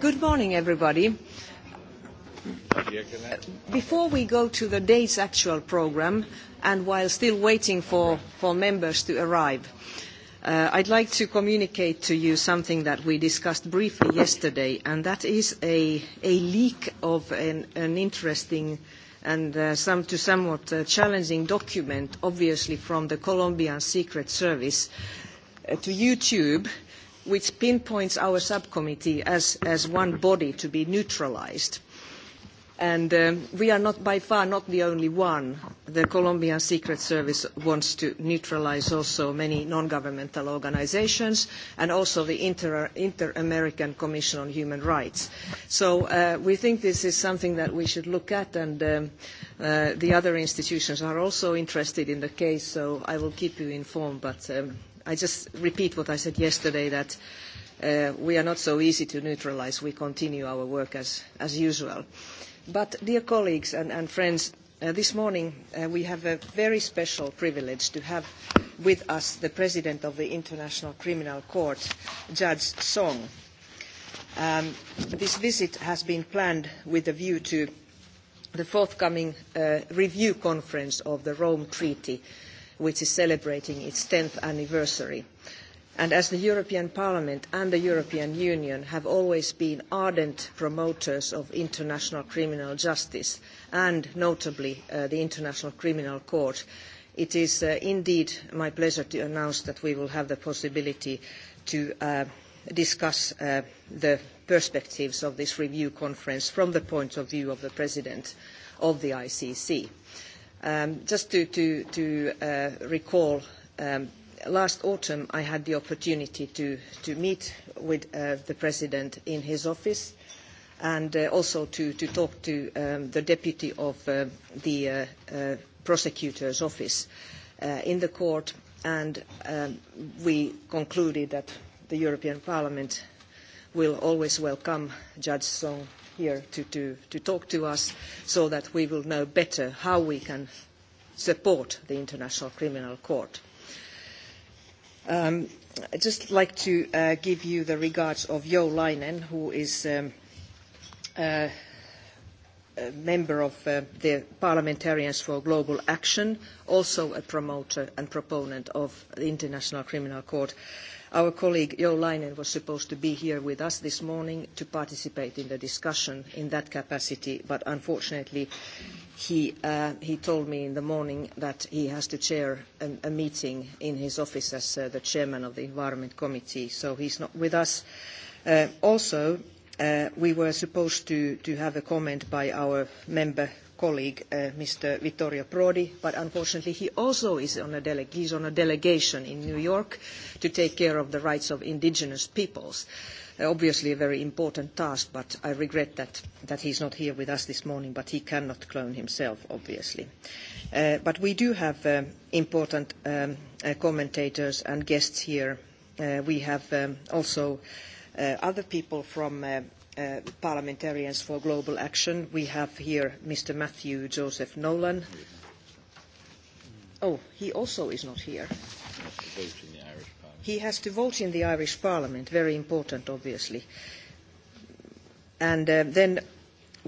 Good morning, everybody. Before we go to the day's actual programme, and while still waiting for members to arrive, I'd like to communicate to you something that we discussed briefly yesterday, and that is a leak of an interesting and somewhat challenging document, obviously from the Colombian Secret Service, to YouTube, which pinpoints our subcommittee as, one body to be neutralised. And we are not by far not the only one. The Colombian Secret Service wants to neutralise also many non-governmental organisations and also the Inter-American Commission on Human Rights. So we think this is something that we should look at and the other institutions are also interested in the case, so I will keep you informed, but I just repeat what I said yesterday, that we are not so easy to neutralise. We continue our work as usual. But dear colleagues and friends, this morning we have a very special privilege to have with us the President of the International Criminal Court, Judge Song. This visit has been planned with a view to the forthcoming review conference of the Rome Treaty which is celebrating its 10th anniversary. And as the European Parliament and the European Union have always been ardent promoters of international criminal justice and notably the International Criminal Court, it is indeed my pleasure to announce that we will have the possibility to discuss the perspectives of this review conference from the point of view of the President of the ICC just to, recall, last autumn I had the opportunity to, meet with the President in his office and also to, talk to the Deputy of the Prosecutor's Office in the court and we concluded that the European Parliament will always welcome Judge Song here to talk to us so that we will know better how we can support the International Criminal Court. I'd just like to give you the regards of Jo Leinen, who is a member of the Parliamentarians for Global Action, also a promoter and proponent of the International Criminal Court. Our colleague Jo Leinen was supposed to be here with us this morning to participate in the discussion in that capacity, but unfortunately he, uh, he told me in the morning that he has to chair a, meeting in his office as the chairman of the Environment Committee, so he's not with us. Uh, also, we were supposed to, have a comment by our member colleague, Mr. Vittorio Prodi, but unfortunately he also is on a, delegation in New York to take care of the rights of indigenous peoples. obviously a very important task, but I regret that, that he's not here with us this morning, but he cannot clone himself, obviously. but we do have important commentators and guests here. we have also other people from Parliamentarians for Global Action. We have here Mr. Matthew Joseph Nolan. Oh, he also is not here. He has to vote in the Irish Parliament, very important, obviously. And then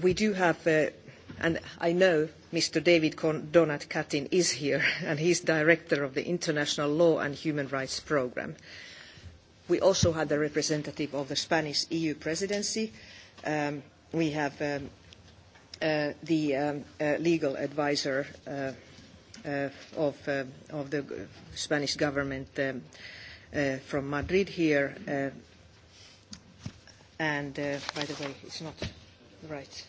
we do have, and I know Mr. David Donat Katin is here, and he is Director of the International Law and Human Rights Programme We also had the representative of the Spanish EU presidency. we have the legal advisor of, the Spanish government from Madrid here. and by the way, it's not right.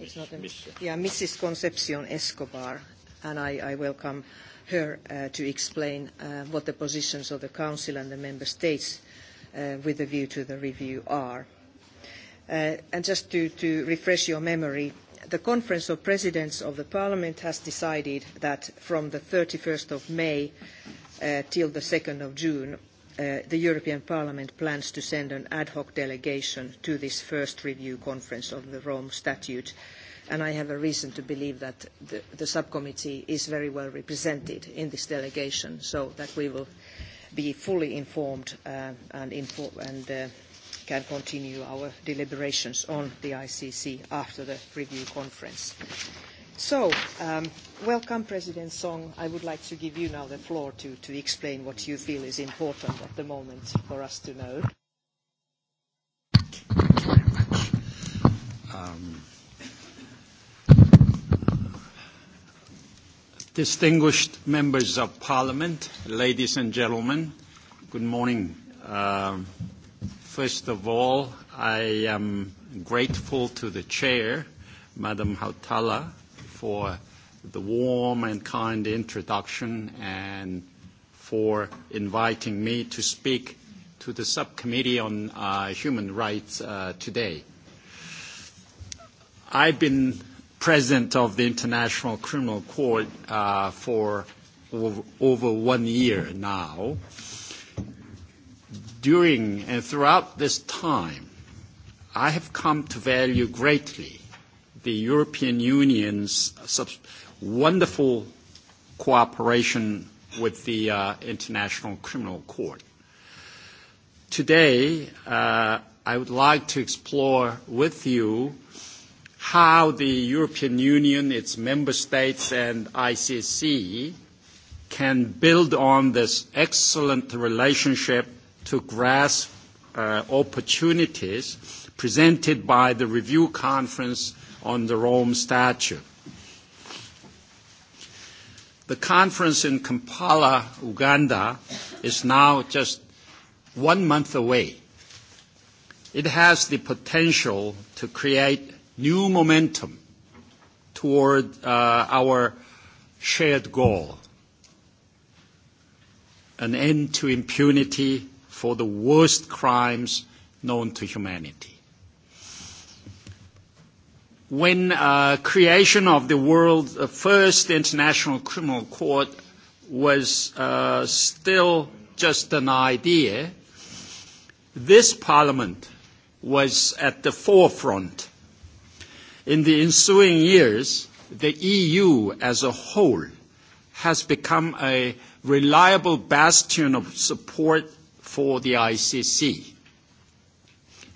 It's not a, yeah, Mrs. Concepcion Escobar, and I, I welcome uh, her to explain what the positions of the Council and the Member States with a view to the review are. and just to refresh your memory, the Conference of Presidents of the Parliament has decided that from the 31st of May till the 2nd of June, the European Parliament plans to send an ad hoc delegation to this first review conference of the Rome Statute and I have a reason to believe that the, the subcommittee is very well represented in this delegation, so that we will be fully informed and, can continue our deliberations on the ICC after the review conference. So, welcome, President Song. I would like to give you now the floor to, to explain what you feel is important at the moment for us to know. Thank you very much. Um, Distinguished members of parliament, ladies and gentlemen, good morning. First of all, I am grateful to the chair, Madam Hautala, for the warm and kind introduction and for inviting me to speak to the subcommittee on uh, human rights uh, today. I've been president of the International Criminal Court uh, for over one year now. During and throughout this time, I have come to value greatly the European Union's wonderful cooperation with the uh, International Criminal Court. Today, uh, I would like to explore with you uh, how the European Union, its member states, and ICC can build on this excellent relationship to grasp opportunities presented by the review conference on the Rome Statute. The conference in Kampala, Uganda, is now just one month away. It has the potential to create new momentum toward uh, our shared goal an end to impunity for the worst crimes known to humanity. When uh, creation of the world's first international criminal court was uh, still just an idea, this parliament was at the forefront In the ensuing years, the EU as a whole has become a reliable bastion of support for the ICC.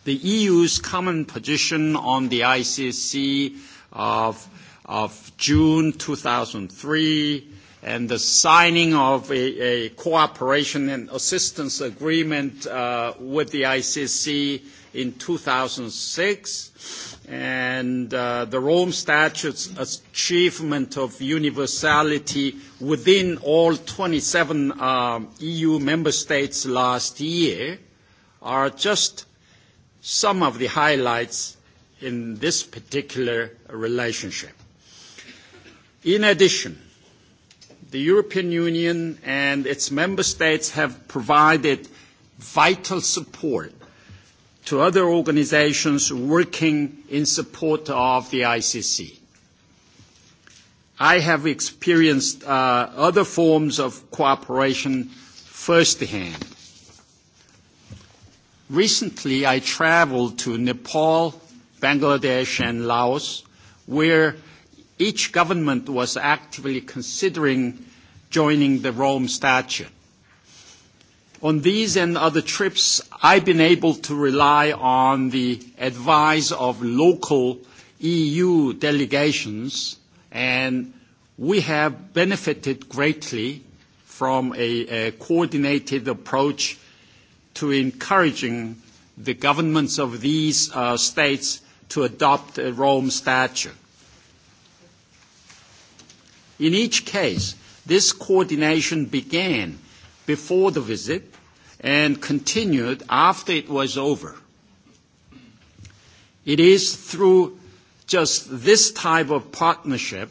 The EU's common position on the ICC of, of June 2003 and the signing of a, a cooperation and assistance agreement uh, with the ICC in 2006, and the Rome Statute's achievement of universality within all 27 EU member states last year are just some of the highlights in this particular relationship. In addition, the European Union and its member states have provided vital support to other organisations working in support of the ICC. I have experienced other forms of cooperation firsthand. Recently, I travelled to Nepal, Bangladesh, and Laos, where each government was actively considering joining the Rome Statute. On these and other trips, I've been able to rely on the advice of local EU delegations, and we have benefited greatly from a coordinated approach to encouraging the governments of these states to adopt a Rome Statute. In each case, this coordination began before the visit and continued after it was over. It is through just this type of partnership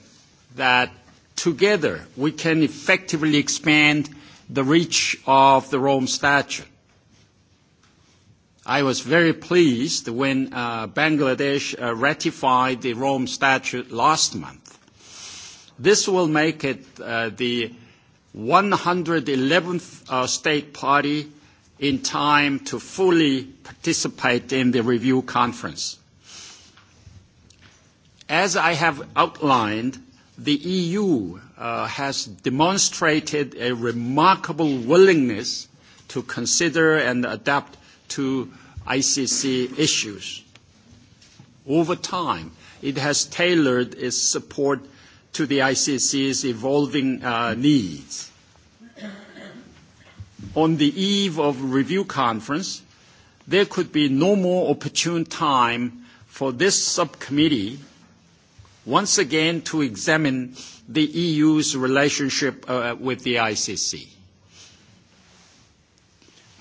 that together we can effectively expand the reach of the Rome Statute. I was very pleased when uh, Bangladesh uh, ratified the Rome Statute last month. This will make it uh, the 111th state party in time to fully participate in the review conference. As I have outlined, the EU has demonstrated a remarkable willingness to consider and adapt to ICC issues. Over time, it has tailored its support to the ICC's evolving needs. On the eve of review conference, there could be no more opportune time for this subcommittee once again to examine the EU's relationship with the ICC.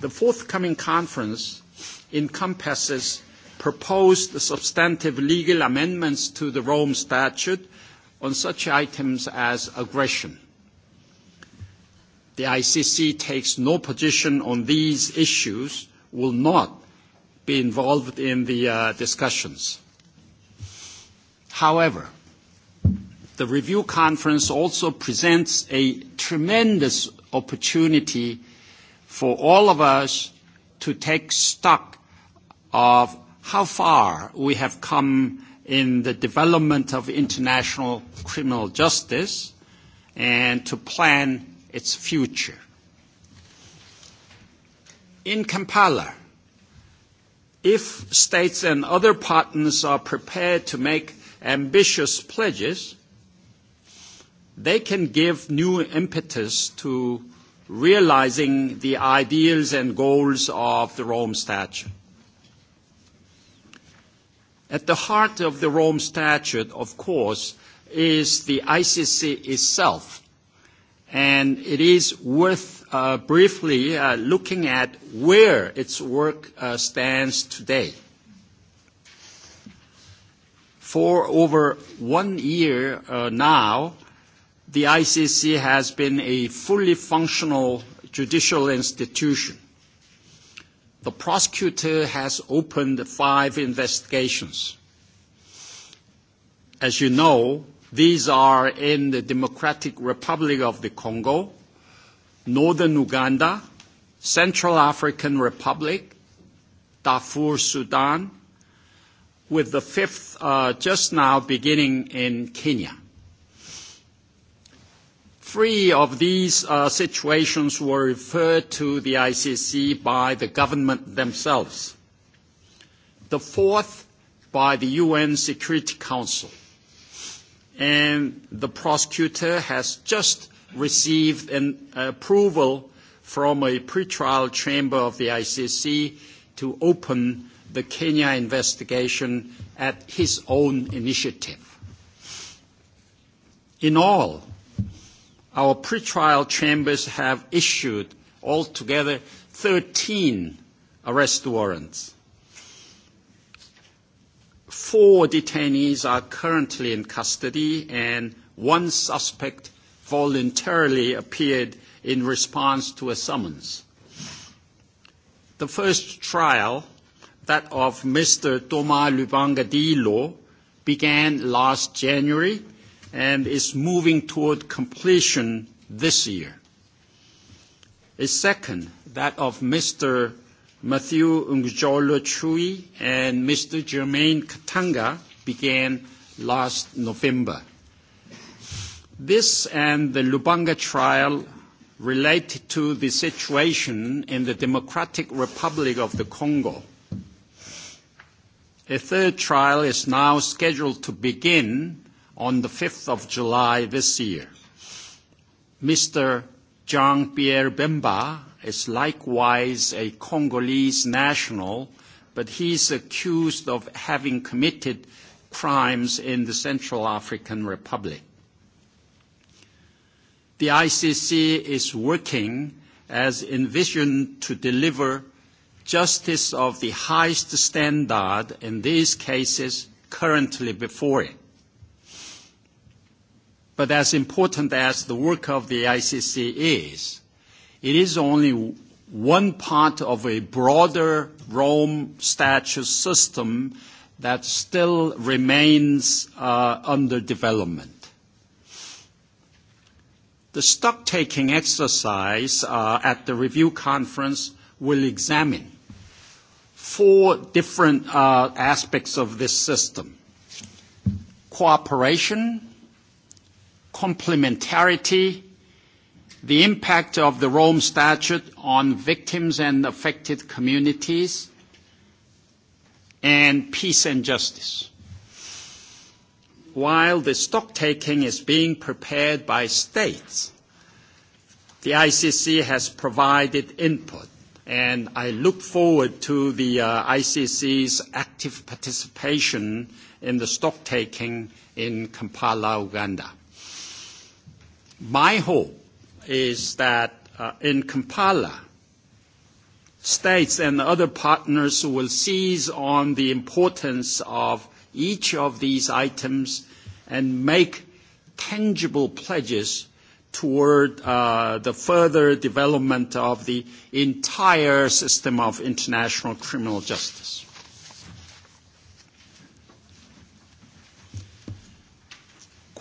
The forthcoming conference encompasses proposed substantive legal amendments to the Rome Statute on such items as aggression. The ICC takes no position on these issues, will not be involved in the discussions. However, the review conference also presents a tremendous opportunity for all of us to take stock of how far we have come in the development of international criminal justice and to plan its future. In Kampala, if states and other partners are prepared to make ambitious pledges, they can give new impetus to realizing the ideals and goals of the Rome Statute. At the heart of the Rome Statute, of course, is the ICC itself. And it is worth uh, briefly uh, looking at where its work uh, stands today. For over one year uh, now, the ICC has been a fully functional judicial institution the prosecutor has opened five investigations. As you know, these are in the Democratic Republic of the Congo, northern Uganda, Central African Republic, Darfur, Sudan, with the fifth uh, just now beginning in Kenya. Three of these situations were referred to the ICC by the government themselves. The fourth by the UN Security Council. And the prosecutor has just received an approval from a pretrial chamber of the ICC to open the Kenya investigation at his own initiative. In all, our pretrial chambers have issued altogether 13 arrest warrants. Four detainees are currently in custody, and one suspect voluntarily appeared in response to a summons. The first trial, that of Mr. Toma Lubanga Dilo, began last January and is moving toward completion this year. A second, that of Mr. Matthew Ngjola Chui and Mr. Jermaine Katanga, began last November. This and the Lubanga trial related to the situation in the Democratic Republic of the Congo. A third trial is now scheduled to begin on the 5th of July this year. Mr. Jean-Pierre Bemba is likewise a Congolese national, but he is accused of having committed crimes in the Central African Republic. The ICC is working as envisioned to deliver justice of the highest standard in these cases currently before it. But as important as the work of the ICC is, it is only one part of a broader Rome statute system that still remains under development. The stock-taking exercise at the review conference will examine four different aspects of this system. Cooperation, complementarity, the impact of the Rome Statute on victims and affected communities, and peace and justice. While the stock-taking is being prepared by states, the ICC has provided input, and I look forward to the ICC's active participation in the stock-taking in Kampala, Uganda. My hope is that uh, in Kampala, states and other partners will seize on the importance of each of these items and make tangible pledges toward the further development of the entire system of international criminal justice.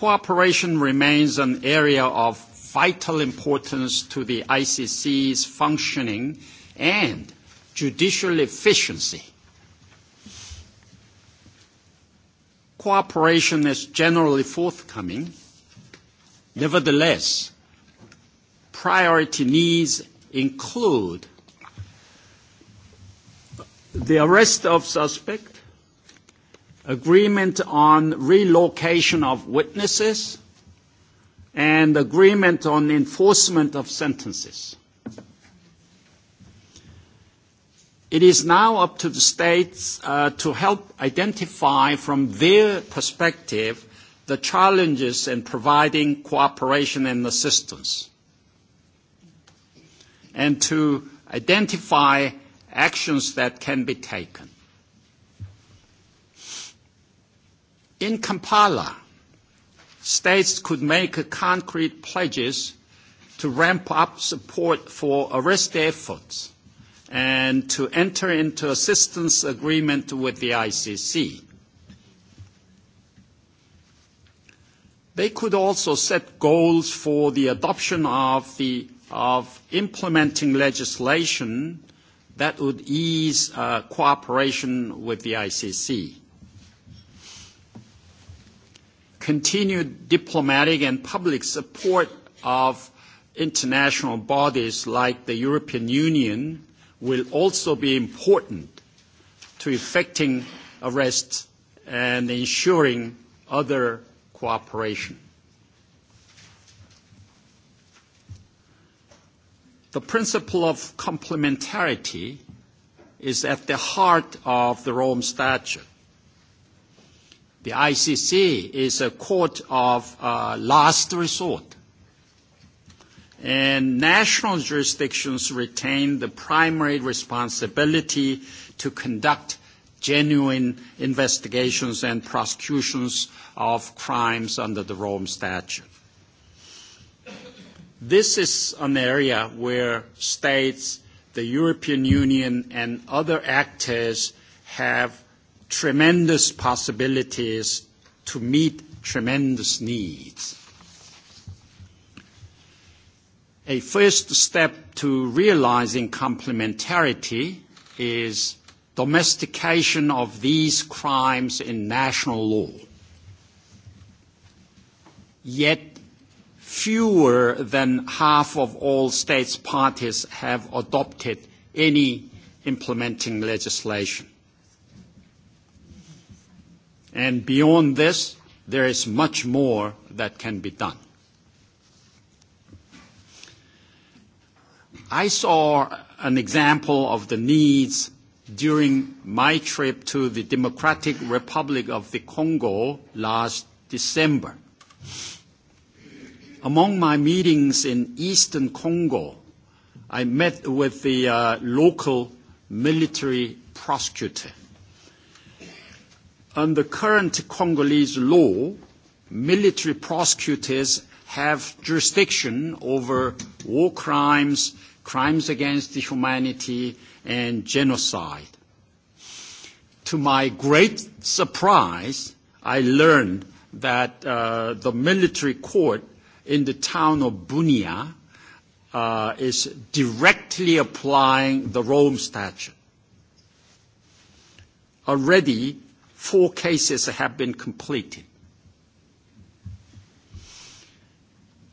cooperation remains an area of vital importance to the ICC's functioning and judicial efficiency. Cooperation is generally forthcoming. Nevertheless, priority needs include the arrest of suspects agreement on relocation of witnesses, and agreement on enforcement of sentences. It is now up to the states uh, to help identify from their perspective the challenges in providing cooperation and assistance and to identify actions that can be taken. In Kampala, states could make concrete pledges to ramp up support for arrest efforts and to enter into assistance agreement with the ICC. They could also set goals for the adoption of, the, of implementing legislation that would ease uh, cooperation with the ICC continued diplomatic and public support of international bodies like the European Union will also be important to effecting arrests and ensuring other cooperation. The principle of complementarity is at the heart of the Rome Statute The ICC is a court of uh, last resort. And national jurisdictions retain the primary responsibility to conduct genuine investigations and prosecutions of crimes under the Rome Statute. This is an area where states, the European Union, and other actors have tremendous possibilities to meet tremendous needs. A first step to realizing complementarity is domestication of these crimes in national law. Yet fewer than half of all states' parties have adopted any implementing legislation. And beyond this, there is much more that can be done. I saw an example of the needs during my trip to the Democratic Republic of the Congo last December. Among my meetings in eastern Congo, I met with the uh, local military prosecutor Under current Congolese law, military prosecutors have jurisdiction over war crimes, crimes against humanity, and genocide. To my great surprise, I learned that uh, the military court in the town of Bunia uh, is directly applying the Rome Statute. Already, Four cases have been completed.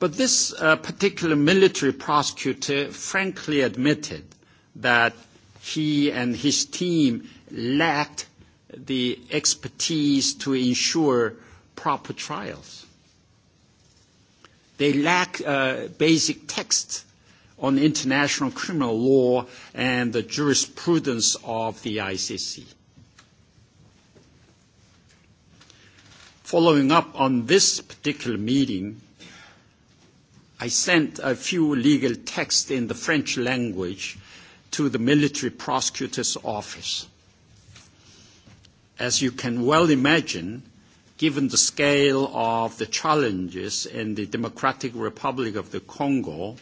But this particular military prosecutor frankly admitted that he and his team lacked the expertise to ensure proper trials. They lack uh, basic text on international criminal law and the jurisprudence of the ICC. Following up on this particular meeting, I sent a few legal texts in the French language to the military prosecutor's office. As you can well imagine, given the scale of the challenges in the Democratic Republic of the Congo,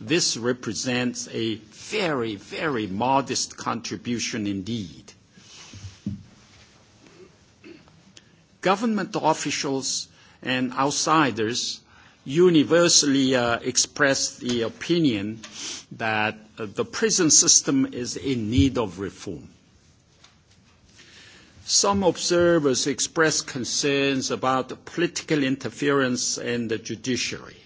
this represents a very, very modest contribution indeed. government officials and outsiders universally uh, expressed the opinion that uh, the prison system is in need of reform. Some observers expressed concerns about political interference in the judiciary.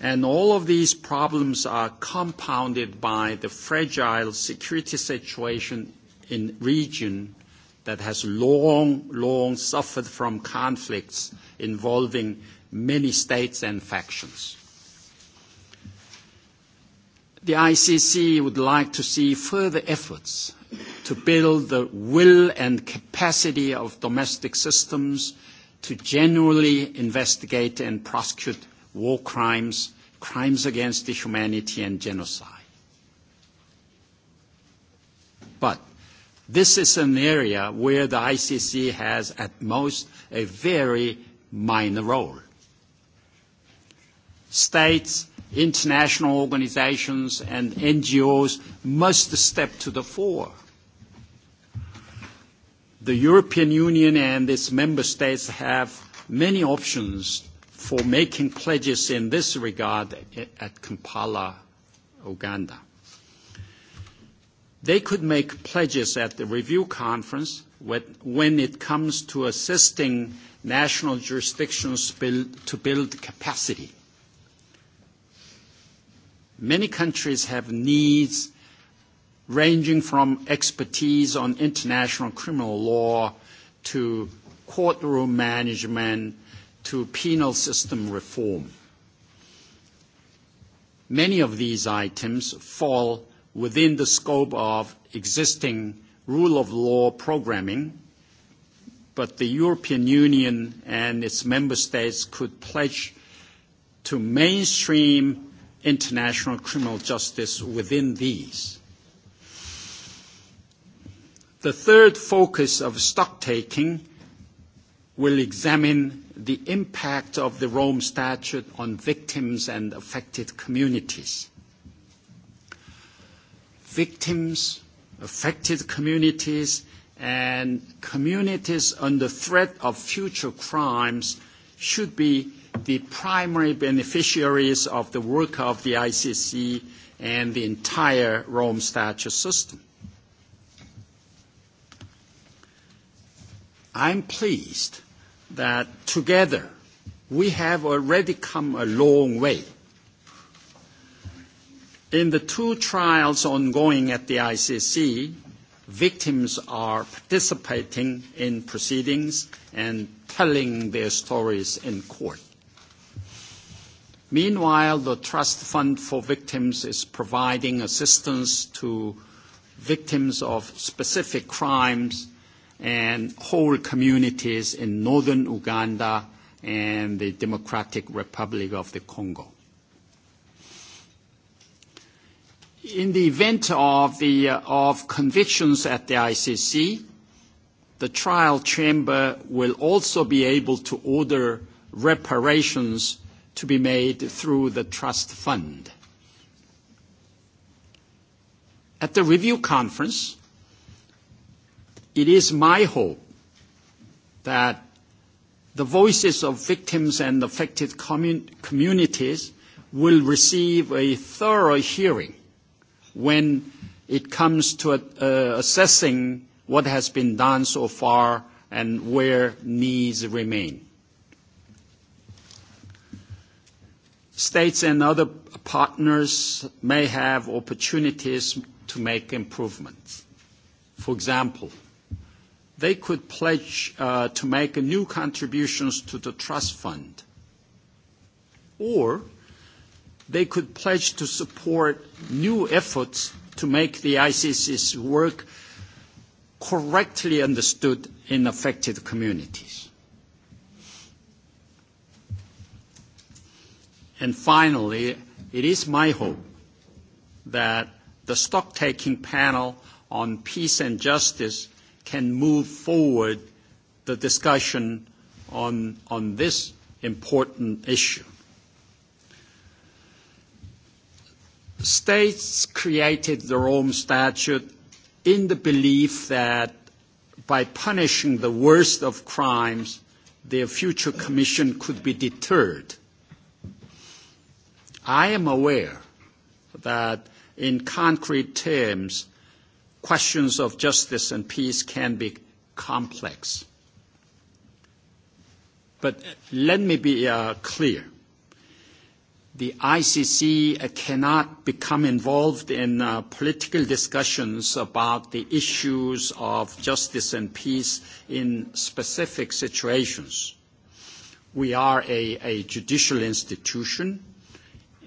And all of these problems are compounded by the fragile security situation in region that has long, long suffered from conflicts involving many states and factions. The ICC would like to see further efforts to build the will and capacity of domestic systems to generally investigate and prosecute war crimes, crimes against humanity and genocide. But This is an area where the ICC has, at most, a very minor role. States, international organizations, and NGOs must step to the fore. The European Union and its member states have many options for making pledges in this regard at Kampala, Uganda. They could make pledges at the review conference when it comes to assisting national jurisdictions to build capacity. Many countries have needs ranging from expertise on international criminal law to courtroom management to penal system reform. Many of these items fall within the scope of existing rule of law programming, but the European Union and its member states could pledge to mainstream international criminal justice within these. The third focus of stocktaking will examine the impact of the Rome Statute on victims and affected communities victims, affected communities, and communities under threat of future crimes should be the primary beneficiaries of the work of the ICC and the entire Rome Statute system. I'm pleased that together we have already come a long way In the two trials ongoing at the ICC, victims are participating in proceedings and telling their stories in court. Meanwhile, the Trust Fund for Victims is providing assistance to victims of specific crimes and whole communities in northern Uganda and the Democratic Republic of the Congo. in the event of the of convictions at the ICC, the trial chamber will also be able to order reparations to be made through the trust fund. At the review conference, it is my hope that the voices of victims and affected communities will receive a thorough hearing when it comes to assessing what has been done so far and where needs remain. States and other partners may have opportunities to make improvements. For example, they could pledge to make new contributions to the trust fund, or they could pledge to support new efforts to make the ICC's work correctly understood in affected communities. And finally, it is my hope that the stock-taking panel on peace and justice can move forward the discussion on, on this important issue. states created the Rome Statute in the belief that by punishing the worst of crimes, their future commission could be deterred. I am aware that in concrete terms, questions of justice and peace can be complex. But let me be uh, clear the ICC cannot become involved in political discussions about the issues of justice and peace in specific situations. We are a, judicial institution,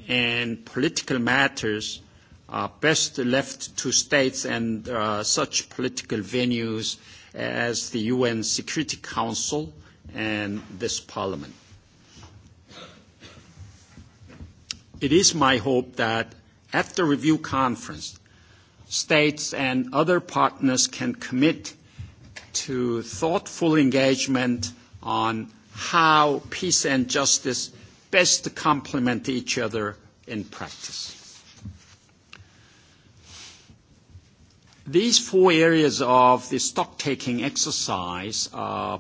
and political matters are best left to states and such political venues as the UN Security Council and this Parliament. It is my hope that at the review conference, states and other partners can commit to thoughtful engagement on how peace and justice best complement each other in practice. These four areas of the stock-taking exercise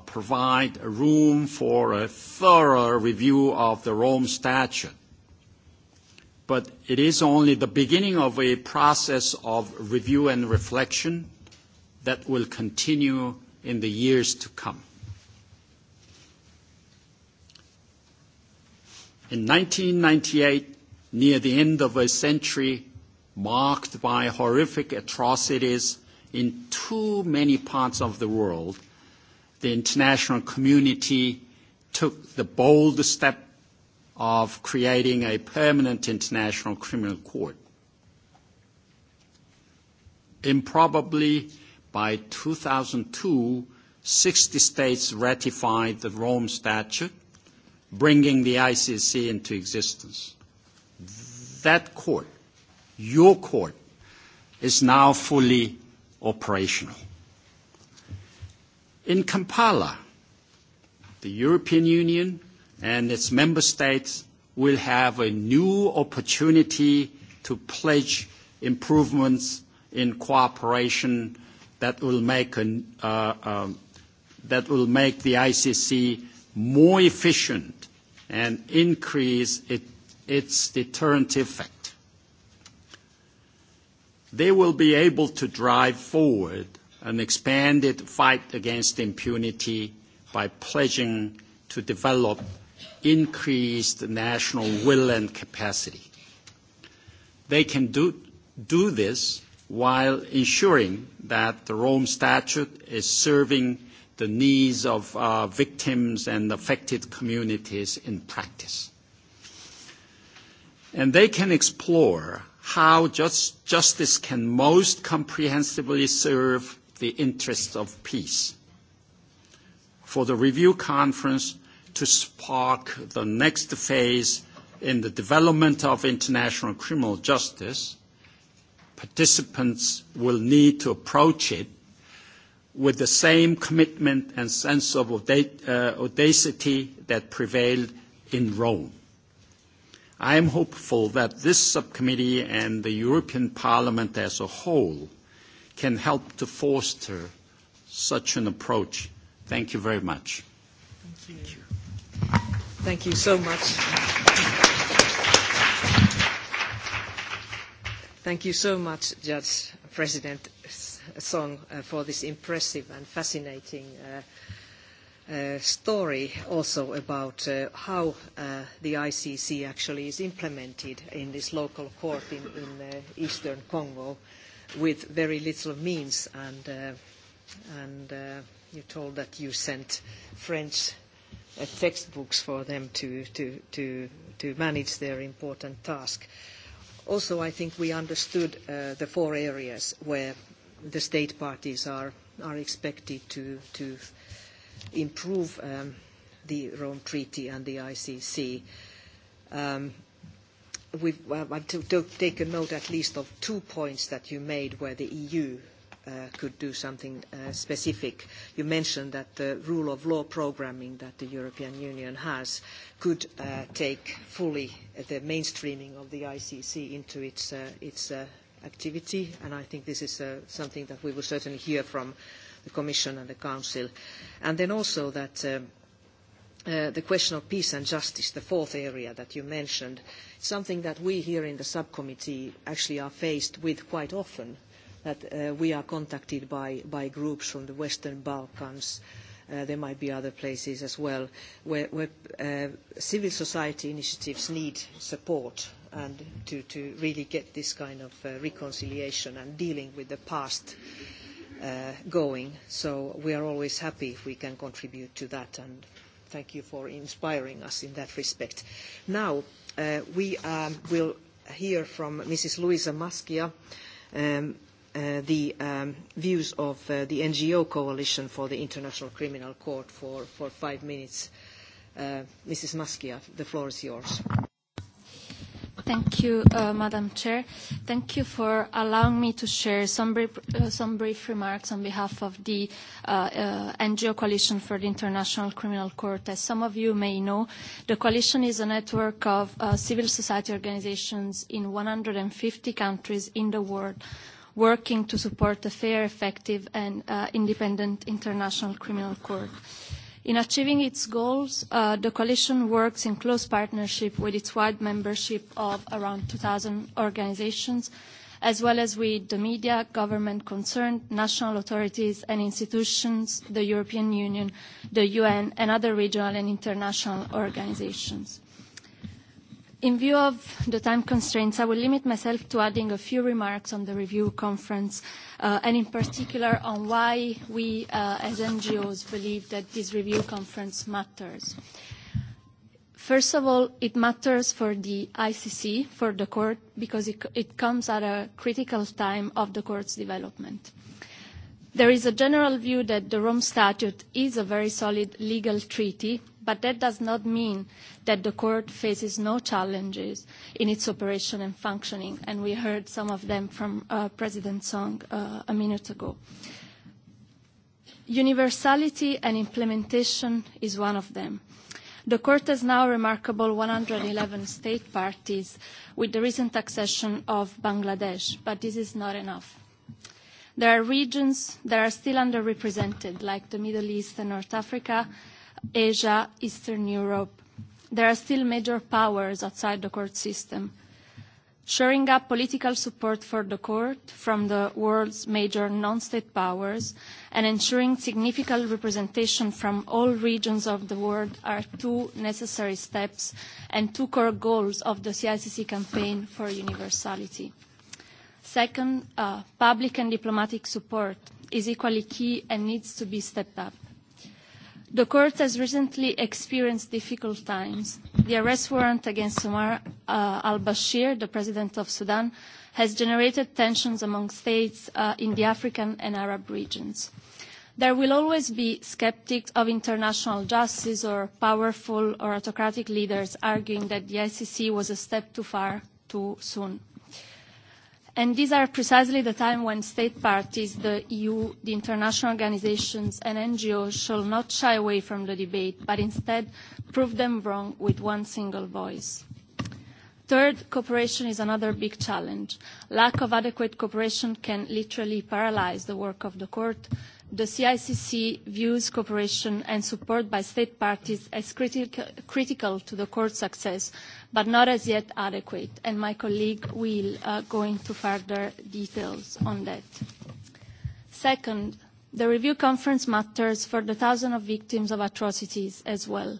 provide room for a thorough review of the Rome Statute but it is only the beginning of a process of review and reflection that will continue in the years to come. In 1998, near the end of a century marked by horrific atrocities in too many parts of the world, the international community took the bold step of creating a permanent international criminal court. Improbably, by 2002, 60 states ratified the Rome Statute, bringing the ICC into existence. That court, your court, is now fully operational. In Kampala, the European Union and its member states will have a new opportunity to pledge improvements in cooperation that will make the ICC more efficient and increase its deterrent effect. They will be able to drive forward an expanded fight against impunity by pledging to develop increased national will and capacity. They can do, do this while ensuring that the Rome Statute is serving the needs of uh, victims and affected communities in practice. And they can explore how just, justice can most comprehensively serve the interests of peace. For the review conference, to spark the next phase in the development of international criminal justice, participants will need to approach it with the same commitment and sense of audacity that prevailed in Rome. I am hopeful that this subcommittee and the European Parliament as a whole can help to foster such an approach. Thank you very much. Thank you. Thank you so much. Thank you so much, Judge President Song, for this impressive and fascinating story also about how the ICC actually is implemented in this local court in, in eastern Congo with very little means. And, and you told that you sent French textbooks for them to, to, to, to manage their important task. Also, I think we understood uh, the four areas where the state parties are, are expected to, to improve um, the Rome Treaty and the ICC. Um, we've, I've taken note at least of two points that you made where the EU could do something specific. You mentioned that the rule of law programming that the European Union has could take fully the mainstreaming of the ICC into its activity, and I think this is something that we will certainly hear from the Commission and the Council. And then also that the question of peace and justice, the fourth area that you mentioned, something that we here in the subcommittee actually are faced with quite often that we are contacted by groups from the Western Balkans. There might be other places as well, where civil society initiatives need support and to really get this kind of reconciliation and dealing with the past going. So we are always happy if we can contribute to that, and thank you for inspiring us in that respect. Now, we will hear from Mrs. Luisa Maskia, the views of the NGO Coalition for the International Criminal Court for, for five minutes. Mrs. Maskia, the floor is yours. Thank you, Madam Chair. Thank you for allowing me to share some brief some brief remarks on behalf of the NGO Coalition for the International Criminal Court. As some of you may know, the coalition is a network of civil society organizations in 150 countries in the world working to support a fair, effective, and uh, independent international criminal court. In achieving its goals, uh, the coalition works in close partnership with its wide membership of around 2,000 organizations, as well as with the media, government concerned, national authorities and institutions, the European Union, the UN, and other regional and international organizations. In view of the time constraints, I will limit myself to adding a few remarks on the review conference, and in particular on why we, as NGOs, believe that this review conference matters. First of all, it matters for the ICC, for the court, because it comes at a critical time of the court's development. There is a general view that the Rome Statute is a very solid legal treaty but that does not mean that the court faces no challenges in its operation and functioning, and we heard some of them from uh, President Song uh, a minute ago. Universality and implementation is one of them. The court has now a remarkable 111 state parties with the recent accession of Bangladesh, but this is not enough. There are regions that are still underrepresented, like the Middle East and North Africa, Asia, Eastern Europe. There are still major powers outside the court system. Shoring up political support for the court from the world's major non-state powers and ensuring significant representation from all regions of the world are two necessary steps and two core goals of the CICC campaign for universality. Second, public and diplomatic support is equally key and needs to be stepped up. The court has recently experienced difficult times. The arrest warrant against Omar al-Bashir, the president of Sudan, has generated tensions among states in the African and Arab regions. There will always be sceptics of international justice or powerful or autocratic leaders arguing that the ICC was a step too far too soon. And these are precisely the time when state parties, the EU, the international organizations, and NGOs shall not shy away from the debate, but instead prove them wrong with one single voice. Third, cooperation is another big challenge. Lack of adequate cooperation can literally paralyze the work of the court. The CICC views cooperation and support by state parties as critical to the court's success but not as yet adequate, and my colleague will go into further details on that. Second, the review conference matters for the thousands of victims of atrocities as well.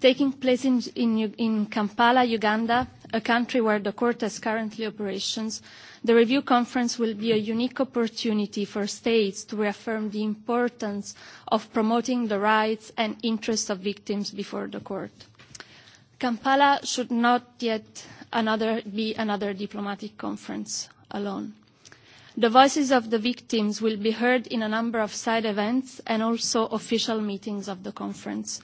Taking place in, in, in Kampala, Uganda, a country where the court has currently operations, the review conference will be a unique opportunity for states to reaffirm the importance of promoting the rights and interests of victims before the court. Kampala should not yet another, be another diplomatic conference alone. The voices of the victims will be heard in a number of side events and also official meetings of the conference.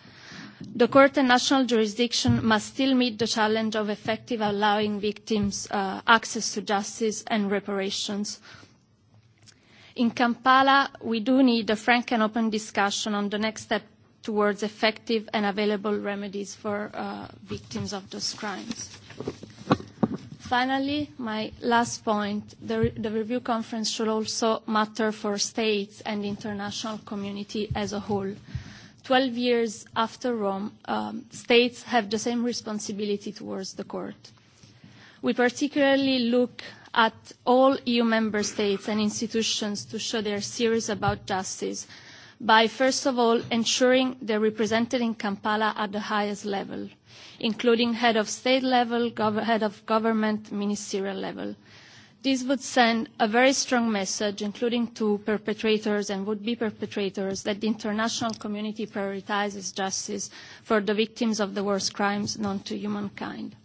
The court and national jurisdiction must still meet the challenge of effectively allowing victims uh, access to justice and reparations. In Kampala, we do need a frank and open discussion on the next step towards effective and available remedies for uh, victims of those crimes. Finally, my last point, the, re- the review conference should also matter for states and the international community as a whole. Twelve years after Rome, um, states have the same responsibility towards the court. We particularly look at all EU member states and institutions to show they are serious about justice by, first of all, ensuring they're represented in Kampala at the highest level, including head of state level, head of government, ministerial level. This would send a very strong message, including to perpetrators and would-be perpetrators, that the international community prioritizes justice for the victims of the worst crimes known to humankind.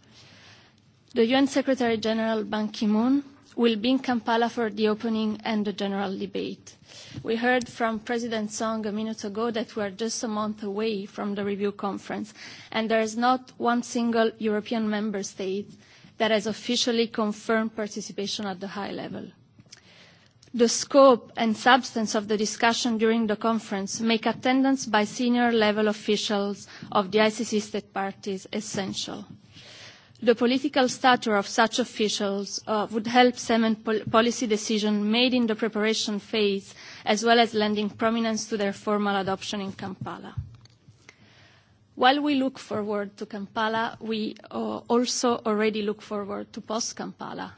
The UN Secretary General Ban Ki-moon will be in Kampala for the opening and the general debate. We heard from President Song a minute ago that we are just a month away from the review conference, and there is not one single European member state that has officially confirmed participation at the high level. The scope and substance of the discussion during the conference make attendance by senior level officials of the ICC state parties essential. The political stature of such officials uh, would help cement pol- policy decisions made in the preparation phase, as well as lending prominence to their formal adoption in Kampala. While we look forward to Kampala, we uh, also already look forward to post-Kampala.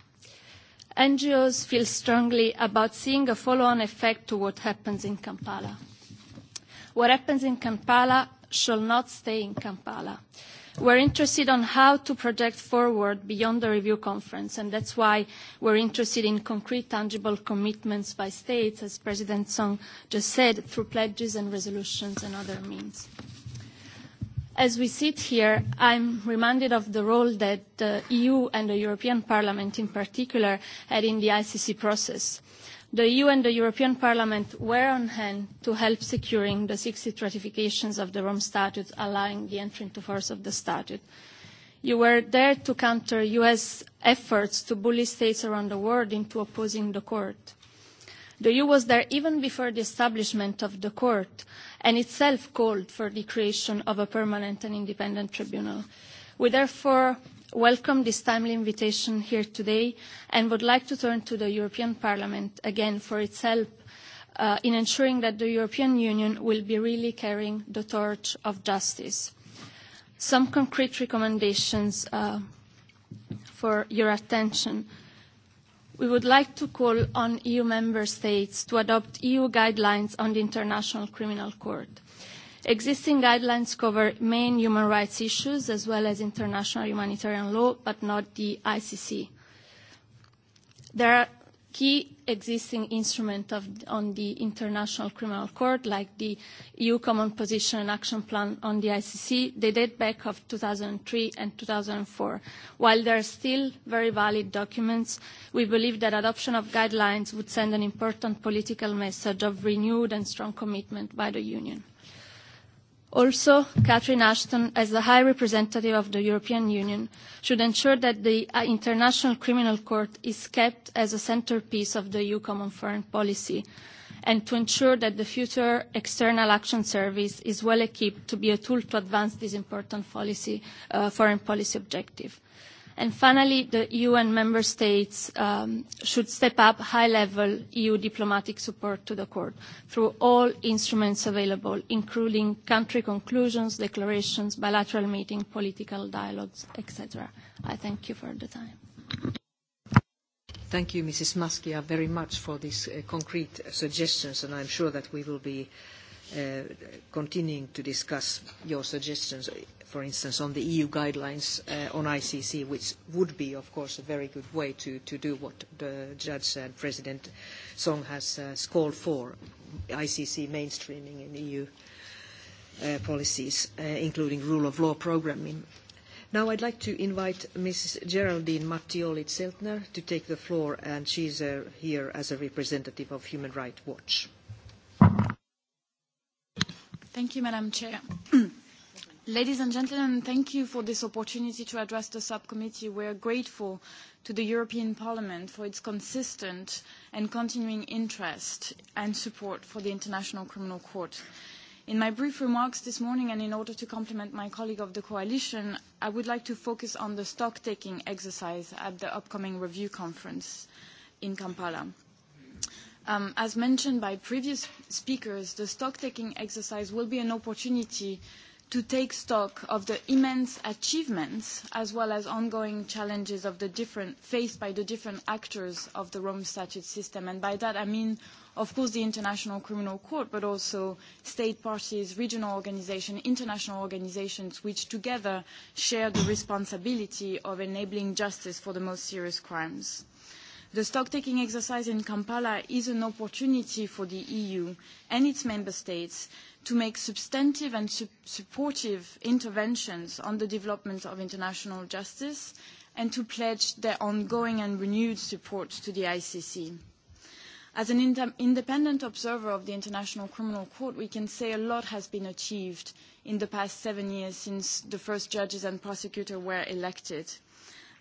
NGOs feel strongly about seeing a follow-on effect to what happens in Kampala. What happens in Kampala shall not stay in Kampala. We're interested on how to project forward beyond the review conference, and that's why we're interested in concrete, tangible commitments by states, as President Song just said, through pledges and resolutions and other means. As we sit here, I'm reminded of the role that the EU and the European Parliament in particular had in the ICC process the EU and the European Parliament were on hand to help securing the 60th ratifications of the Rome Statute, allowing the entry into force of the statute. You were there to counter US efforts to bully states around the world into opposing the court. The EU was there even before the establishment of the court and itself called for the creation of a permanent and independent tribunal. We therefore welcome this timely invitation here today and would like to turn to the European Parliament again for its help in ensuring that the European Union will be really carrying the torch of justice. Some concrete recommendations for your attention. We would like to call on EU member states to adopt EU guidelines on the International Criminal Court Existing guidelines cover main human rights issues as well as international humanitarian law, but not the ICC. There are key existing instruments on the International Criminal Court, like the EU Common Position and Action Plan on the ICC. They date back of 2003 and 2004. While there are still very valid documents, we believe that adoption of guidelines would send an important political message of renewed and strong commitment by the Union. Also, Catherine Ashton, as the High Representative of the European Union, should ensure that the International Criminal Court is kept as a centrepiece of the EU common foreign policy and to ensure that the future External Action Service is well equipped to be a tool to advance this important foreign policy objective. And finally, the EU and member states um, should step up high-level EU diplomatic support to the court through all instruments available, including country conclusions, declarations, bilateral meetings, political dialogues, etc. I thank you for the time. Thank you, Mrs. Maskia, very much for these uh, concrete suggestions, and I'm sure that we will be uh, continuing to discuss your suggestions for instance, on the EU guidelines on ICC, which would be, of course, a very good way to, do what the judge and President Song has called for, ICC mainstreaming in EU policies, including rule of law programming. Now I'd like to invite Mrs. Geraldine Mattioli-Zeltner to take the floor, and she's uh, here as a representative of Human Rights Watch. Thank you, Madam Chair. Ladies and gentlemen, thank you for this opportunity to address the subcommittee. We are grateful to the European Parliament for its consistent and continuing interest and support for the International Criminal Court. In my brief remarks this morning, and in order to compliment my colleague of the coalition, I would like to focus on the stock-taking exercise at the upcoming review conference in Kampala. as mentioned by previous speakers, the stock-taking exercise will be an opportunity to take stock of the immense achievements as well as ongoing challenges of the different, faced by the different actors of the Rome Statute system. And by that I mean, of course, the International Criminal Court, but also state parties, regional organisations, international organisations, which together share the responsibility of enabling justice for the most serious crimes. The stock-taking exercise in Kampala is an opportunity for the EU and its member states to make substantive and supportive interventions on the development of international justice and to pledge their ongoing and renewed support to the ICC. As an independent observer of the International Criminal Court, we can say a lot has been achieved in the past seven years since the first judges and prosecutors were elected.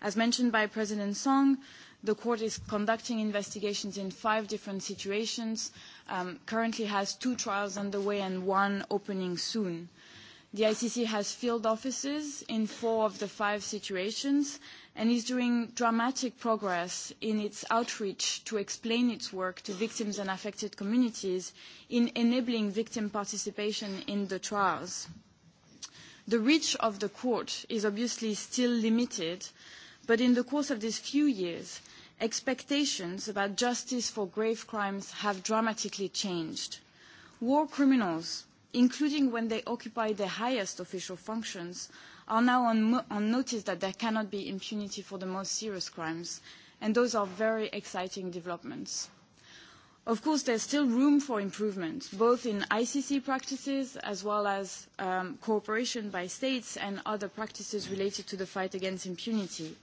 As mentioned by President Song, The court is conducting investigations in five different situations, um, currently has two trials underway and one opening soon. The ICC has field offices in four of the five situations and is doing dramatic progress in its outreach to explain its work to victims and affected communities in enabling victim participation in the trials. The reach of the court is obviously still limited, but in the course of these few years, expectations about justice for grave crimes have dramatically changed. War criminals, including when they occupy the highest official functions, are now on, notice that there cannot be impunity for the most serious crimes, and those are very exciting developments. Of course, there is still room for improvement, both in ICC practices as well as cooperation by states and other practices related to the fight against impunity.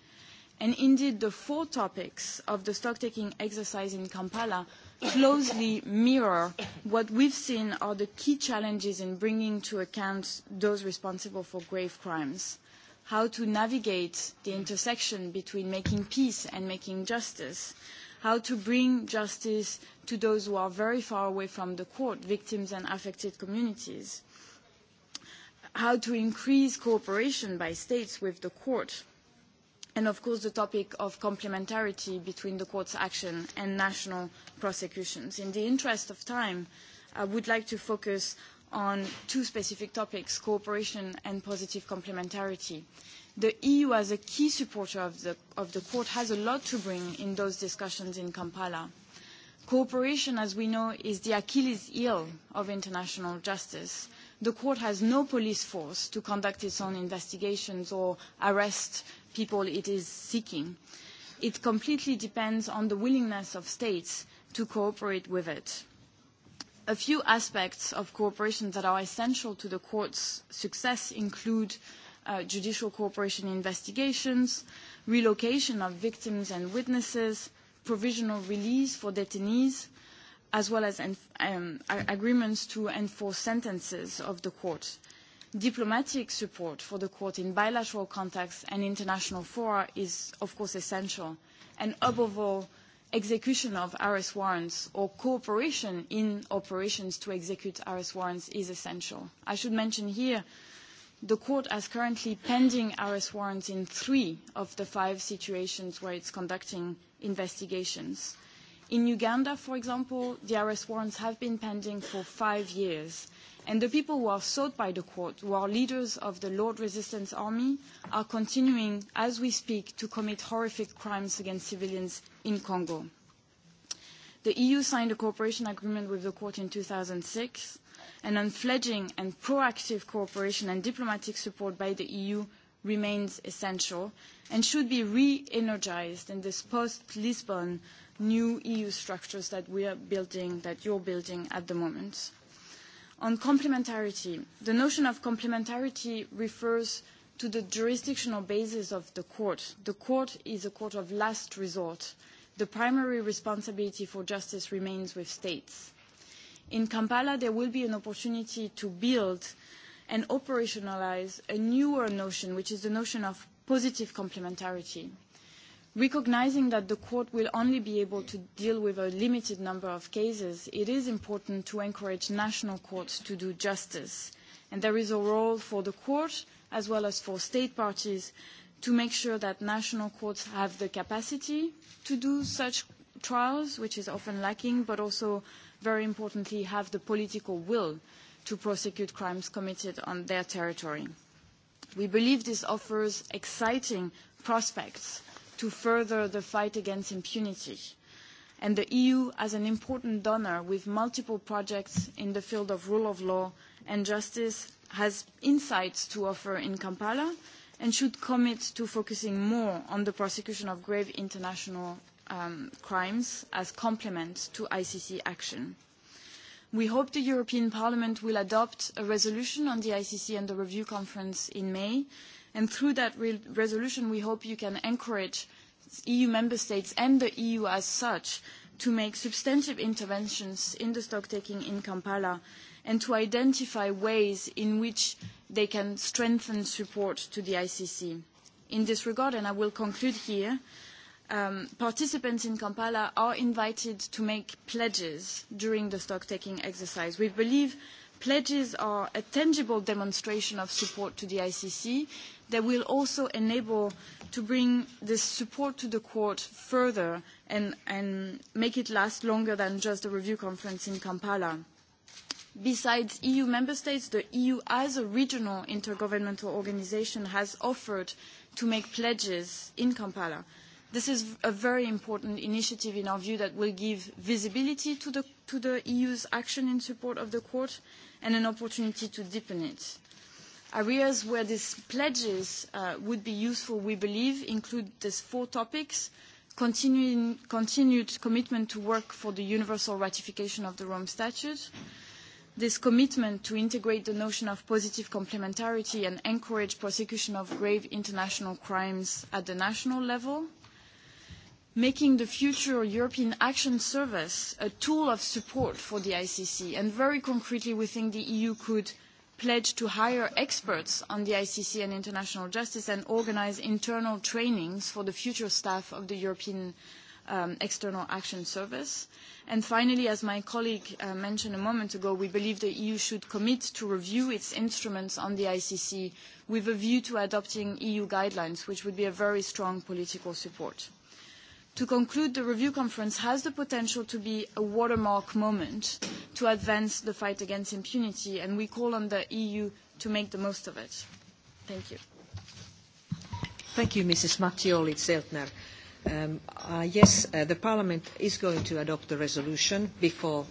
And indeed, the four topics of the stocktaking exercise in Kampala closely mirror what we've seen are the key challenges in bringing to account those responsible for grave crimes, how to navigate the intersection between making peace and making justice, how to bring justice to those who are very far away from the court, victims and affected communities, how to increase cooperation by states with the court, and of course the topic of complementarity between the court's action and national prosecutions. In the interest of time, I would like to focus on two specific topics, cooperation and positive complementarity. The EU, as a key supporter of the, of the court, has a lot to bring in those discussions in Kampala. Cooperation, as we know, is the Achilles heel of international justice the court has no police force to conduct its own investigations or arrest people it is seeking. It completely depends on the willingness of states to cooperate with it. A few aspects of cooperation that are essential to the court's success include judicial cooperation investigations, relocation of victims and witnesses, provisional release for detainees, as well as agreements to enforce sentences of the court diplomatic support for the court in bilateral contacts and international fora is, of course, essential. And above all, execution of arrest warrants or cooperation in operations to execute arrest warrants is essential. I should mention here the court has currently pending arrest warrants in three of the five situations where it's conducting investigations. In Uganda, for example, the arrest warrants have been pending for five years And the people who are sought by the court, who are leaders of the Lord Resistance Army, are continuing, as we speak, to commit horrific crimes against civilians in Congo. The EU signed a cooperation agreement with the court in two thousand six, and unfledging and proactive cooperation and diplomatic support by the EU remains essential and should be re-energized in this post-Lisbon new EU structures that we are building, that you're building at the moment. On complementarity, the notion of complementarity refers to the jurisdictional basis of the court. The court is a court of last resort. The primary responsibility for justice remains with states. In Kampala, there will be an opportunity to build and operationalise a newer notion, which is the notion of positive complementarity. Recognising that the court will only be able to deal with a limited number of cases, it is important to encourage national courts to do justice. And there is a role for the court as well as for state parties to make sure that national courts have the capacity to do such trials, which is often lacking, but also, very importantly, have the political will to prosecute crimes committed on their territory. We believe this offers exciting prospects to further the fight against impunity. And the EU, as an important donor with multiple projects in the field of rule of law and justice, has insights to offer in Kampala and should commit to focusing more on the prosecution of grave international crimes as complement to ICC action. We hope the European Parliament will adopt a resolution on the ICC and the review conference in May, And through that resolution, we hope you can encourage EU member states and the EU as such to make substantive interventions in the stocktaking in Kampala and to identify ways in which they can strengthen support to the ICC. In this regard, and I will conclude here, participants in Kampala are invited to make pledges during the stocktaking exercise. We believe Pledges are a tangible demonstration of support to the ICC that will also enable to bring this support to the court further and, and make it last longer than just a review conference in Kampala. Besides EU member states, the EU as a regional intergovernmental organisation has offered to make pledges in Kampala. This is a very important initiative in our view that will give visibility to the, to the EU's action in support of the court and an opportunity to deepen it. Areas where these pledges would be useful, we believe, include these four topics, continued commitment to work for the universal ratification of the Rome Statute, this commitment to integrate the notion of positive complementarity and encourage prosecution of grave international crimes at the national level, making the future European Action Service a tool of support for the ICC. And very concretely, we think the EU could pledge to hire experts on the ICC and international justice and organise internal trainings for the future staff of the European External Action Service. And finally, as my colleague mentioned a moment ago, we believe the EU should commit to review its instruments on the ICC with a view to adopting EU guidelines, which would be a very strong political support. To conclude, the review conference has the potential to be a watermark moment to advance the fight against impunity, and we call on the EU to make the most of it. Thank you. Thank you, Mrs. Mattioli-Zeltner. Yes, the Parliament is going to adopt a resolution before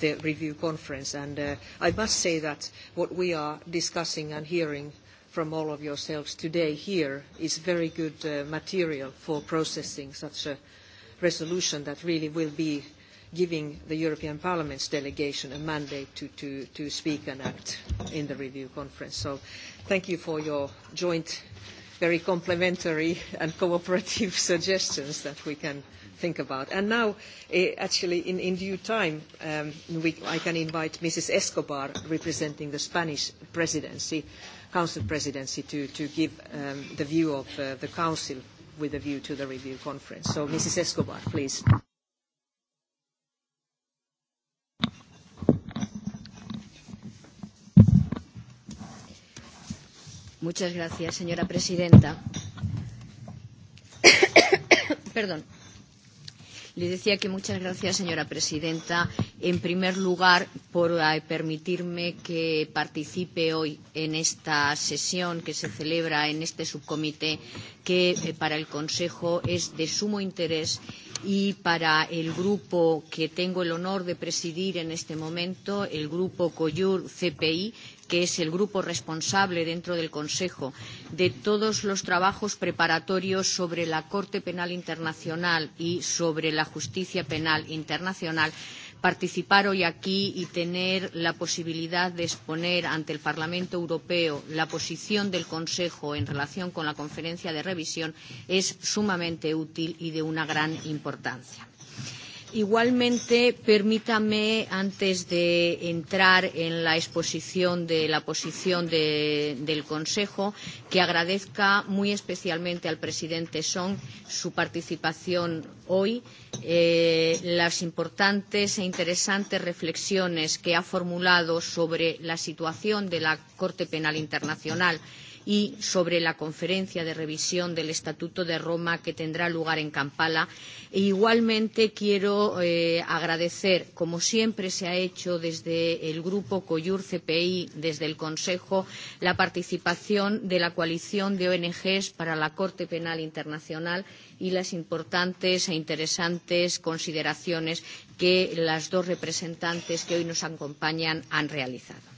the review conference, and I must say that what we are discussing and hearing from all of yourselves today here is very good material for processing such a resolution that really will be giving the European Parliament's delegation a mandate to, speak and act in the review conference. So thank you for your joint, very complementary and cooperative suggestions that we can think about. And now, actually, in, in due time, I can invite Mrs. Escobar, representing the Spanish presidency, Council presidency, to, to give the view of the Council with a view to the review conference. So, Mrs. Escobar, please. Muchas gracias, señora presidenta. Perdón. Le decía que muchas gracias, señora presidenta, en primer lugar por permitirme que participe hoy en esta sesión que se celebra en este subcomité que para el Consejo es de sumo interés y para el grupo que tengo el honor de presidir en este momento, el grupo COYUR-CPI, que es el grupo responsable dentro del Consejo de todos los trabajos preparatorios sobre la Corte Penal Internacional y sobre la justicia penal internacional, participar hoy aquí y tener la posibilidad de exponer ante el Parlamento Europeo la posición del Consejo en relación con la conferencia de revisión es sumamente útil y de una gran importancia. Igualmente, permítame, antes de entrar en la exposición de la posición de, del Consejo, que agradezca muy especialmente al presidente Song su participación hoy, eh, las importantes e interesantes reflexiones que ha formulado sobre la situación de la Corte Penal Internacional y sobre la conferencia de revisión del Estatuto de Roma que tendrá lugar en Kampala. E igualmente quiero eh, agradecer, como siempre se ha hecho desde el grupo COYUR CPI, desde el Consejo, la participación de la coalición de ONGs para la Corte Penal Internacional y las importantes e interesantes consideraciones que las dos representantes que hoy nos acompañan han realizado.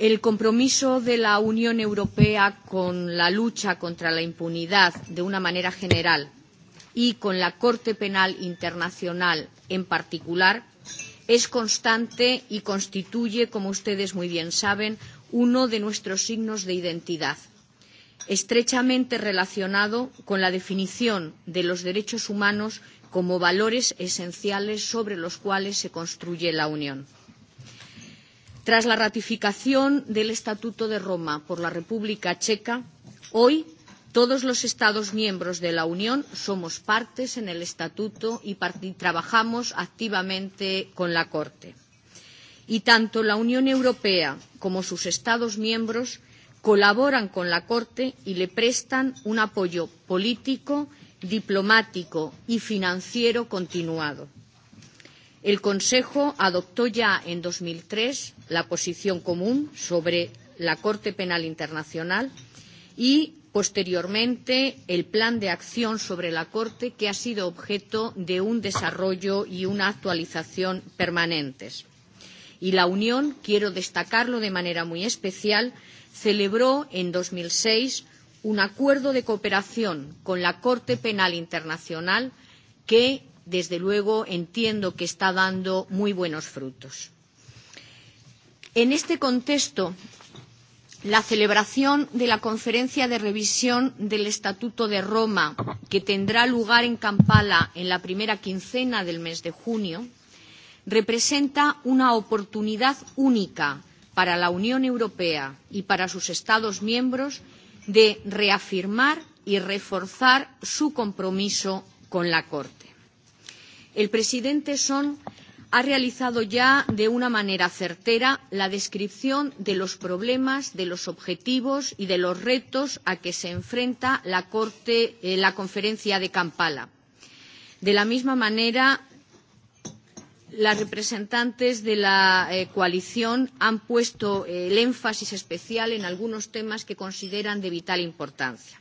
El compromiso de la Unión Europea con la lucha contra la impunidad de una manera general y con la Corte Penal Internacional en particular es constante y constituye, como ustedes muy bien saben, uno de nuestros signos de identidad, estrechamente relacionado con la definición de los derechos humanos como valores esenciales sobre los cuales se construye la Unión. Tras la ratificación del Estatuto de Roma por la República Checa, hoy todos los Estados miembros de la Unión somos partes en el Estatuto y, trabajamos activamente con la Corte. Y tanto la Unión Europea como sus Estados miembros colaboran con la Corte y le prestan un apoyo político, diplomático y financiero continuado El Consejo adoptó ya en dos mil tres la posición común sobre la Corte Penal Internacional y posteriormente el plan de acción sobre la Corte que ha sido objeto de un desarrollo y una actualización permanentes. Y la Unión, quiero destacarlo de manera muy especial, celebró en dos mil seis un acuerdo de cooperación con la Corte Penal Internacional que desde luego, entiendo que está dando muy buenos frutos. En este contexto, la celebración de la conferencia de revisión del Estatuto de Roma, que tendrá lugar en Kampala en la primera quincena del mes de junio, representa una oportunidad única para la Unión Europea y para sus Estados miembros de reafirmar y reforzar su compromiso con la Corte el presidente Son ha realizado ya de una manera certera la descripción de los problemas, de los objetivos y de los retos a que se enfrenta la, corte, eh, la conferencia de Kampala. De la misma manera, las representantes de la eh, coalición han puesto eh, el énfasis especial en algunos temas que consideran de vital importancia.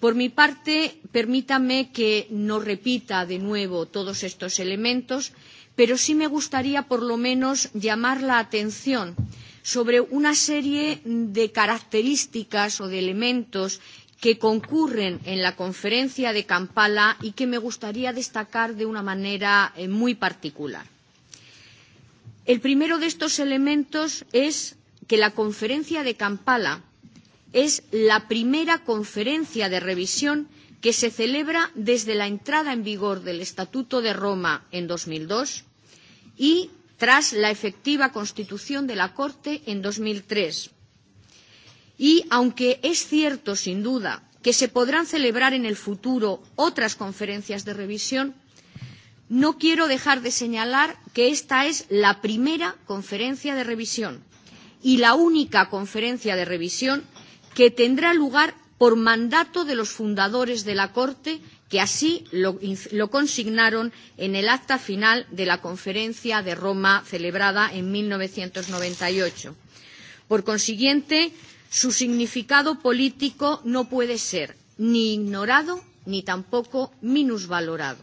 Por mi parte, permítame que no repita de nuevo todos estos elementos, pero sí me gustaría por lo menos llamar la atención sobre una serie de características o de elementos que concurren en la conferencia de Kampala y que me gustaría destacar de una manera muy particular. El primero de estos elementos es que la conferencia de Kampala Es la primera conferencia de revisión que se celebra desde la entrada en vigor del Estatuto de Roma en dos mil dos y tras la efectiva constitución de la Corte en dos mil tres. Y aunque es cierto, sin duda, que se podrán celebrar en el futuro otras conferencias de revisión, no quiero dejar de señalar que esta es la primera conferencia de revisión y la única conferencia de revisión que tendrá lugar por mandato de los fundadores de la Corte, que así lo, lo consignaron en el acta final de la Conferencia de Roma celebrada en 1998. Por consiguiente, su significado político no puede ser ni ignorado ni tampoco minusvalorado.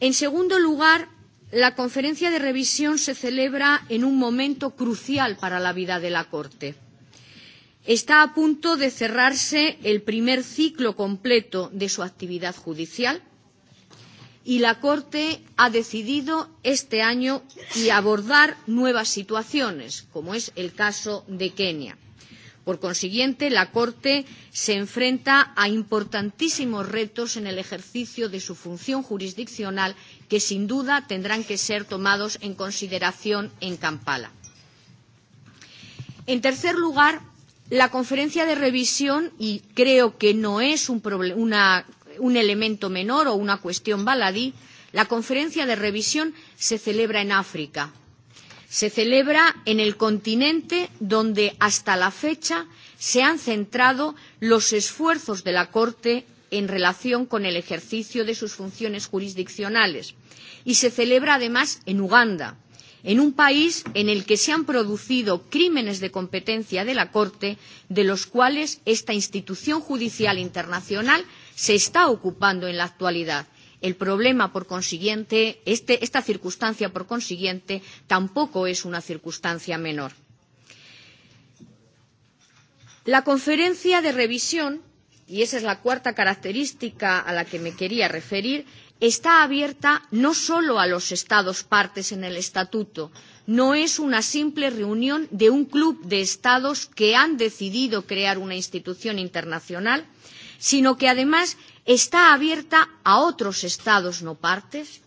En segundo lugar, la conferencia de revisión se celebra en un momento crucial para la vida de la Corte está a punto de cerrarse el primer ciclo completo de su actividad judicial y la Corte ha decidido este año y abordar nuevas situaciones, como es el caso de Kenia. Por consiguiente, la Corte se enfrenta a importantísimos retos en el ejercicio de su función jurisdiccional que sin duda tendrán que ser tomados en consideración en Kampala. En tercer lugar, La conferencia de revisión, y creo que no es un, una, un elemento menor o una cuestión baladí, la conferencia de revisión se celebra en África. Se celebra en el continente donde hasta la fecha se han centrado los esfuerzos de la Corte en relación con el ejercicio de sus funciones jurisdiccionales. Y se celebra además en Uganda en un país en el que se han producido crímenes de competencia de la Corte, de los cuales esta institución judicial internacional se está ocupando en la actualidad. El problema, por consiguiente, esta circunstancia, por consiguiente, tampoco es una circunstancia menor. La conferencia de revisión, y esa es la cuarta característica a la que me quería referir, está abierta no solo a los Estados partes en el Estatuto, no es una simple reunión de un club de Estados que han decidido crear una institución internacional, sino que además está abierta a otros Estados no partes,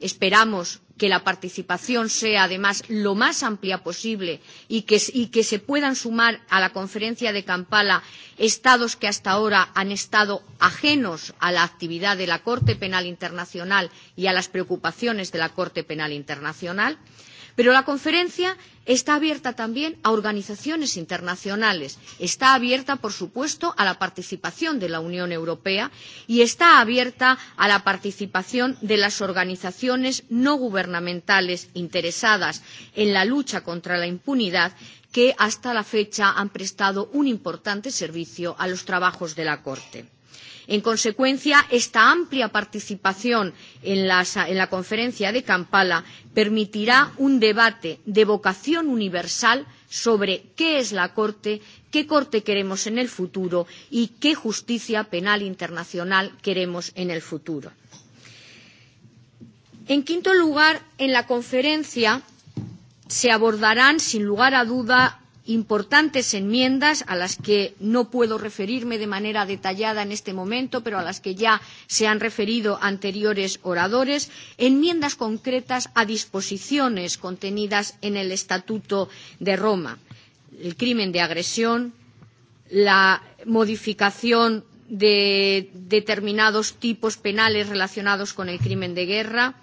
Esperamos que la participación sea además lo más amplia posible y que, y que se puedan sumar a la conferencia de Kampala estados que hasta ahora han estado ajenos a la actividad de la Corte Penal Internacional y a las preocupaciones de la Corte Penal Internacional. Pero la conferencia está abierta también a organizaciones internacionales, está abierta, por supuesto, a la participación de la Unión Europea y está abierta a la participación de las organizaciones no gubernamentales interesadas en la lucha contra la impunidad que hasta la fecha han prestado un importante servicio a los trabajos de la Corte. En consecuencia, esta amplia participación en, en la conferencia de Kampala permitirá un debate de vocación universal sobre qué es la Corte, qué Corte queremos en el futuro y qué justicia penal internacional queremos en el futuro. En quinto lugar, en la conferencia se abordarán, sin lugar a duda, importantes enmiendas a las que no puedo referirme de manera detallada en este momento, pero a las que ya se han referido anteriores oradores, enmiendas concretas a disposiciones contenidas en el Estatuto de Roma, el crimen de agresión, la modificación de determinados tipos penales relacionados con el crimen de guerra,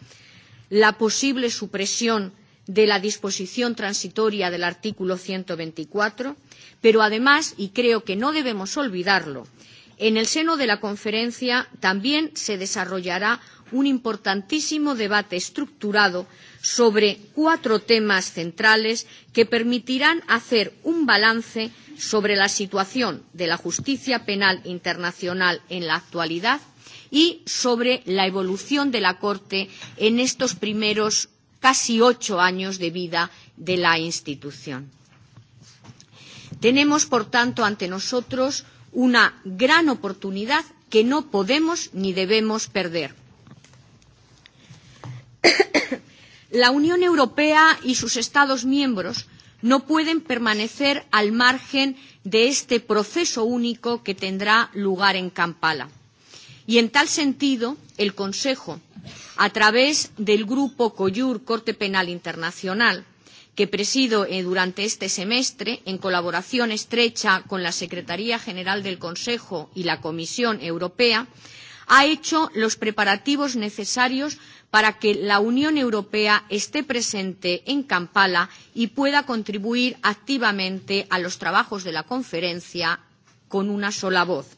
la posible supresión de la disposición transitoria del artículo 124, pero además, y creo que no debemos olvidarlo, en el seno de la conferencia también se desarrollará un importantísimo debate estructurado sobre cuatro temas centrales que permitirán hacer un balance sobre la situación de la justicia penal internacional en la actualidad y sobre la evolución de la Corte en estos primeros casi ocho años de vida de la institución. Tenemos, por tanto, ante nosotros una gran oportunidad que no podemos ni debemos perder. La Unión Europea y sus Estados miembros no pueden permanecer al margen de este proceso único que tendrá lugar en Kampala. Y en tal sentido, el Consejo a través del grupo COYUR Corte Penal Internacional, que presido durante este semestre en colaboración estrecha con la Secretaría General del Consejo y la Comisión Europea, ha hecho los preparativos necesarios para que la Unión Europea esté presente en Kampala y pueda contribuir activamente a los trabajos de la conferencia con una sola voz.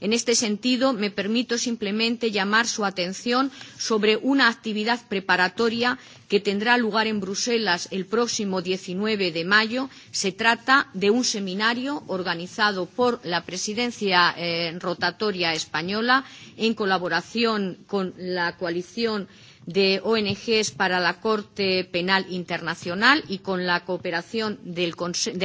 En este sentido, me permito simplemente llamar su atención sobre una actividad preparatoria que tendrá lugar en Bruselas el próximo 19 de mayo. Se trata de un seminario organizado por la Presidencia eh, rotatoria española en colaboración con la coalición de ONG para la Corte Penal Internacional y con la cooperación de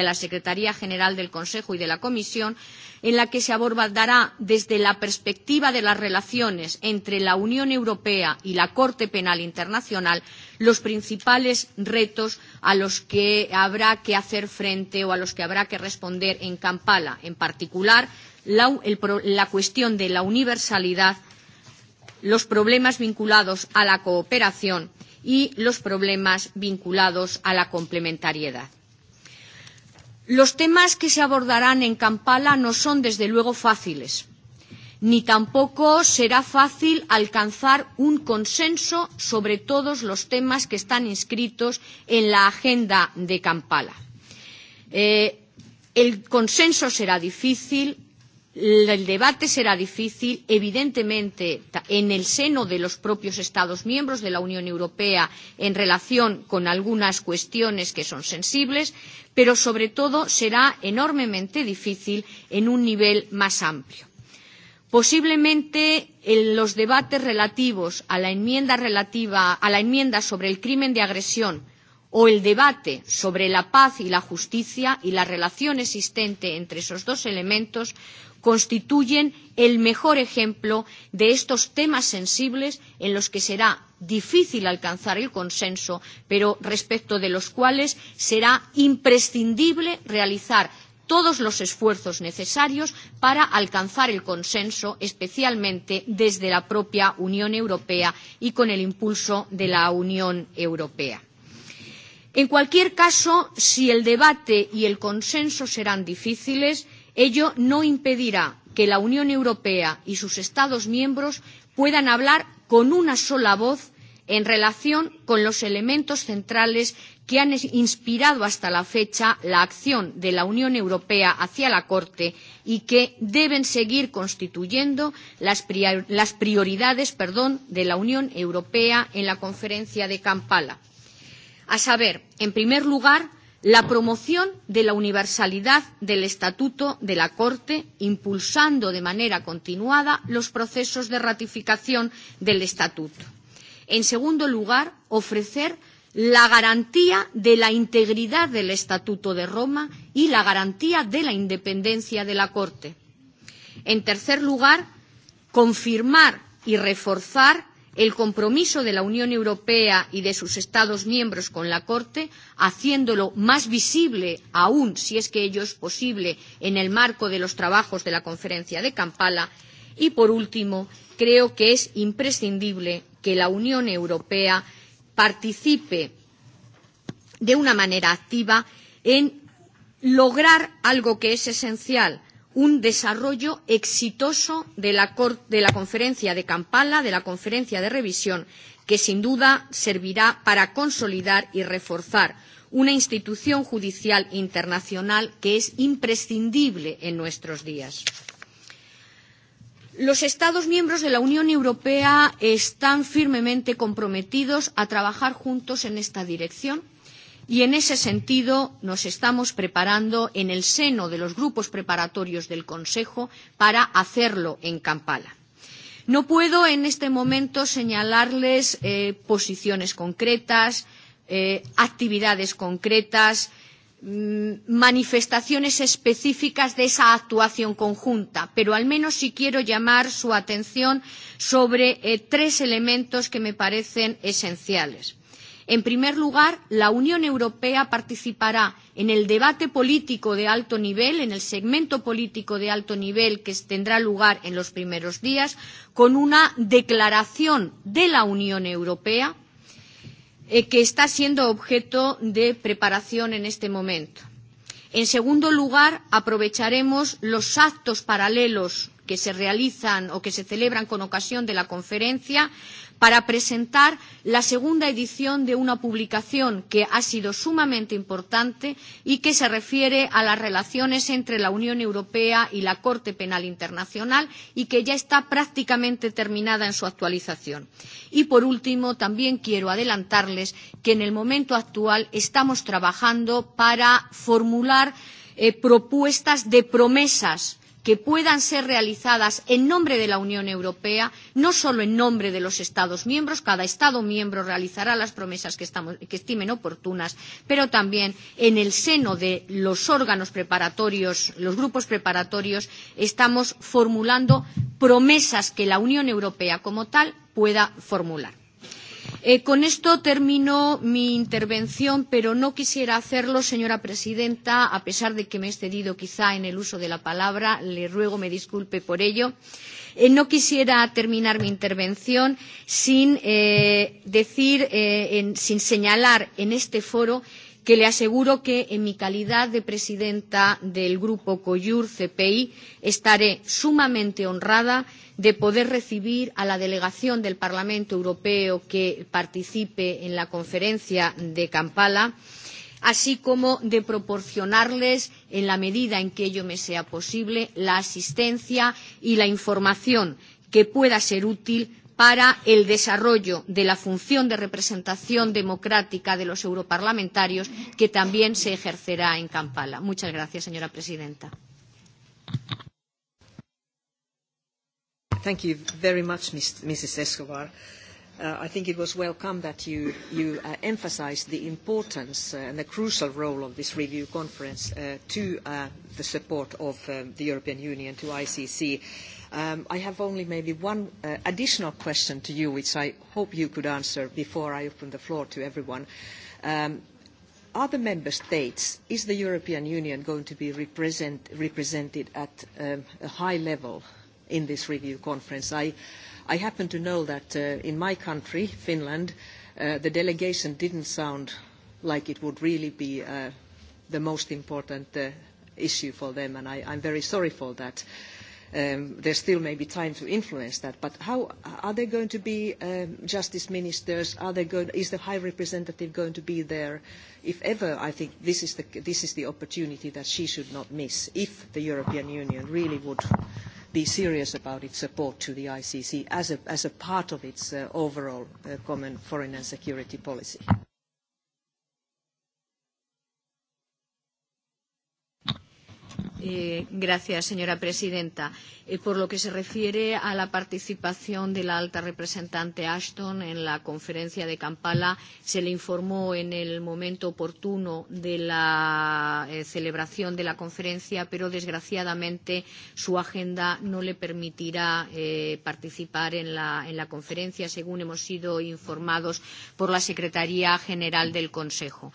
la Secretaría General del Consejo y de la Comisión en la que se abordará desde la perspectiva de las relaciones entre la Unión Europea y la Corte Penal Internacional los principales retos a los que habrá que hacer frente o a los que habrá que responder en Kampala, en particular la, el, la cuestión de la universalidad, los problemas vinculados a la cooperación y los problemas vinculados a la complementariedad. Los temas que se abordarán en Kampala no son, desde luego, fáciles, ni tampoco será fácil alcanzar un consenso sobre todos los temas que están inscritos en la agenda de Kampala. Eh, el consenso será difícil, El debate será difícil, evidentemente, en el seno de los propios Estados miembros de la Unión Europea en relación con algunas cuestiones que son sensibles, pero sobre todo será enormemente difícil en un nivel más amplio. Posiblemente en los debates relativos a la enmienda relativa a la enmienda sobre el crimen de agresión o el debate sobre la paz y la justicia y la relación existente entre esos dos elementos constituyen el mejor ejemplo de estos temas sensibles en los que será difícil alcanzar el consenso, pero respecto de los cuales será imprescindible realizar todos los esfuerzos necesarios para alcanzar el consenso, especialmente desde la propia Unión Europea y con el impulso de la Unión Europea. En cualquier caso, si el debate y el consenso serán difíciles, Ello no impedirá que la Unión Europea y sus Estados miembros puedan hablar con una sola voz en relación con los elementos centrales que han inspirado hasta la fecha la acción de la Unión Europea hacia la Corte y que deben seguir constituyendo las, prioridades de la Unión Europea en la conferencia de Kampala. A saber, en primer lugar, la promoción de la universalidad del Estatuto de la Corte, impulsando de manera continuada los procesos de ratificación del Estatuto. En segundo lugar, ofrecer la garantía de la integridad del Estatuto de Roma y la garantía de la independencia de la Corte. En tercer lugar, confirmar y reforzar el compromiso de la Unión Europea y de sus Estados miembros con la Corte, haciéndolo más visible aún, si es que ello es posible, en el marco de los trabajos de la Conferencia de Kampala. Y, por último, creo que es imprescindible que la Unión Europea participe de una manera activa en lograr algo que es esencial, un desarrollo exitoso de la, de la conferencia de Kampala, de la conferencia de revisión, que sin duda servirá para consolidar y reforzar una institución judicial internacional que es imprescindible en nuestros días. Los Estados miembros de la Unión Europea están firmemente comprometidos a trabajar juntos en esta dirección Y en ese sentido nos estamos preparando en el seno de los grupos preparatorios del Consejo para hacerlo en Kampala. No puedo en este momento señalarles eh, posiciones concretas, eh, actividades concretas, manifestaciones específicas de esa actuación conjunta, pero al menos sí quiero llamar su atención sobre eh, tres elementos que me parecen esenciales. En primer lugar, la Unión Europea participará en el debate político de alto nivel, en el segmento político de alto nivel que tendrá lugar en los primeros días, con una declaración de la Unión Europea que está siendo objeto de preparación en este momento. En segundo lugar, aprovecharemos los actos paralelos que se realizan o que se celebran con ocasión de la conferencia para presentar la segunda edición de una publicación que ha sido sumamente importante y que se refiere a las relaciones entre la Unión Europea y la Corte Penal Internacional y que ya está prácticamente terminada en su actualización. Y por último, también quiero adelantarles que en el momento actual estamos trabajando para formular propuestas de promesas que puedan ser realizadas en nombre de la Unión Europea, no solo en nombre de los Estados miembros, cada Estado miembro realizará las promesas que, estamos, que estimen oportunas, pero también en el seno de los órganos preparatorios, los grupos preparatorios, estamos formulando promesas que la Unión Europea como tal pueda formular. Eh, con esto termino mi intervención, pero no quisiera hacerlo, señora presidenta, a pesar de que me he excedido quizá en el uso de la palabra, le ruego me disculpe por ello. Eh, no quisiera terminar mi intervención sin eh, decir, eh, en, sin señalar en este foro que le aseguro que en mi calidad de presidenta del grupo COIUR CPI estaré sumamente honrada de poder recibir a la delegación del Parlamento Europeo que participe en la conferencia de Kampala, así como de proporcionarles, en la medida en que ello me sea posible, la asistencia y la información que pueda ser útil para el desarrollo de la función de representación democrática de los europarlamentarios que también se ejercerá en Kampala. Muchas gracias, señora presidenta. Thank you very much, Mrs. Escobar. Uh, I think it was welcome that you, you uh, emphasized the importance uh, and the crucial role of this review conference uh, to uh, the support of um, the European Union, to ICC. Uh, Um, I have only maybe one uh, additional question to you, which I hope you could answer before I open the floor to everyone. Um, are the member states, is the European Union going to be represented at a high level in this review conference? I, happen to know that in my country, Finland, the delegation didn't sound like it would really be the most important issue for them, and I, I'm very sorry for that. Uh, there still may be time to influence that. But how are there going to be justice ministers? Are they going, is the High Representative going to be there? If ever, I think this is, the, this is the opportunity that she should not miss if the European Union really would be serious about its support to the ICC as a, as a part of its overall common foreign and security policy. señora presidenta. por lo que se refiere a la participación de la alta representante Ashton en la conferencia de Kampala, se le informó en el momento oportuno de la celebración de la conferencia, pero desgraciadamente su agenda no le permitirá participar en la, conferencia, según hemos sido informados por la Secretaría General del Consejo.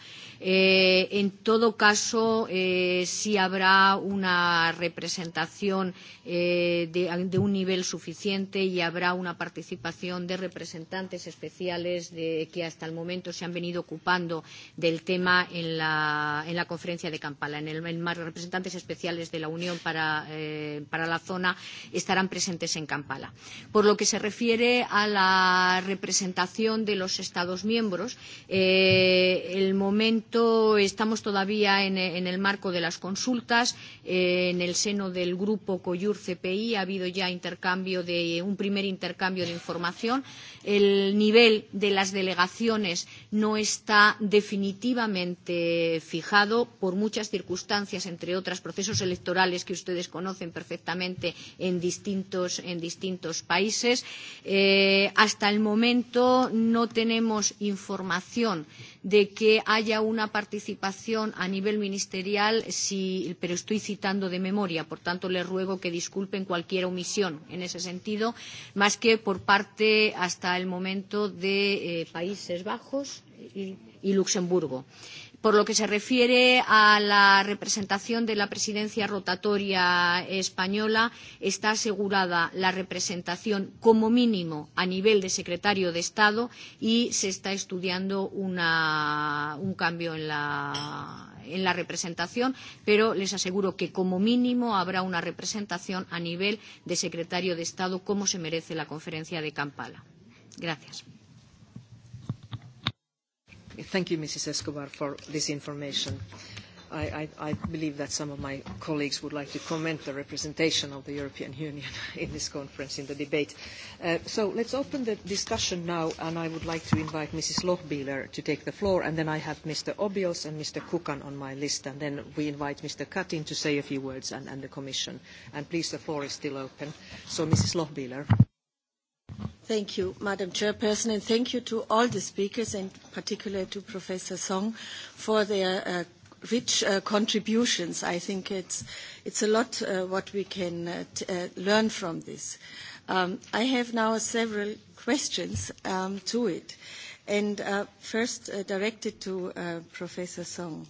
Eh, en todo caso, eh, sí habrá una representación eh, de, de un nivel suficiente y habrá una participación de representantes especiales de, que hasta el momento se han venido ocupando del tema en la, en la conferencia de Kampala. En el, en más representantes especiales de la Unión para, eh, para la zona estarán presentes en Kampala. Por lo que se refiere a la representación de los Estados miembros, eh, el momento tanto, estamos todavía en, en el marco de las consultas. Eh, en el seno del grupo COYUR-CPI ha habido ya intercambio de, un primer intercambio de información el nivel de las delegaciones no está definitivamente fijado por muchas circunstancias, entre otras procesos electorales que ustedes conocen perfectamente en distintos, en distintos países. Eh, hasta el momento no tenemos información de que haya una participación a nivel ministerial, si, pero estoy citando de memoria, por tanto les ruego que disculpen cualquier omisión en ese sentido, más que por parte hasta el momento de eh, Países Bajos y, y Luxemburgo. Por lo que se refiere a la representación de la presidencia rotatoria española, está asegurada la representación como mínimo a nivel de secretario de Estado y se está estudiando una, un cambio en la, en la representación, pero les aseguro que como mínimo habrá una representación a nivel de secretario de Estado como se merece la conferencia de Kampala. Gracias. Thank you, Mrs. Escobar, for this information. I, I, I believe that some of my colleagues would like to comment the representation of the European Union in this conference, in the debate. Uh, so let's open the discussion now, and I would like to invite Mrs. Lochbieler to take the floor, and then I have Mr. Obios and Mr. Kukan on my list, and then we invite Mr. Katin to say a few words and, and the Commission. And please, the floor is still open. So, Mrs. Lochbieler. Thank you, Madam Chairperson, and thank you to all the speakers, and particularly to Professor Song, for their rich contributions. I think it's, it's a lot what we can learn from this. I have now several questions to it, and first directed to Professor Song.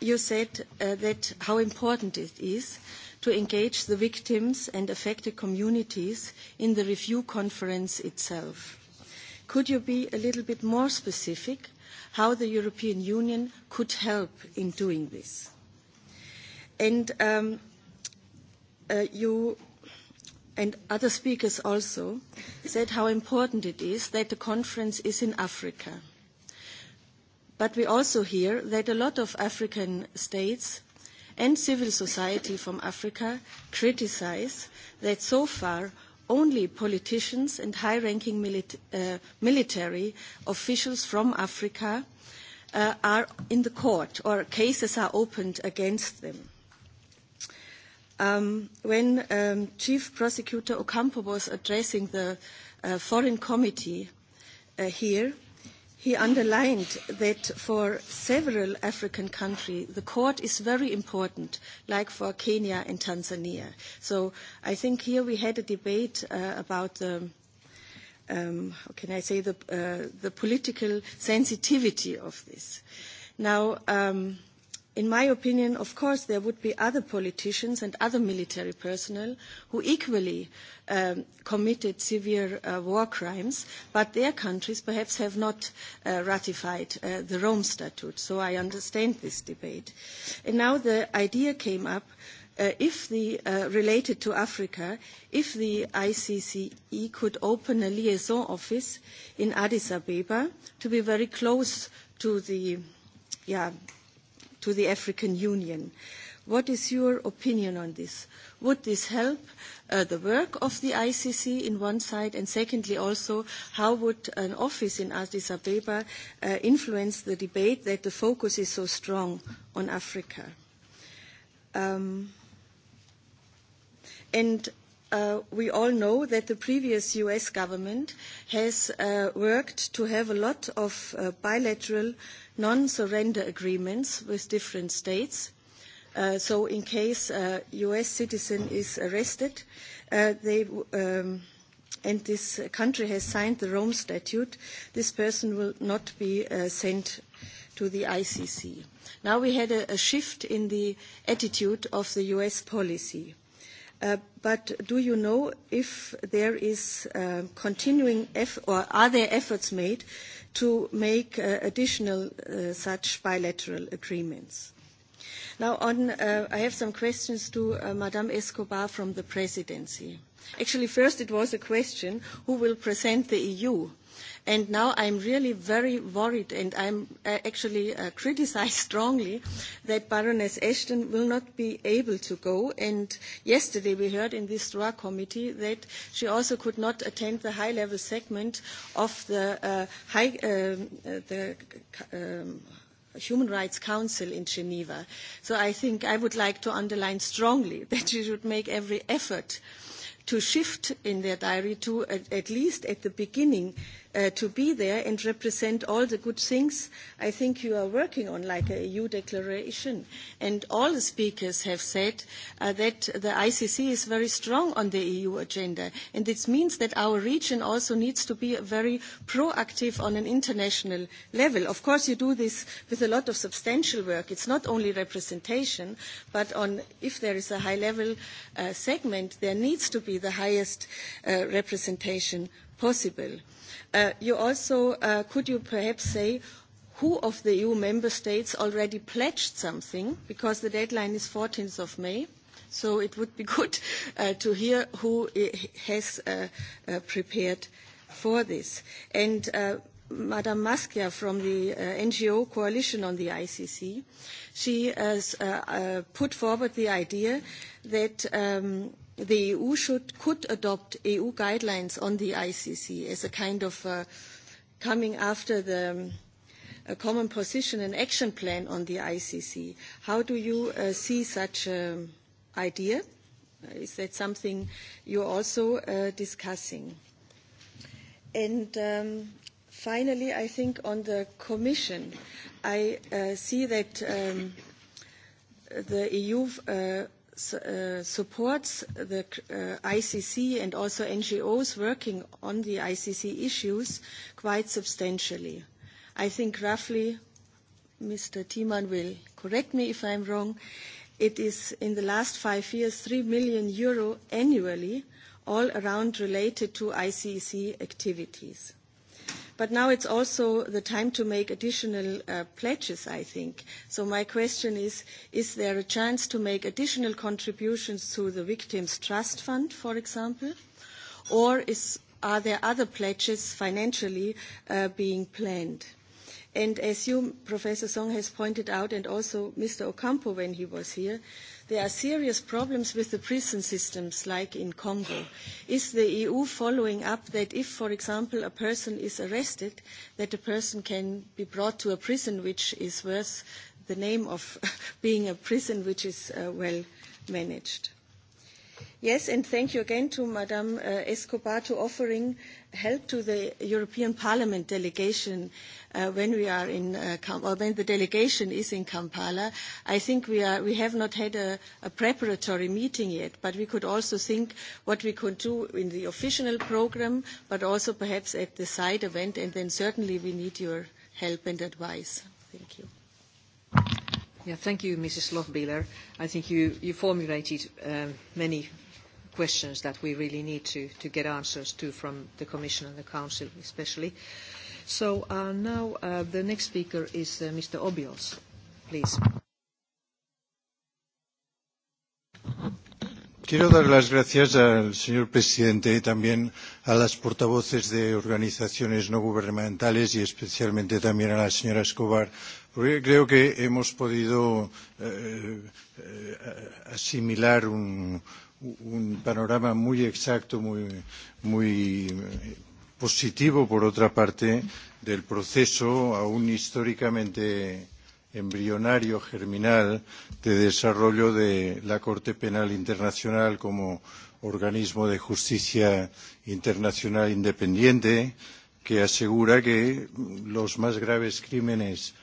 you said that how important it is to engage the victims and affected communities in the review conference itself. Could you be a little bit more specific how the European Union could help in doing this? And um, uh, you and other speakers also said how important it is that the conference is in Africa. But we also hear that a lot of African states and civil society from Africa criticise that so far only politicians and high-ranking military officials from Africa are in the court or cases are opened against them. when Chief Prosecutor Ocampo was addressing the Foreign Committee here, He underlined that for several African countries, the court is very important, like for Kenya and Tanzania. So I think here we had a debate uh, about the um, how can I say the uh, the political sensitivity of this. Now. Um, in my opinion, of course, there would be other politicians and other military personnel who equally committed severe war crimes, but their countries perhaps have not ratified the Rome Statute. So I understand this debate. And now the idea came up if the related to Africa, if the ICCE could open a liaison office in Addis Ababa to be very close to the to the African Union. What is your opinion on this? Would this help the work of the ICC in one side? And secondly, also, how would an office in Addis Ababa influence the debate that the focus is so strong on Africa? and we all know that the previous US government has worked to have a lot of bilateral non-surrender agreements with different states. so in case a US citizen is arrested and this country has signed the Rome Statute, this person will not be sent to the ICC. Now we had a, shift in the attitude of the US policy But do you know if there is continuing or are there efforts made to make additional such bilateral agreements? Now, on, I have some questions to Madame Escobar from the presidency. Actually, first it was a question, who will present the EU? And now I'm really very worried, and I'm uh, actually uh, criticized strongly that Baroness Ashton will not be able to go. And yesterday we heard in this ROA committee that she also could not attend the high-level segment of the uh, high uh, the. Um, Human Rights Council in Geneva. So I think I would like to underline strongly that she should make every effort to shift in their diary to, at, least at the beginning, to be there and represent all the good things I think you are working on, like a EU declaration. And all the speakers have said that the ICC is very strong on the EU agenda. And this means that our region also needs to be very proactive on an international level. Of course, you do this with a lot of substantial work. It's not only representation, but on if there is a high-level segment, there needs to be the highest representation possible. you also, could you perhaps say who of the EU member states already pledged something, because the deadline is 14th of May, so it would be good to hear who has prepared for this. And Madam Maskia from the NGO Coalition on the ICC, she has put forward the idea that the EU should could adopt EU guidelines on the ICC as a kind of uh, coming after the a common position and action plan on the ICC. How do you uh, see such an idea? Is that something you're also uh, discussing? And um, finally, I think on the Commission, I uh, see that um, the EU uh, supports the ICC and also NGOs working on the ICC issues quite substantially. I think roughly, Mr. Thiemann will correct me if I'm wrong, it is in the last five years, 3 million euro annually all around related to ICC activities. But now it's also the time to make additional uh, pledges, I think. So my question is, is there a chance to make additional contributions to the Victims Trust Fund, for example? Or is, are there other pledges financially uh, being planned? And as you, Professor Song, has pointed out, and also Mr. Ocampo when he was here, There are serious problems with the prison systems, like in Congo. Is the EU following up that if, for example, a person is arrested, that a person can be brought to a prison which is worth the name of being a prison which is well managed? Yes, and thank you again to Madame Escobar for offering help to the European Parliament delegation when we are in or when the delegation is in Kampala. I think we are we have not had a, a preparatory meeting yet, but we could also think what we could do in the official programme, but also perhaps at the side event, and then certainly we need your help and advice. Thank you. Yeah, thank you, Mrs. Lochbieler. I think you, you formulated um, many questions that we really need to, to get answers to from the Commission and the Council especially. So uh, now uh, the next speaker is uh, Mr. Obiols, please. Quiero dar las gracias al señor presidente y también a las portavoces de organizaciones no gubernamentales y especialmente también a la señora Escobar, porque creo que hemos podido asimilar un, un panorama muy exacto, muy, muy positivo, por otra parte, del proceso aún históricamente embrionario, germinal, de desarrollo de la Corte Penal Internacional como organismo de justicia internacional independiente que asegura que los más graves crímenes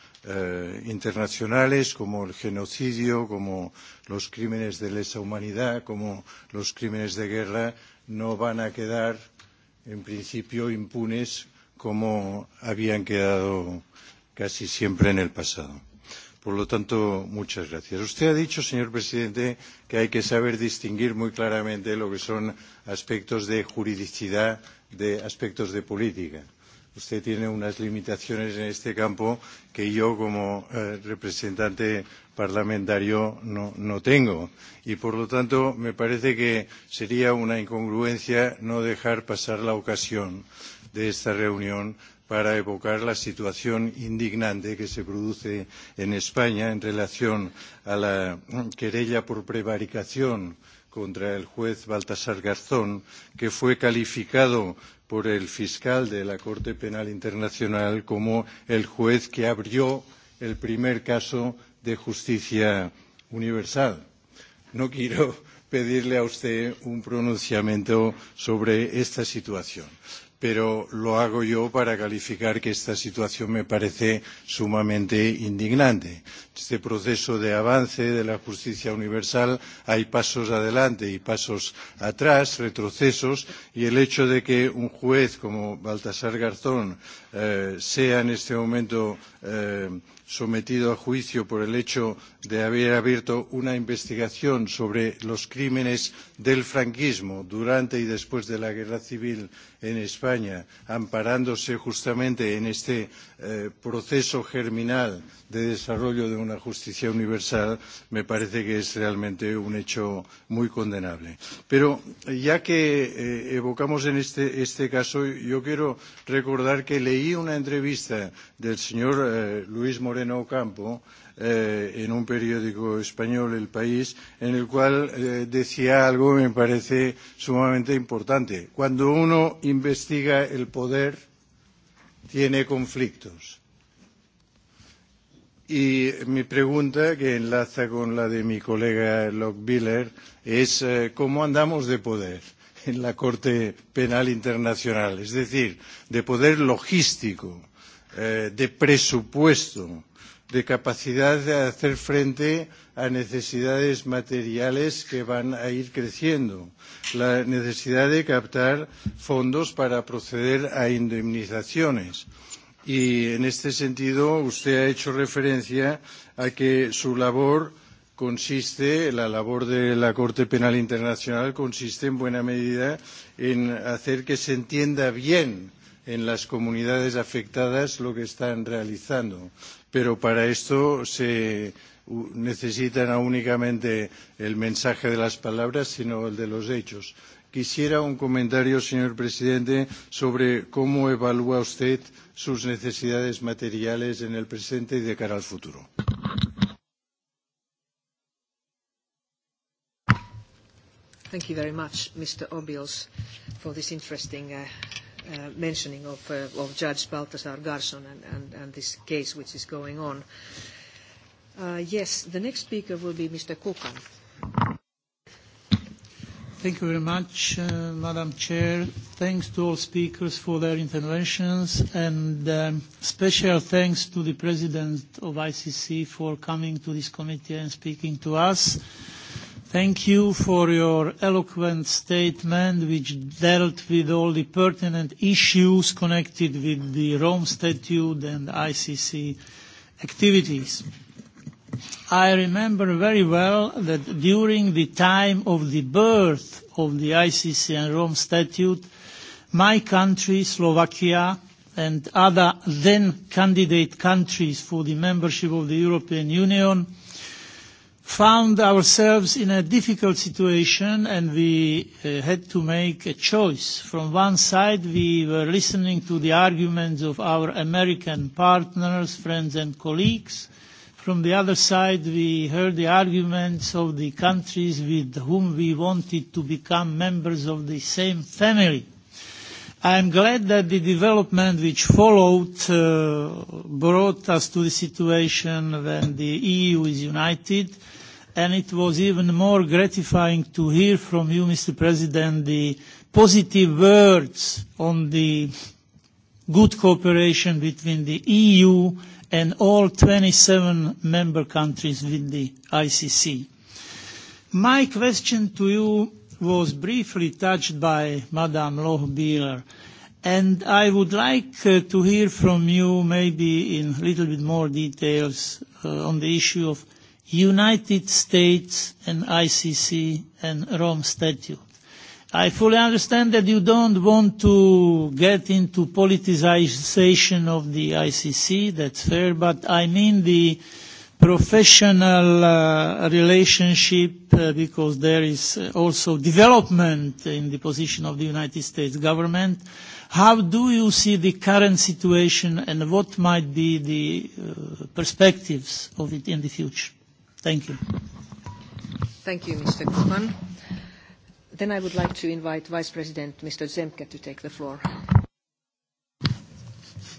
internacionales como el genocidio, como los crímenes de lesa humanidad, como los crímenes de guerra, no van a quedar, en principio, impunes como habían quedado casi siempre en el pasado. Por lo tanto, muchas gracias. Usted ha dicho, señor presidente, que hay que saber distinguir muy claramente lo que son aspectos de juridicidad de aspectos de política usted tiene unas limitaciones en este campo que yo como representante parlamentario no, tengo. Y por lo tanto me parece que sería una incongruencia no dejar pasar la ocasión de esta reunión para evocar la situación indignante que se produce en España en relación a la querella por prevaricación contra el juez Baltasar Garzón, que fue calificado por el fiscal de la Corte Penal Internacional como el juez que abrió el primer caso de justicia universal. No quiero pedirle a usted un pronunciamiento sobre esta situación pero lo hago yo para calificar que esta situación me parece sumamente indignante. Este proceso de avance de la justicia universal hay pasos adelante y pasos atrás, retrocesos, y el hecho de que un juez como Baltasar Garzón sea en este momento sometido a juicio por el hecho de haber abierto una investigación sobre los crímenes del franquismo durante y después de la guerra civil en España, amparándose justamente en este proceso germinal de desarrollo de una justicia universal, me parece que es realmente un hecho muy condenable. Pero ya que evocamos en este, caso, yo quiero recordar que leí leí una entrevista del señor Luis Moreno Ocampo en un periódico español, El País, en el cual decía algo que me parece sumamente importante. Cuando uno investiga el poder, tiene conflictos. Y mi pregunta, que enlaza con la de mi colega Locke Biller, es ¿cómo andamos de poder? en la Corte Penal Internacional, es decir, de poder logístico, de presupuesto, de capacidad de hacer frente a necesidades materiales que van a ir creciendo, la necesidad de captar fondos para proceder a indemnizaciones. Y en este sentido, usted ha hecho referencia a que su labor consiste, la labor de la Corte Penal Internacional consiste en buena medida en hacer que se entienda bien en las comunidades afectadas lo que están realizando. Pero para esto se necesita no únicamente el mensaje de las palabras, sino el de los hechos. Quisiera un comentario, señor presidente, sobre cómo evalúa usted sus necesidades materiales en el presente y de cara al futuro. Thank you very much, Mr. Obiols, for this interesting uh, uh, mentioning of, uh, of Judge Baltasar Garson and, and, and this case which is going on. Uh, yes, the next speaker will be Mr. Kukan. Thank you very much, uh, Madam Chair. Thanks to all speakers for their interventions, and um, special thanks to the President of ICC for coming to this committee and speaking to us Thank you for your eloquent statement, which dealt with all the pertinent issues connected with the Rome Statute and ICC activities. I remember very well that during the time of the birth of the ICC and Rome Statute, my country, Slovakia, and other then candidate countries for the membership of the European Union found ourselves in a difficult situation and we uh, had to make a choice. From one side, we were listening to the arguments of our American partners, friends and colleagues. From the other side, we heard the arguments of the countries with whom we wanted to become members of the same family. I am glad that the development which followed uh, brought us to the situation when the EU is united and it was even more gratifying to hear from you, Mr. President, the positive words on the good cooperation between the EU and all 27 member countries with the ICC. My question to you was briefly touched by Madame Bieler, and I would like to hear from you maybe in a little bit more details on the issue of United States and ICC and Rome Statute. I fully understand that you don't want to get into politicization of the ICC, that's fair, but I mean the professional uh, relationship uh, because there is also development in the position of the United States government. How do you see the current situation and what might be the uh, perspectives of it in the future? Thank you. Thank you, Mr. Kukan. Then I would like to invite Vice President Mr. Zemke to take the floor.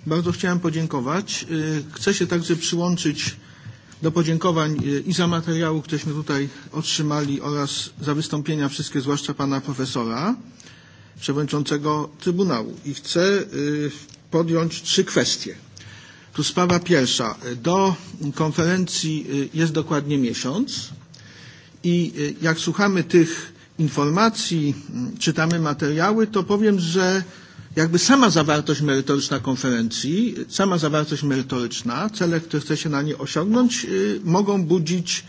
Bardzo chciałem podziękować. Chcę się także przyłączyć do podziękowań i za materiały, któreśmy tutaj otrzymali oraz za wystąpienia wszystkie, zwłaszcza pana profesora, przewodniczącego Trybunału. I chcę podjąć trzy kwestie. Tu sprawa pierwsza. Do konferencji jest dokładnie miesiąc i jak słuchamy tych informacji, czytamy materiały, to powiem, że jakby sama zawartość merytoryczna konferencji, sama zawartość merytoryczna, cele, które chce się na nie osiągnąć, mogą budzić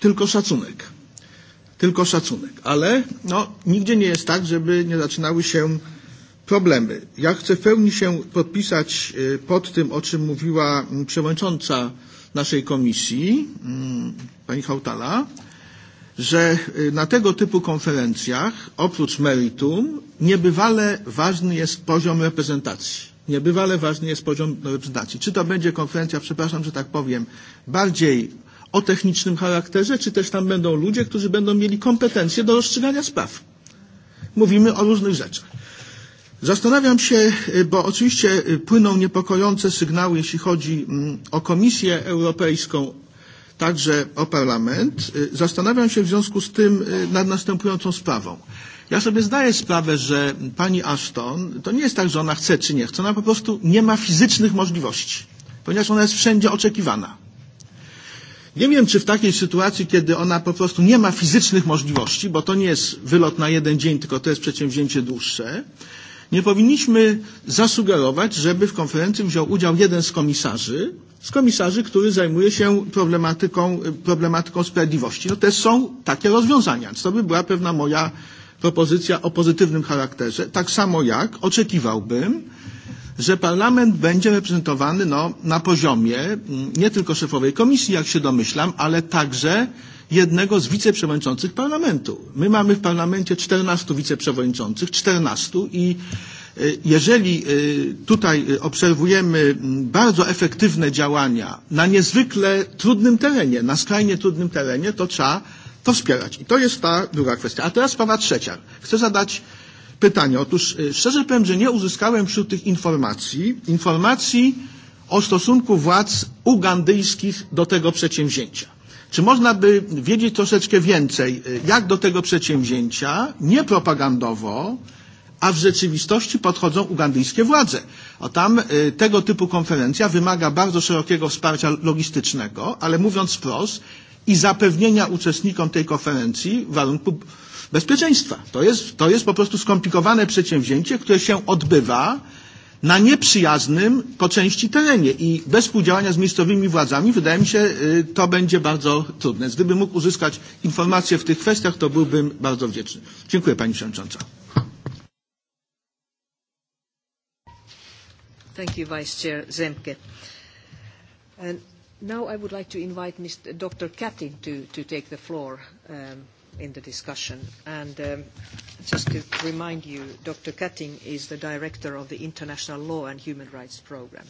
tylko szacunek. Tylko szacunek. Ale no, nigdzie nie jest tak, żeby nie zaczynały się problemy. Ja chcę w pełni się podpisać pod tym, o czym mówiła przewodnicząca naszej komisji, pani Hautala, że na tego typu konferencjach, oprócz meritum, niebywale ważny jest poziom reprezentacji. Niebywale ważny jest poziom reprezentacji. Czy to będzie konferencja, przepraszam, że tak powiem, bardziej o technicznym charakterze, czy też tam będą ludzie, którzy będą mieli kompetencje do rozstrzygania spraw. Mówimy o różnych rzeczach. Zastanawiam się, bo oczywiście płyną niepokojące sygnały, jeśli chodzi o Komisję Europejską, także o Parlament. Zastanawiam się w związku z tym nad następującą sprawą. Ja sobie zdaję sprawę, że pani Ashton, to nie jest tak, że ona chce czy nie chce, ona po prostu nie ma fizycznych możliwości, ponieważ ona jest wszędzie oczekiwana. Nie wiem, czy w takiej sytuacji, kiedy ona po prostu nie ma fizycznych możliwości, bo to nie jest wylot na jeden dzień, tylko to jest przedsięwzięcie dłuższe, nie powinniśmy zasugerować, żeby w konferencji wziął udział jeden z komisarzy, z komisarzy, który zajmuje się problematyką, problematyką sprawiedliwości. No też są takie rozwiązania. To by była pewna moja propozycja o pozytywnym charakterze. Tak samo jak oczekiwałbym, że parlament będzie reprezentowany no, na poziomie nie tylko szefowej komisji, jak się domyślam, ale także jednego z wiceprzewodniczących parlamentu. My mamy w parlamencie 14 wiceprzewodniczących, 14 i jeżeli tutaj obserwujemy bardzo efektywne działania na niezwykle trudnym terenie, na skrajnie trudnym terenie, to trzeba to wspierać. I to jest ta druga kwestia. A teraz sprawa trzecia. Chcę zadać pytanie. Otóż szczerze powiem, że nie uzyskałem wśród tych informacji informacji o stosunku władz ugandyjskich do tego przedsięwzięcia. Czy można by wiedzieć troszeczkę więcej, jak do tego przedsięwzięcia, nie propagandowo, a w rzeczywistości podchodzą ugandyjskie władze? O tam y, tego typu konferencja wymaga bardzo szerokiego wsparcia logistycznego, ale mówiąc wprost, i zapewnienia uczestnikom tej konferencji warunku bezpieczeństwa. To jest, to jest po prostu skomplikowane przedsięwzięcie, które się odbywa na nieprzyjaznym po części terenie i bez współdziałania z miejscowymi władzami wydaje mi się to będzie bardzo trudne. Gdybym mógł uzyskać informacje w tych kwestiach, to byłbym bardzo wdzięczny. Dziękuję Pani Przewodnicząca. Thank you, Vice Chair Zemke. And now I would like to invite Mr. Dr. Kattin to, to take the floor. Um, in the discussion. And um, just to remind you, Dr. Katting is the director of the International Law and Human Rights Programme.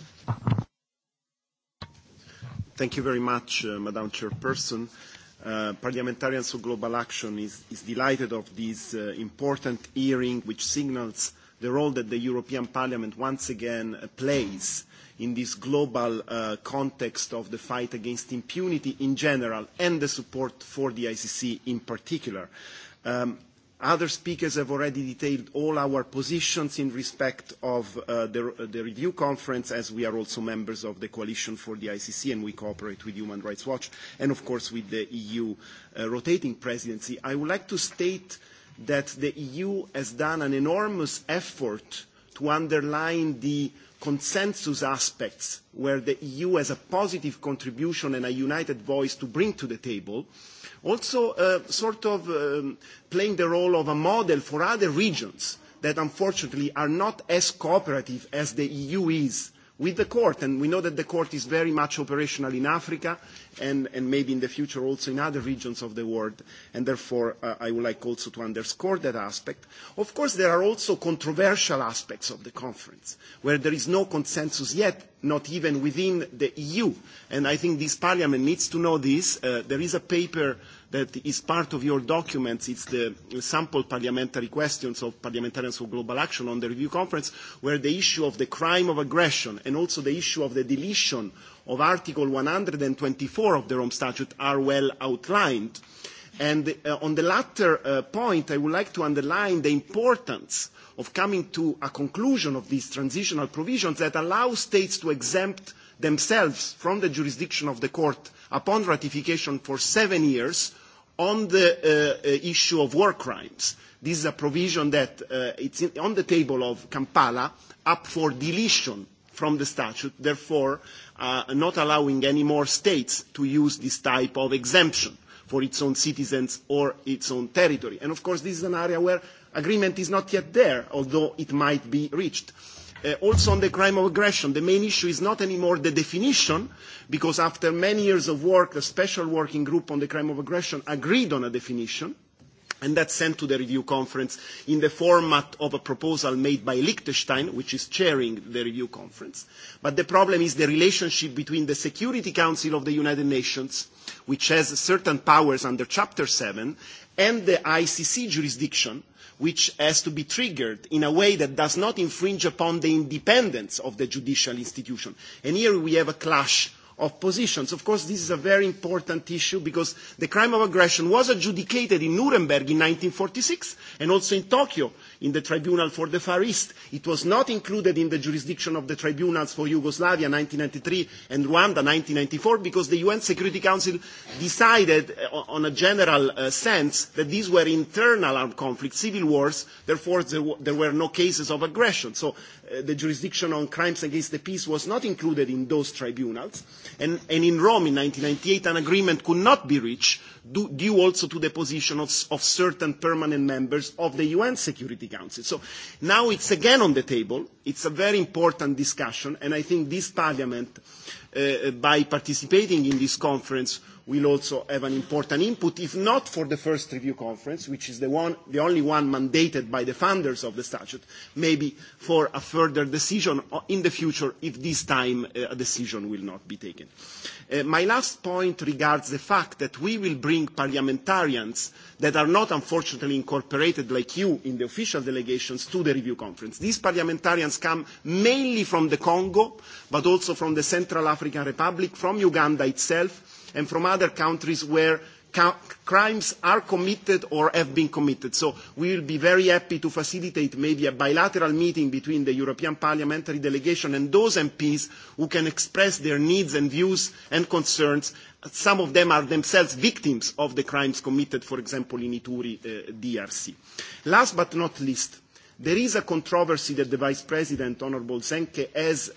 Thank you very much, uh, Madam Chairperson. Uh, Parliamentarians for Global Action is, is delighted of this uh, important hearing, which signals the role that the European Parliament once again plays in this global uh, context of the fight against impunity in general and the support for the ICC in particular. Um, Other speakers have already detailed all our positions in respect of the review conference, as we are also members of the Coalition for the ICC, and we cooperate with Human Rights Watch, and of course, with the EU rotating presidency. I would like to state that the EU has done an enormous effort to underline the consensus aspects where the EU has a positive contribution and a united voice to bring to the table, also uh, sort of um, playing the role of a model for other regions that unfortunately are not as cooperative as the EU is with the court, and we know that the court is very much operational in Africa and, and maybe in the future also in other regions of the world, and therefore uh, I would like also to underscore that aspect. Of course, there are also controversial aspects of the conference, where there is no consensus yet, not even within the EU, and I think this parliament needs to know this. Uh, there is a paper that is part of your documents. It's the sample parliamentary questions of parliamentarians for global action on the review conference, where the issue of the crime of aggression and also the issue of the deletion of Article 124 of the Rome Statute are well outlined. And uh, on the latter uh, point, I would like to underline the importance of coming to a conclusion of these transitional provisions that allow states to exempt themselves from the jurisdiction of the court upon ratification for seven years on the uh, issue of war crimes. This is a provision that uh, it's in, on the table of Kampala up for deletion from the statute, therefore uh, not allowing any more states to use this type of exemption for its own citizens or its own territory. And of course this is an area where agreement is not yet there, although it might be reached. Uh, also on the crime of aggression, the main issue is not anymore the definition, because after many years of work, a special working group on the crime of aggression agreed on a definition, and that's sent to the review conference in the format of a proposal made by Liechtenstein, which is chairing the review conference. But the problem is the relationship between the Security Council of the United Nations, which has certain powers under Chapter 7, and the ICC jurisdiction, which has to be triggered in a way that does not infringe upon the independence of the judicial institution. And here we have a clash of positions. Of course, this is a very important issue because the crime of aggression was adjudicated in Nuremberg in 1946 and also in Tokyo in the Tribunal for the Far East. It was not included in the jurisdiction of the tribunals for Yugoslavia ninety three and Rwanda ninety four because the UN Security Council decided on a general sense that these were internal armed conflicts, civil wars, therefore there were no cases of aggression. So the jurisdiction on crimes against the peace was not included in those tribunals. And, in Rome in ninety eight an agreement could not be reached due also to the position of, certain permanent members of the UN Security Council. So now it is again on the table. It is a very important discussion. And I think this parliament, by participating in this conference, will also have an important input, if not for the first review conference, which is the, one, the only one mandated by the founders of the statute, maybe for a further decision in the future if this time a decision will not be taken. my last point regards the fact that we will bring parliamentarians that are not unfortunately incorporated like you in the official delegations to the review conference. These parliamentarians come mainly from the Congo, but also from the Central African Republic, from Uganda itself, and from other countries where crimes are committed or have been committed. So we will be very happy to facilitate maybe a bilateral meeting between the European Parliamentary Delegation and those MPs who can express their needs and views and concerns. Some of them are themselves victims of the crimes committed, for example, in Ituri, DRC. Last but not least, there is a controversy that the Vice President, Honourable Zenke, has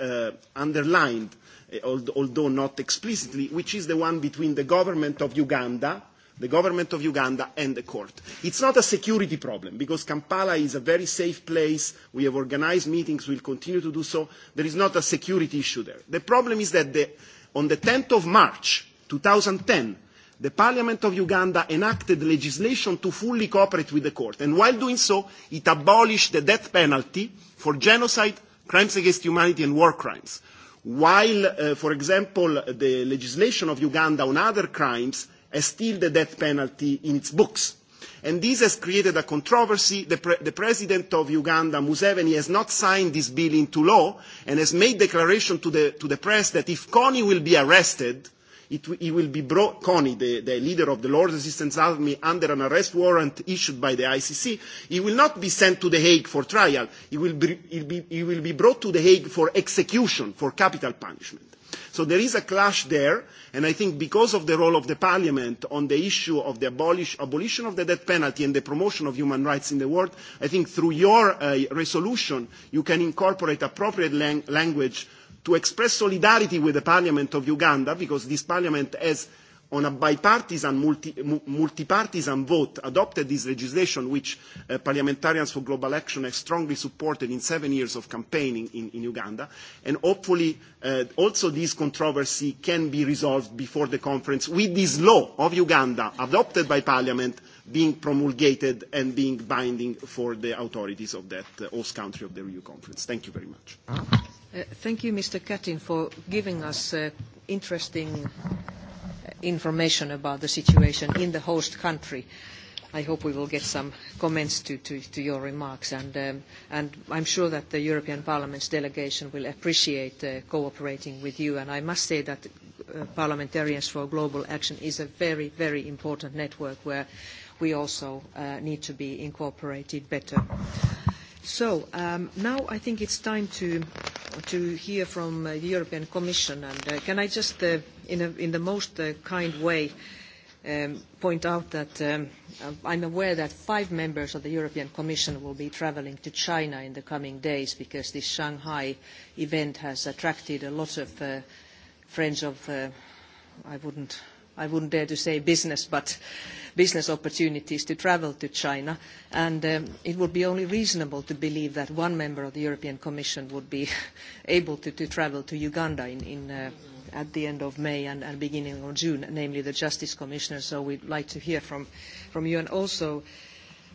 underlined although not explicitly, which is the one between the government of Uganda, the government of Uganda and the court. It's not a security problem because Kampala is a very safe place. We have organized meetings. We'll continue to do so. There is not a security issue there. The problem is that the, on the 10th of March 2010, the Parliament of Uganda enacted legislation to fully cooperate with the court. And while doing so, it abolished the death penalty for genocide, crimes against humanity and war crimes. While, uh, for example, the legislation of Uganda on other crimes has still the death penalty in its books. And this has created a controversy. The, pre- the president of Uganda, Museveni, has not signed this bill into law and has made declaration to the, to the press that if Kony will be arrested, It, he will be brought, Connie, the, the leader of the Lord's Resistance Army, under an arrest warrant issued by the ICC. He will not be sent to The Hague for trial. He will be, be, he will be brought to The Hague for execution, for capital punishment. So there is a clash there, and I think because of the role of the parliament on the issue of the abolish, abolition of the death penalty and the promotion of human rights in the world, I think through your uh, resolution you can incorporate appropriate lang- language to express solidarity with the Parliament of Uganda, because this Parliament has, on a bipartisan, multi, multipartisan vote, adopted this legislation, which uh, parliamentarians for global action have strongly supported in seven years of campaigning in, in Uganda. And hopefully, uh, also this controversy can be resolved before the conference with this law of Uganda, adopted by Parliament, being promulgated and being binding for the authorities of that uh, host country of the Rio conference. Thank you very much. Thank you, Mr. Kattin, for giving us interesting information about the situation in the host country. I hope we will get some comments to your remarks, and I'm sure that the European Parliament's delegation will appreciate cooperating with you. And I must say that Parliamentarians for Global Action is a very, very important network where we also need to be incorporated better. So Now I think it's time to to hear from the European Commission. And can I just, in, the most kind way, point out that I am aware that five members of the European Commission will be travelling to China in the coming days because this Shanghai event has attracted a lot of friends of, I wouldn't I wouldn't dare to say business, but business opportunities to travel to China. And it would be only reasonable to believe that one member of the European Commission would be able to, travel to Uganda in, at the end of May and, beginning of June, namely the Justice Commissioner. So we'd like to hear from, from you. And also,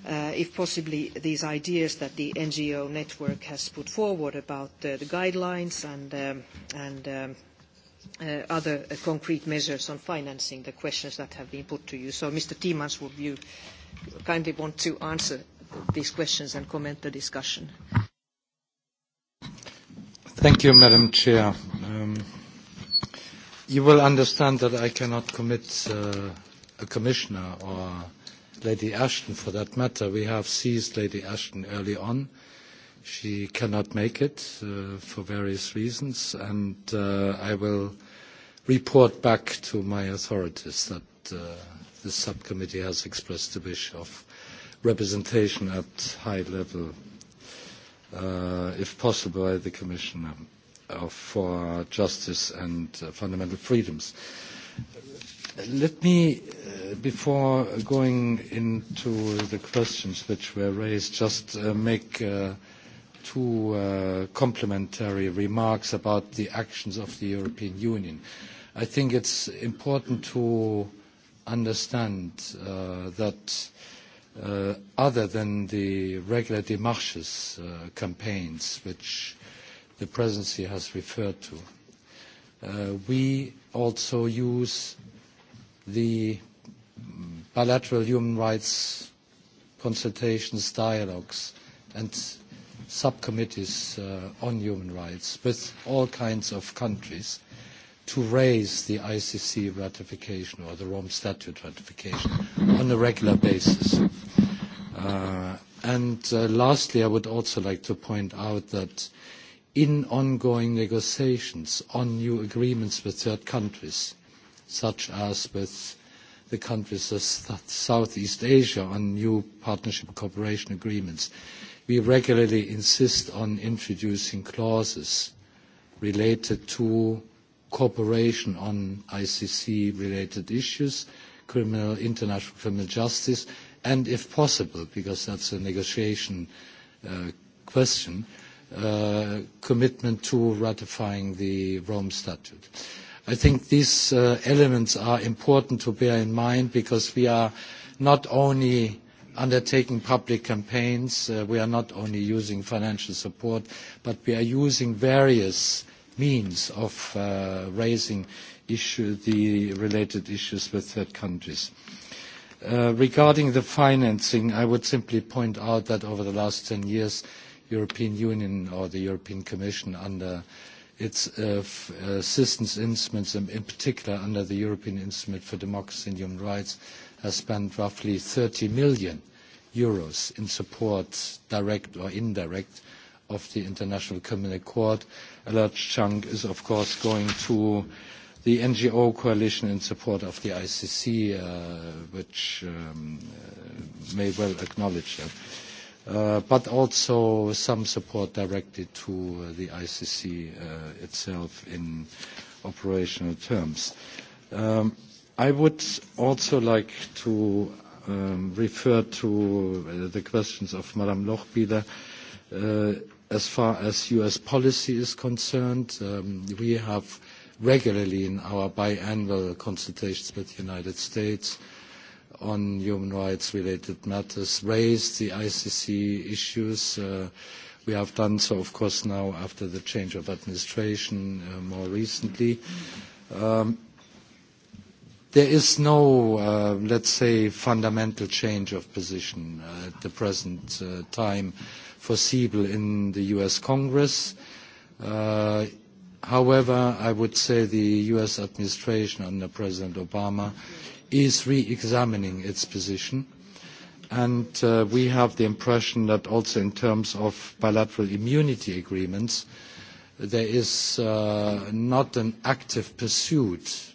if possibly, these ideas that the NGO network has put forward about the guidelines and other concrete measures on financing the questions that have been put to you. So Mr. Tiemans would you kindly want to answer these questions and comment the discussion? Thank you, Madam Chair. You will understand that I cannot commit a commissioner or Lady Ashton for that matter. We have seized Lady Ashton early on She cannot make it for various reasons, and I will report back to my authorities that the subcommittee has expressed the wish of representation at high level, if possible, by the Commissioner for Justice and Fundamental Freedoms. Let me, before going into the questions which were raised, just make a two complementary remarks about the actions of the European Union. I think it's important to understand that other than the regular démarches campaigns, which the presidency has referred to, we also use the bilateral human rights consultations, dialogues, and subcommittees on human rights with all kinds of countries to raise the ICC ratification or the Rome Statute ratification on a regular basis. and lastly, I would also like to point out that in ongoing negotiations on new agreements with third countries, such as with the countries of Southeast Asia on new partnership cooperation agreements, we regularly insist on introducing clauses related to cooperation on ICC-related issues, criminal, international criminal justice, and if possible, because that's a negotiation question, commitment to ratifying the Rome Statute. I think these elements are important to bear in mind because we are not only undertaking public campaigns. We are not only using financial support, but we are using various means of raising the related issues with third countries. Regarding the financing, I would simply point out that over the last 10 years, European Union or the European Commission under its assistance instruments, and in particular under the European Instrument for Democracy and Human Rights, has spent roughly 30 million euros in support, direct or indirect, of the International Criminal Court. A large chunk is, of course, going to the NGO coalition in support of the ICC, which may well acknowledge that. but also some support directly to the ICC itself in operational terms. I would also like to refer to the questions of Madame Uh, As far as U.S. policy is concerned, we have regularly in our biannual consultations with the United States on human rights-related matters raised the ICC issues. We have done so, of course, now after the change of administration more recently. Um There is no, let let's say, fundamental change of position at the present time foreseeable in the U.S. Congress. however, I would say the U.S. administration under President Obama is re-examining its position. And we have the impression that also in terms of bilateral immunity agreements, there is not an active pursuit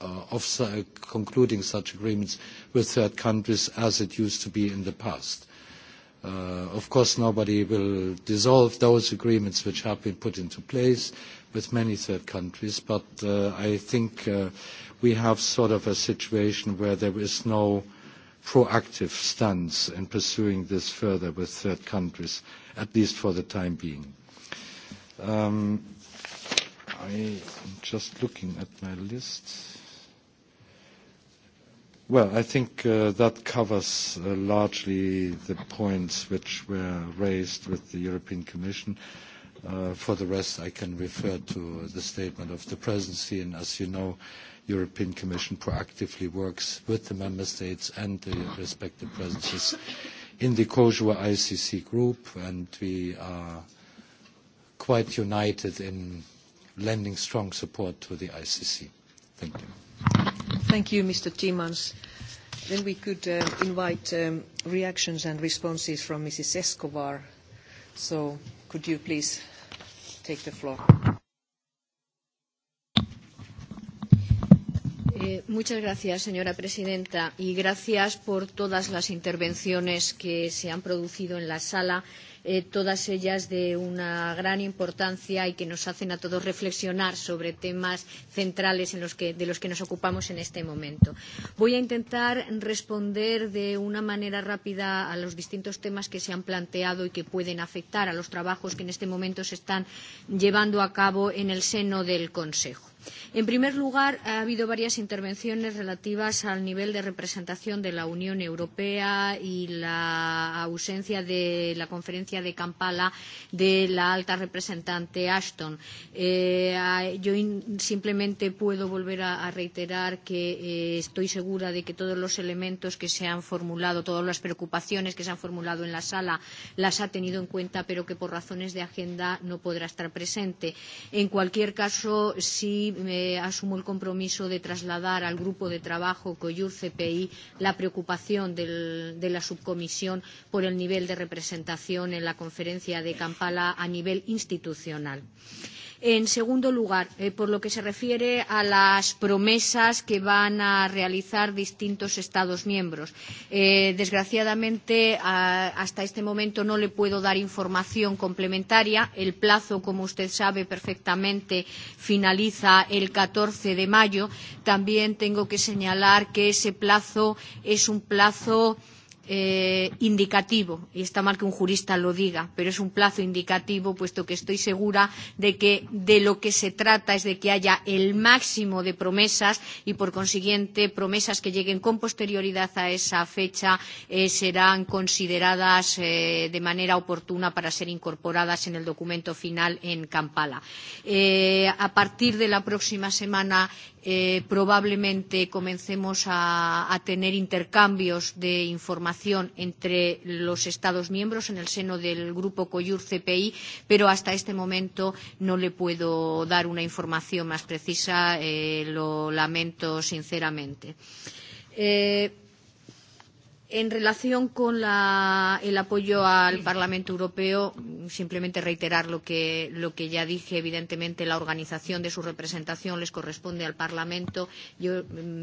of concluding such agreements with third countries as it used to be in the past. Of course, nobody will dissolve those agreements which have been put into place with many third countries, but I think we have sort of a situation where there is no proactive stance in pursuing this further with third countries, at least for the time being. I'm just looking at my list. Well, I think that covers largely the points which were raised with the European Commission. For the rest, I can refer to the statement of the presidency, and as you know, European Commission proactively works with the member states and the respective presidencies in the COJUA ICC group, and we are quite united in lending strong support to the ICC. Thank you. Thank you, Mr. Timmermans. Then we could uh, invite um, reactions and responses from Mrs. Escobar. So could you please take the floor? muchas gracias, señora presidenta, y gracias por todas las intervenciones que se han producido en la sala eh, todas ellas de una gran importancia y que nos hacen a todos reflexionar sobre temas centrales en los que, de los que nos ocupamos en este momento. Voy a intentar responder de una manera rápida a los distintos temas que se han planteado y que pueden afectar a los trabajos que en este momento se están llevando a cabo en el seno del Consejo. En primer lugar, ha habido varias intervenciones relativas al nivel de representación de la Unión Europea y la ausencia de la conferencia de Kampala de la alta representante Ashton. Eh, yo simplemente puedo volver a, a reiterar que eh, estoy segura de que todos los elementos que se han formulado, todas las preocupaciones que se han formulado en la sala, las ha tenido en cuenta, pero que por razones de agenda no podrá estar presente. En cualquier caso, sí eh, asumo el compromiso de trasladar al grupo de trabajo COIUR-CPI la preocupación del, de la subcomisión por el nivel de representación en la conferencia de Kampala a nivel institucional. Eh, En segundo lugar, eh, por lo que se refiere a las promesas que van a realizar distintos Estados miembros. Eh, desgraciadamente, a, hasta este momento no le puedo dar información complementaria. El plazo, como usted sabe perfectamente, finaliza el 14 de mayo. También tengo que señalar que ese plazo es un plazo eh, indicativo, y está mal que un jurista lo diga, pero es un plazo indicativo, puesto que estoy segura de que de lo que se trata es de que haya el máximo de promesas y, por consiguiente, promesas que lleguen con posterioridad a esa fecha eh, serán consideradas eh, de manera oportuna para ser incorporadas en el documento final en Kampala. Eh, a partir de la próxima semana eh, probablemente comencemos a, a tener intercambios de información entre los Estados miembros en el seno del grupo Coyur cpi pero hasta este momento no le puedo dar una información más precisa, eh, lo lamento sinceramente. Eh, En relación con la, el apoyo al Parlamento Europeo, simplemente reiterar lo que, lo que ya dije. Evidentemente, la organización de su representación les corresponde al Parlamento, yo,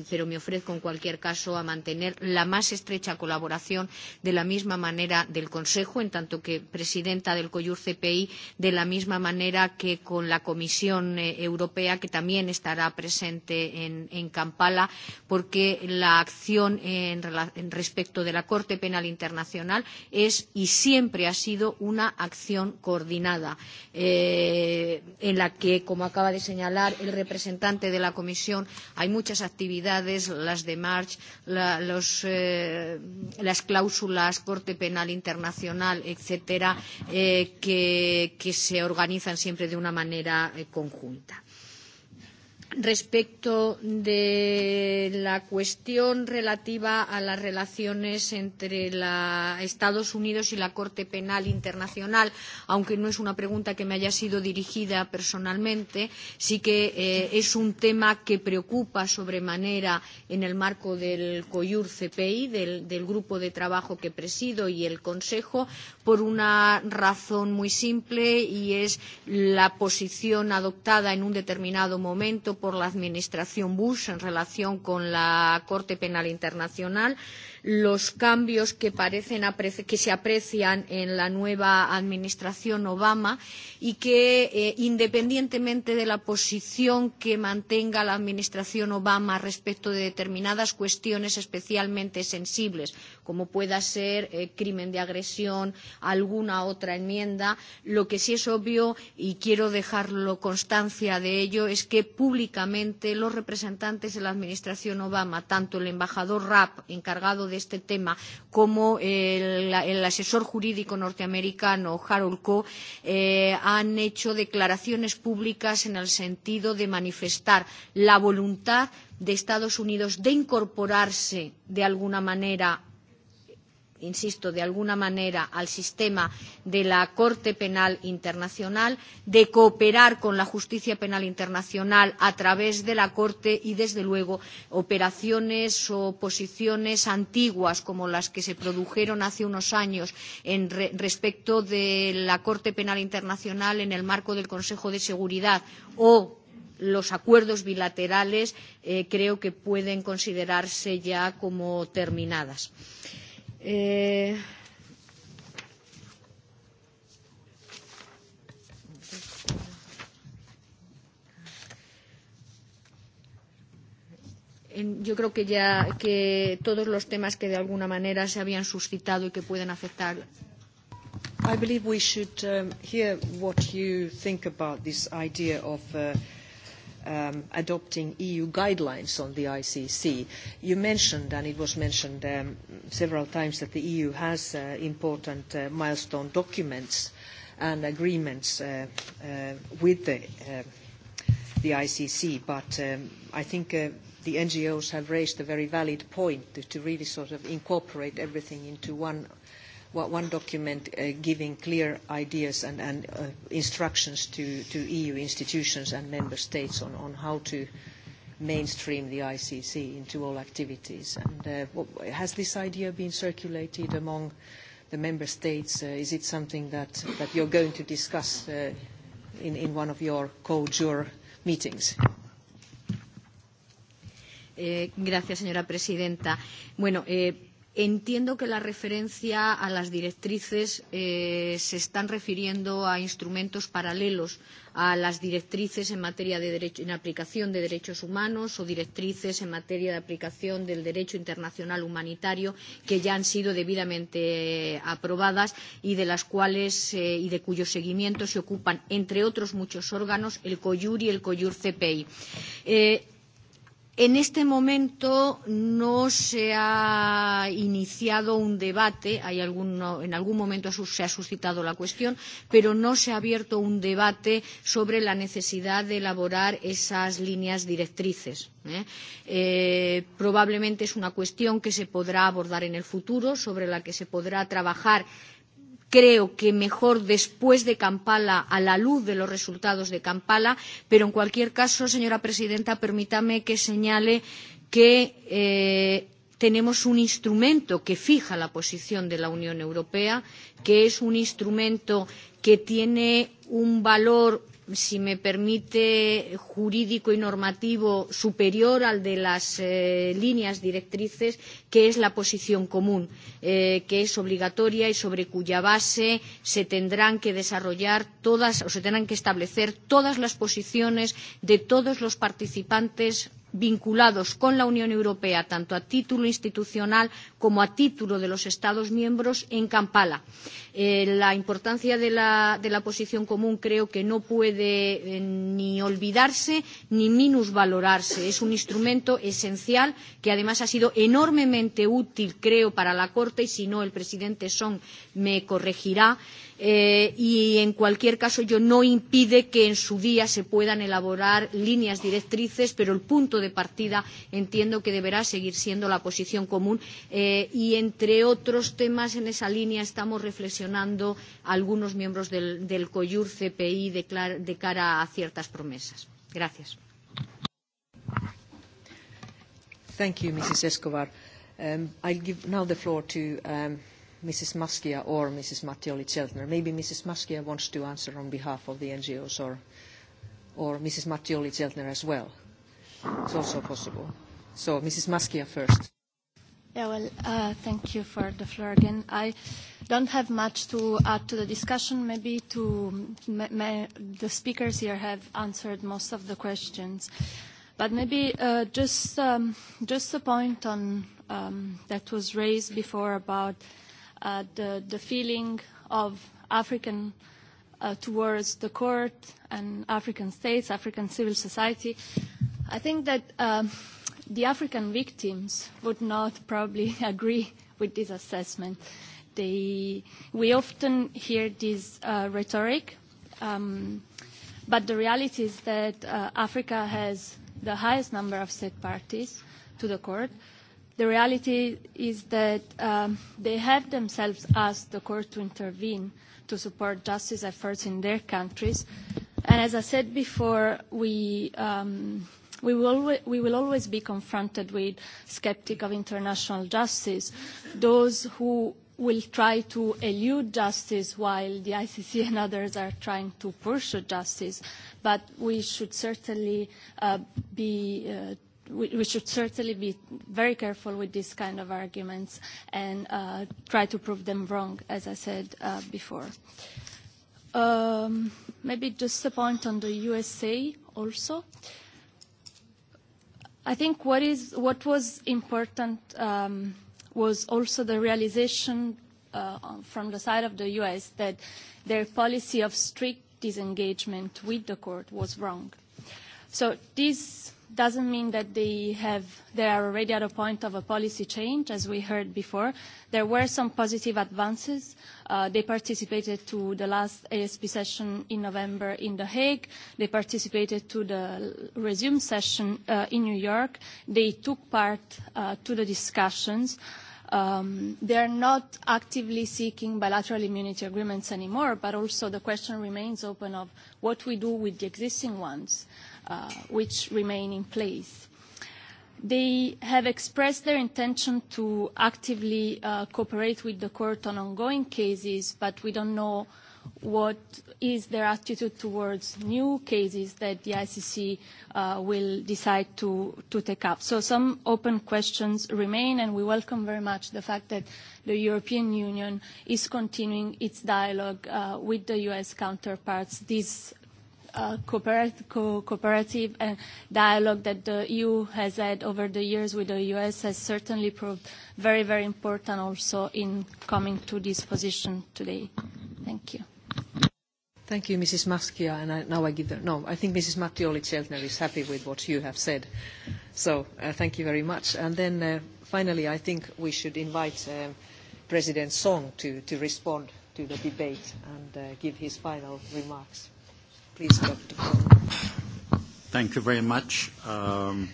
pero me ofrezco en cualquier caso a mantener la más estrecha colaboración de la misma manera del Consejo, en tanto que presidenta del COIUR CPI, de la misma manera que con la Comisión Europea, que también estará presente en, en Kampala, porque la acción en, en respecto de la Corte Penal Internacional es y siempre ha sido una acción coordinada en la que, como acaba de señalar el representante de la Comisión, hay muchas actividades, las de March, las cláusulas Corte Penal Internacional, etcétera, que se organizan siempre de una manera conjunta respecto de la cuestión relativa a las relaciones entre los Estados Unidos y la Corte Penal Internacional, aunque no es una pregunta que me haya sido dirigida personalmente, sí que es un tema que preocupa sobremanera en el marco del COIUR CPI, del, grupo de trabajo que presido y el Consejo, por una razón muy simple y es la posición adoptada en un determinado momento por la Administración Bush en relación con la Corte Penal Internacional los cambios que, parecen que se aprecian en la nueva administración Obama y que, eh, independientemente de la posición que mantenga la administración Obama respecto de determinadas cuestiones especialmente sensibles, como pueda ser eh, crimen de agresión, alguna otra enmienda, lo que sí es obvio, y quiero dejarlo constancia de ello, es que públicamente los representantes de la administración Obama, tanto el embajador Rapp, encargado de este tema, como el, el asesor jurídico norteamericano Harold Coe, eh, han hecho declaraciones públicas en el sentido de manifestar la voluntad de Estados Unidos de incorporarse de alguna manera insisto, de alguna manera al sistema de la Corte Penal Internacional, de cooperar con la justicia penal internacional a través de la Corte y, desde luego, operaciones o posiciones antiguas como las que se produjeron hace unos años respecto de la Corte Penal Internacional en el marco del Consejo de Seguridad o los acuerdos bilaterales creo que pueden considerarse ya como terminadas yo creo que ya que todos los temas que de alguna manera se habían suscitado y que pueden afectar. I believe we should um, hear what you think about this idea of uh, adopting EU guidelines on the ICC. You mentioned, and it was mentioned several times, that the EU has important milestone documents and agreements with the ICC. But I think the NGOs have raised a very valid point to really sort of incorporate everything into one one document giving clear ideas and, instructions to, EU institutions and member states on, how to mainstream the ICC into all activities. has this idea been circulated among the member states? is it something that, that you're going to discuss in, in one of your co-jur meetings? señora presidenta. Bueno, eh, Entiendo que la referencia a las directrices eh, se están refiriendo a instrumentos paralelos a las directrices en materia de derecho, en aplicación de derechos humanos o directrices en materia de aplicación del derecho internacional humanitario que ya han sido debidamente aprobadas y de las cuales eh, y de cuyo seguimiento se ocupan entre otros muchos órganos el coyur y el coyur CPI. Eh, En este momento no se ha iniciado un debate, hay alguno, en algún momento se ha suscitado la cuestión, pero no se ha abierto un debate sobre la necesidad de elaborar esas líneas directrices. ¿eh? Eh, probablemente es una cuestión que se podrá abordar en el futuro, sobre la que se podrá trabajar creo que mejor después de Kampala, a la luz de los resultados de Kampala, pero en cualquier caso, señora presidenta, permítame que señale que eh, tenemos un instrumento que fija la posición de la Unión Europea, que es un instrumento que tiene un valor si me permite, jurídico y normativo superior al de las líneas directrices, que es la posición común, que es obligatoria y sobre cuya base se tendrán que desarrollar todas o se tendrán que establecer todas las posiciones de todos los participantes vinculados con la Unión Europea, tanto a título institucional como a título de los Estados miembros, en Kampala la importancia de la, de la posición común creo que no puede ni olvidarse ni minusvalorarse. Es un instrumento esencial que además ha sido enormemente útil, creo, para la Corte y si no, el presidente Son me corregirá. Eh, y en cualquier caso yo no impide que en su día se puedan elaborar líneas directrices, pero el punto de partida entiendo que deberá seguir siendo la posición común eh, y entre otros temas en esa línea estamos reflexionando presionando a algunos miembros del, del COIUR CPI de, de cara a ciertas promesas. Gracias. Thank you, Mrs. Escobar. Um, I'll give now the floor to um, Mrs. Muskia or Mrs. Mattioli-Zeltner. Maybe Mrs. Muskia wants to answer on behalf of the NGOs or, or Mrs. Mattioli-Zeltner as well. It's also possible. So Mrs. Muskia first. Yeah, well, uh, thank you for the floor again. I don't have much to add to the discussion. Maybe to ma ma the speakers here have answered most of the questions. But maybe uh, just um, just a point on um, that was raised before about uh, the the feeling of African uh, towards the court and African states, African civil society. I think that. Uh, The African victims would not probably agree with this assessment. They, we often hear this uh, rhetoric, um, but the reality is that uh, Africa has the highest number of state parties to the court. The reality is that um, they have themselves asked the court to intervene to support justice efforts in their countries. And as I said before, we um, – We will always be confronted with skeptics of international justice, those who will try to elude justice while the ICC and others are trying to pursue justice. But we should certainly uh be uh we should certainly be very careful with these kind of arguments and uh, try to prove them wrong, as I said uh, before. Um, maybe just a point on the USA also. Uh, I think what is what was important um, was also the realization uh, from the side of the U.S. that their policy of strict disengagement with the court was wrong. So this doesn't mean that they have they are already at a point of a policy change, as we heard before. There were some positive advances They participated to the last ASP session in November in The Hague. They participated to the resume session in New York. They took part to the discussions. They are not actively seeking bilateral immunity agreements anymore, but also the question remains open of what we do with the existing ones, which remain in place They have expressed their intention to actively cooperate with the court on ongoing cases, but we don't know what is their attitude towards new cases that the ICC will decide to take up. So some open questions remain, and we welcome very much the fact that the European Union is continuing its dialogue with the U.S. counterparts. This cooperative and dialogue that the EU has had over the years with the US has certainly proved very, very important also in coming to this position today. Thank you. Thank you, Mrs. Maskia. And I, now I give the... No, I think Mrs. Mattioli-Cheltner is happy with what you have said. So uh, thank you very much. And then uh, finally, I think we should invite uh, President Song to, to respond to the debate and uh, give his final remarks. Please, Dr. Thank you very much. Um,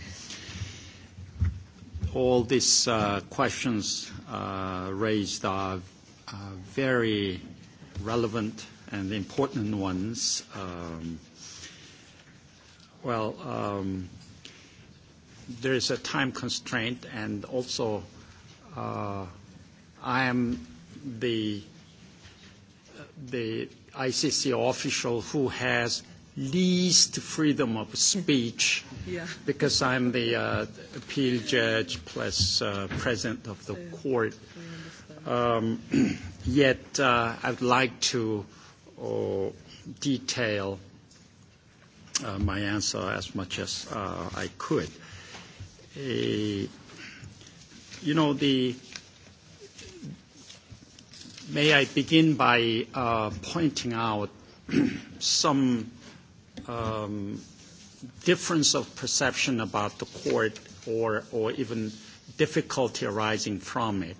all these uh, questions uh, raised are uh, very relevant and important ones. Um, well, um, there is a time constraint, and also uh, I am the the ICC official who has least freedom of speech yeah. because I'm the uh, appeal judge plus uh, president of the court. Um, yet uh, I'd like to uh, detail uh, my answer as much as uh, I could. Uh, you know, the May I begin by uh, pointing out some um, difference of perception about the court or, or even difficulty arising from it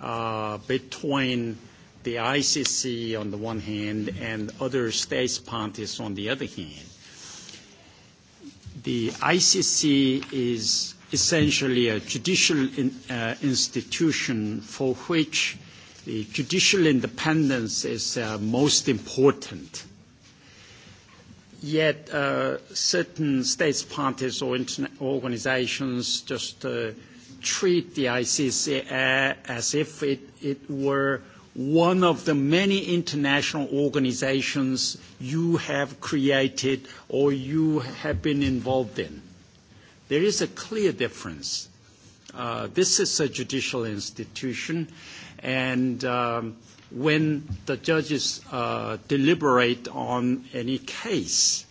uh, between the ICC on the one hand and other states parties on the other hand. The ICC is essentially a judicial in, uh, institution for which the judicial independence is uh, most important. Yet uh, certain states, parties, or organizations just uh, treat the ICC as if it, it were one of the many international organizations you have created or you have been involved in. There is a clear difference. Uh, this is a judicial institution And um, when the judges uh, deliberate on any case,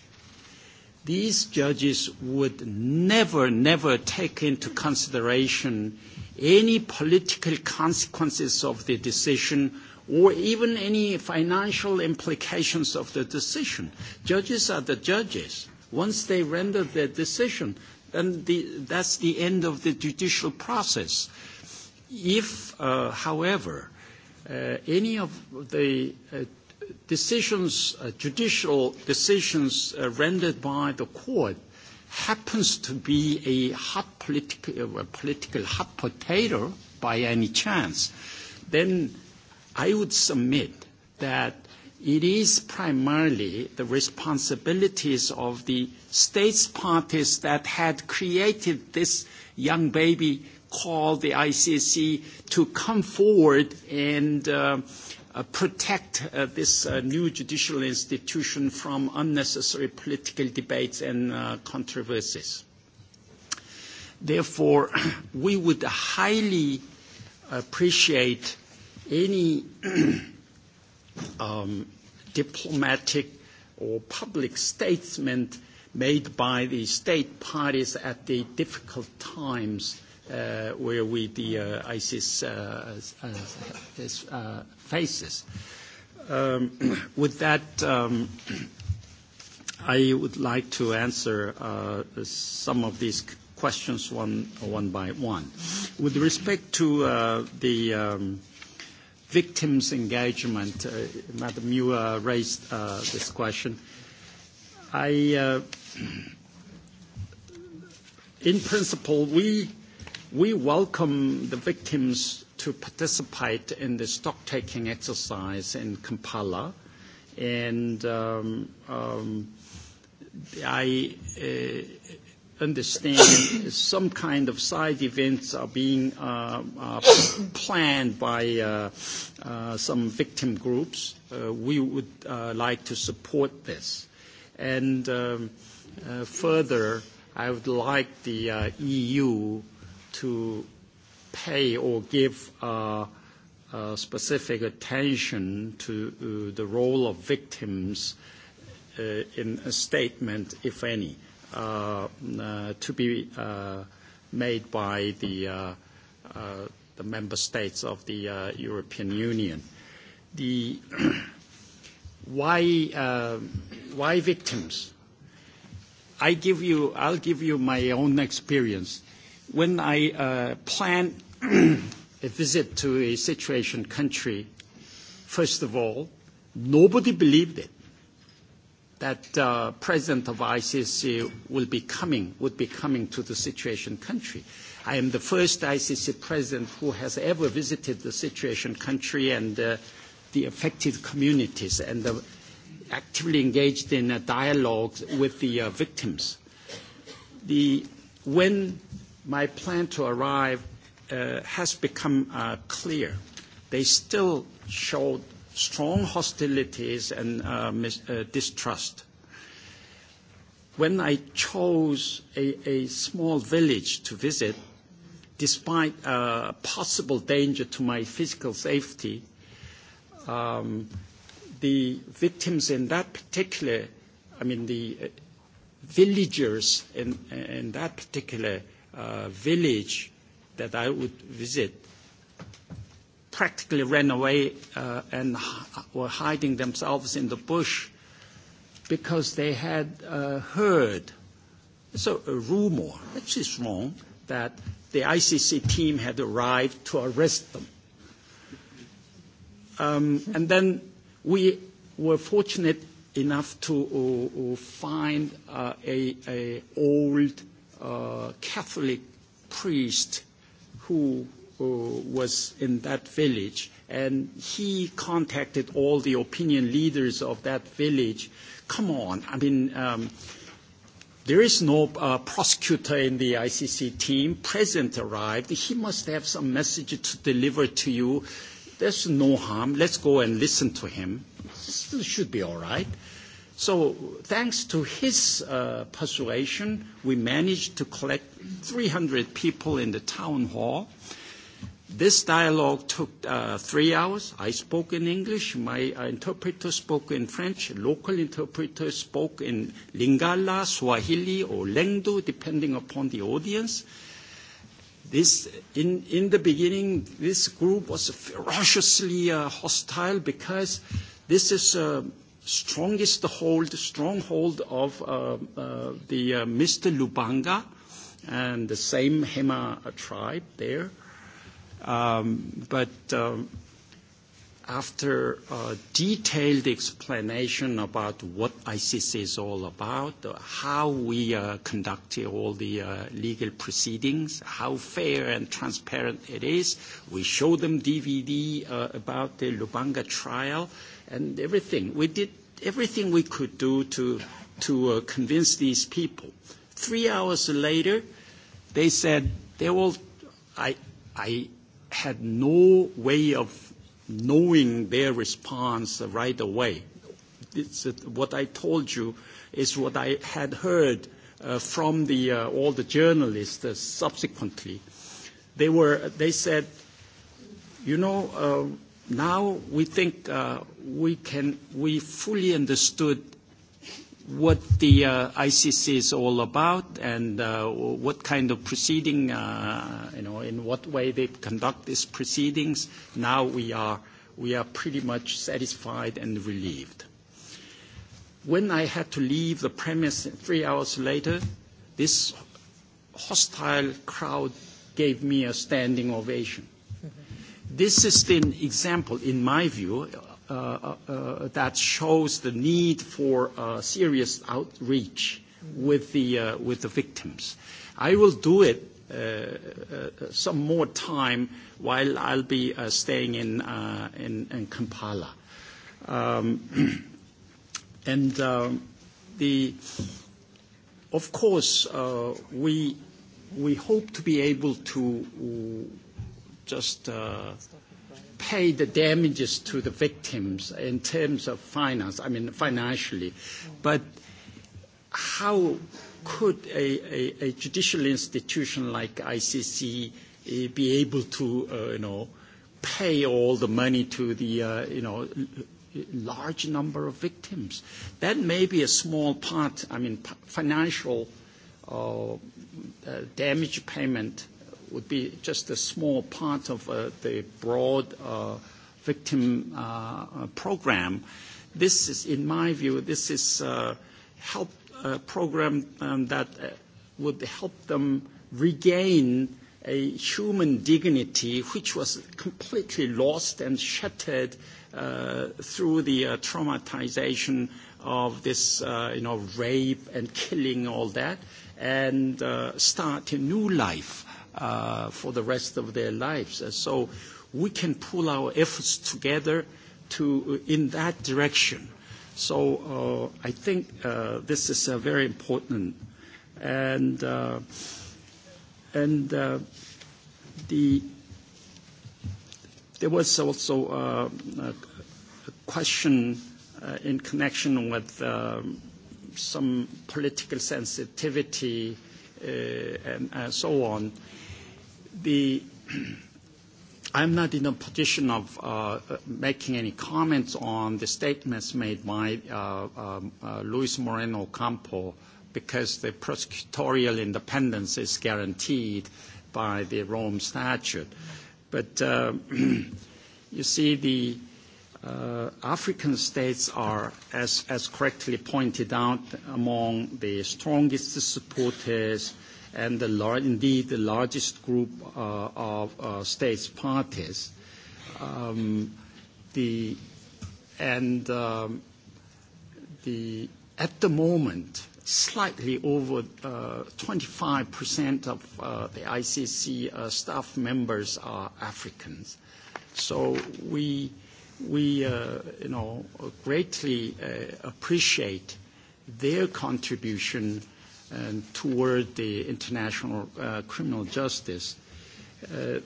these judges would never, never take into consideration any political consequences of the decision or even any financial implications of the decision. Judges are the judges. Once they render their decision, then the, that's the end of the judicial process. If, however, any of the decisions, judicial decisions rendered by the court happens to be a hot political hot potato by any chance, then I would submit that it is primarily the responsibilities of the states parties that had created this young baby call the ICC to come forward and protect this new judicial institution from unnecessary political debates and controversies. Therefore, we would highly appreciate any diplomatic or public statement made by the state parties at the difficult times where we the ISIS faces. With that, I would like to answer some of these questions one by one. With respect to the victims' engagement, Madam, you raised this question. I, in principle, we We welcome the victims to participate in the stock-taking exercise in Kampala, and I uh understand some kind of side events are being uh uh planned by uh uh some victim groups. Uh We would uh like to support this. And um uh further, I would like the uh EU to pay or give uh, uh, specific attention to uh, the role of victims uh, in a statement, if any, uh, uh, to be uh, made by the, uh, uh, the member states of the uh, European Union. The why, uh, why victims? I give you, I'll give you my own experience When I uh, plan a visit to a situation country, first of all, nobody believed it that uh, president of ICC will be coming, would be coming to the situation country. I am the first ICC president who has ever visited the situation country and uh, the affected communities and uh, actively engaged in a dialogue with the uh, victims. The, when my plan to arrive uh, has become uh, clear. They still showed strong hostilities and uh, mis- uh, distrust. When I chose a, a small village to visit, despite uh, possible danger to my physical safety, um, the victims in that particular, I mean, the villagers in, in that particular village that I would visit practically ran away uh, and were hiding themselves in the bush because they had uh, heard so a rumor, which is wrong, that the ICC team had arrived to arrest them. Um, and then we were fortunate enough to uh, find uh, a, a old Catholic priest who was in that village, and he contacted all the opinion leaders of that village. Come on, I mean, um, there is no uh, prosecutor in the ICC team. President arrived. He must have some message to deliver to you. There's no harm. Let's go and listen to him. This should be all right. Uh, So thanks to his uh, persuasion, we managed to collect 300 people in the town hall. This dialogue took uh, three hours. I spoke in English. My interpreter spoke in French. Local interpreter spoke in Lingala, Swahili, or Lengdu, depending upon the audience. This, in, in the beginning, this group was ferociously uh, hostile because this is a strongest hold, stronghold of uh, uh, the uh, Mr. Lubanga and the same Hema tribe there. Um, but um, after a detailed explanation about what ICC is all about, how we uh, conduct all the uh, legal proceedings, how fair and transparent it is, we show them DVD uh, about the Lubanga trial and everything. We did everything we could do to, to uh, convince these people. Three hours later, they said they will. I, I had no way of knowing their response right away. It's, what I told you is what I had heard uh, from the, uh, all the journalists uh, subsequently. They, were, they said, you know, uh, Now we think we can we fully understood what the ICC is all about and uh what kind of proceeding, uh you know, in what way they conduct these proceedings. Now we are we are pretty much satisfied and relieved. When I had to leave the premise three hours later, this hostile crowd gave me a standing ovation This is an example, in my view, that shows the need for serious outreach with the with the victims. I will do it some more time while I'll be staying in in Kampala. And the Of course, we we hope to be able to just uh, pay the damages to the victims in terms of finance, I mean financially. But how could a, a, a judicial institution like ICC be able to, uh, you know, pay all the money to the, uh, you know, large number of victims? That may be a small part. I mean, financial uh, damage payment would be just a small part of the broad victim program. This is, in my view, this is a help program that would help them regain a human dignity which was completely lost and shattered through the uh, traumatization of this, uh, you know, rape and killing, all that, and uh, start a new life uh, for the rest of their lives. so we can pull our efforts together to, in that direction. So uh, I think uh, this is uh, very important. And, uh, and uh, the, there was also uh, a question uh, in connection with some political sensitivity uh, and, so on. Uh, the I'm not in a position of uh, making any comments on the statements made by uh, uh, Luis Moreno Campo because the prosecutorial independence is guaranteed by the Rome Statute. But uh, you see, the uh, African states are, as, as correctly pointed out, among the strongest supporters – and the lar indeed the largest group uh, of uh, states parties. Um, the and um, the at the moment slightly over uh, 25% of uh, the ICC uh, staff members are Africans. So we we uh, you know greatly uh, appreciate their contribution and toward the international uh, criminal justice. Uh,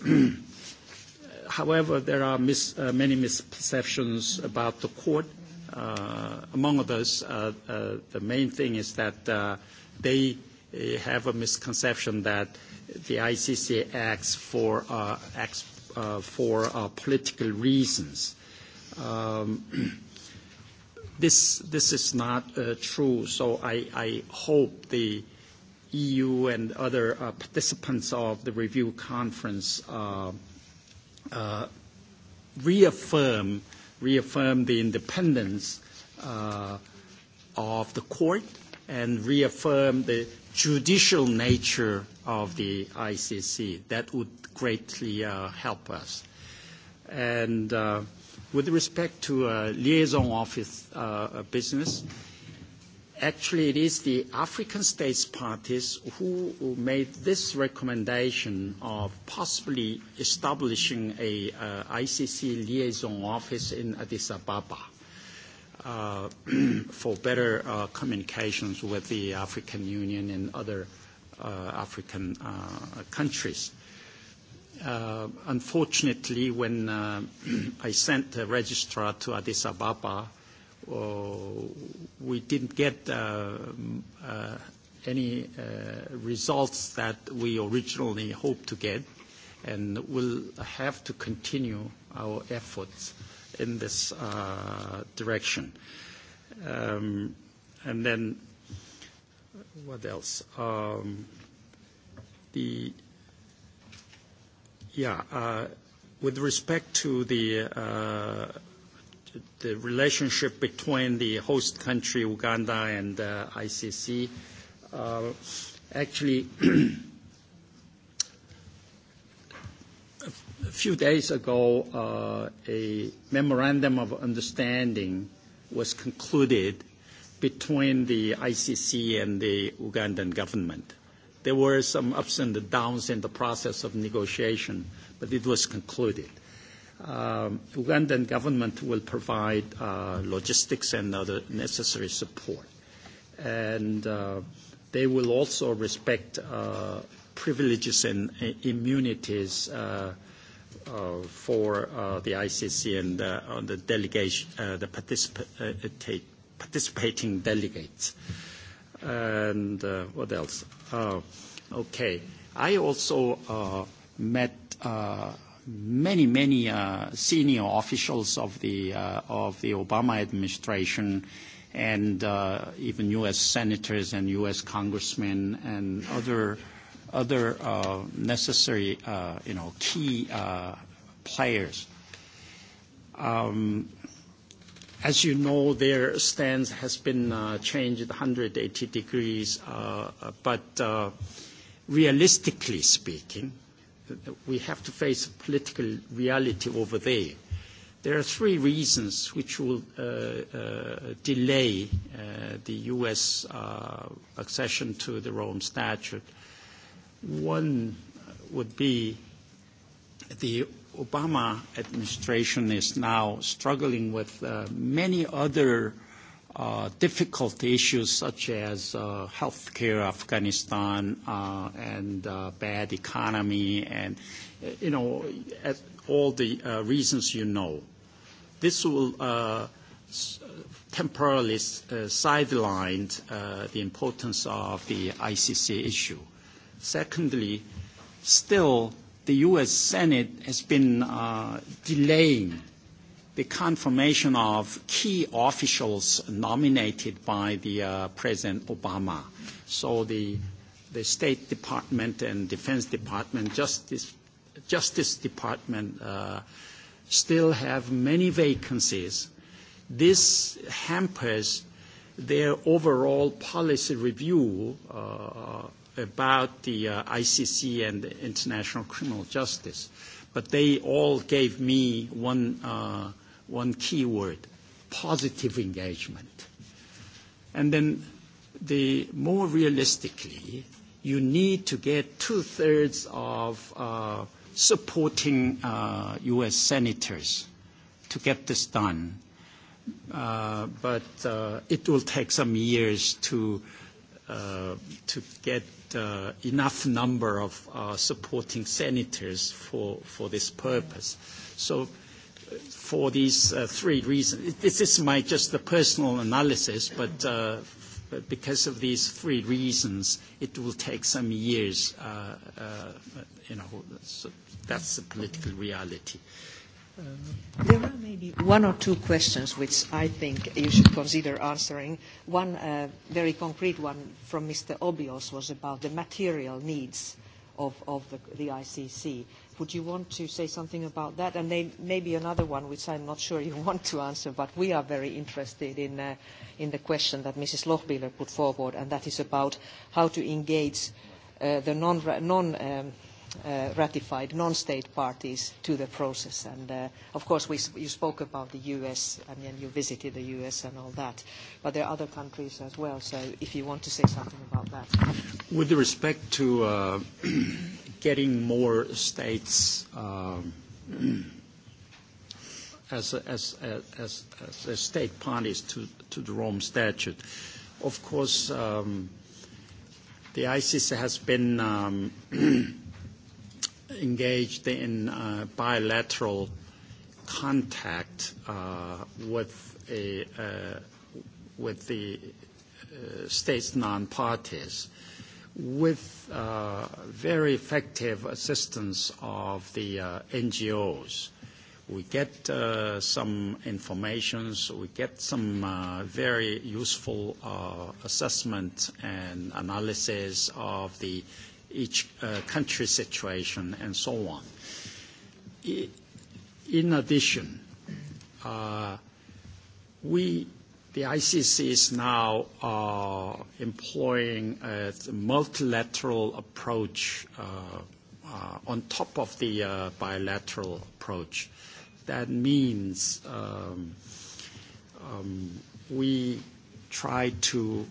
however, there are mis- uh, many misperceptions about the court. Uh, among others, uh, uh, the main thing is that uh, they uh, have a misconception that the ICC acts for uh, acts uh, for uh, political reasons. Um, This this is not uh true, so I I hope the EU and other uh participants of the review conference uh uh reaffirm reaffirm the independence uh of the court and reaffirm the judicial nature of the ICC. That would greatly uh help us. And uh With respect to liaison office business, actually it is the African states parties who made this recommendation of possibly establishing a ICC liaison office in Addis Ababa for better communications with the African Union and other African countries unfortunately, when I sent the registrar to Addis Ababa, we didn't get any results that we originally hoped to get, and we'll have to continue our efforts in this direction. And then what else? The Yeah. With respect to the relationship between the host country, Uganda, and ICC, actually, a few days ago, a memorandum of understanding was concluded between the ICC and the Ugandan government There were some ups and downs in the process of negotiation, but it was concluded. Uh, Ugandan government will provide uh, logistics and other necessary support. And uh, they will also respect uh, privileges and immunities uh, uh, for uh, the ICC and uh, on the delegation, uh, the participa- uh, participating delegates. Uh, and uh, what else? Uh, okay, I also uh, met uh, many many uh, senior officials of the uh, of the Obama administration, and uh, even U.S. senators and U.S. congressmen and other other uh, necessary uh, you know key uh, players. Um, As you know, their stance has been changed 180 degrees. But realistically speaking, we have to face political reality over there. There are three reasons which will delay the U.S. accession to the Rome Statute. One would be the Obama administration is now struggling with uh, many other uh, difficult issues such as uh, healthcare, Afghanistan, uh, and uh, bad economy, and you know all the uh, reasons you know. This will uh, temporarily uh, sideline uh, the importance of the ICC issue. Secondly, still the U.S. Senate has been uh, delaying the confirmation of key officials nominated by the uh, President Obama. So the the State Department and Defense Department, Justice, Justice Department uh, still have many vacancies. This hampers their overall policy review uh, about the uh, ICC and the International Criminal Justice, but they all gave me one, uh, one key word, positive engagement. And then the more realistically, you need to get two-thirds of uh, supporting uh, U.S. senators to get this done. Uh, but uh, it will take some years to uh, to get uh, enough number of uh, supporting senators for, for this purpose. So for these uh, three reasons, this is my just the personal analysis, but uh, because of these three reasons, it will take some years. Uh, uh, you know, so that's the political reality. Uh, There are maybe one or two questions which I think you should consider answering. One uh, very concrete one from Mr. Obios was about the material needs of, of the, the ICC. Would you want to say something about that? And then maybe another one which I'm not sure you want to answer, but we are very interested in, uh, in the question that Mrs. Lochbiller put forward, and that is about how to engage uh, the non-. non um, ratified non-state parties to the process. And of course, we, you spoke about the U.S. I mean, you visited the U.S. and all that, but there are other countries as well. So if you want to say something about that, with respect to getting more states. as, as, as, as state parties to, to the Rome Statute. Of course, um, the ICC has been um, engaged in uh, bilateral contact uh, with a uh, with the uh, state's non-parties, with uh, very effective assistance of the uh, NGOs. We get uh, some information, we get some uh, very useful uh, assessment and analysis of the each country situation and so on. In addition, we, the ICC is now employing a multilateral approach on top of the bilateral approach. That means we try to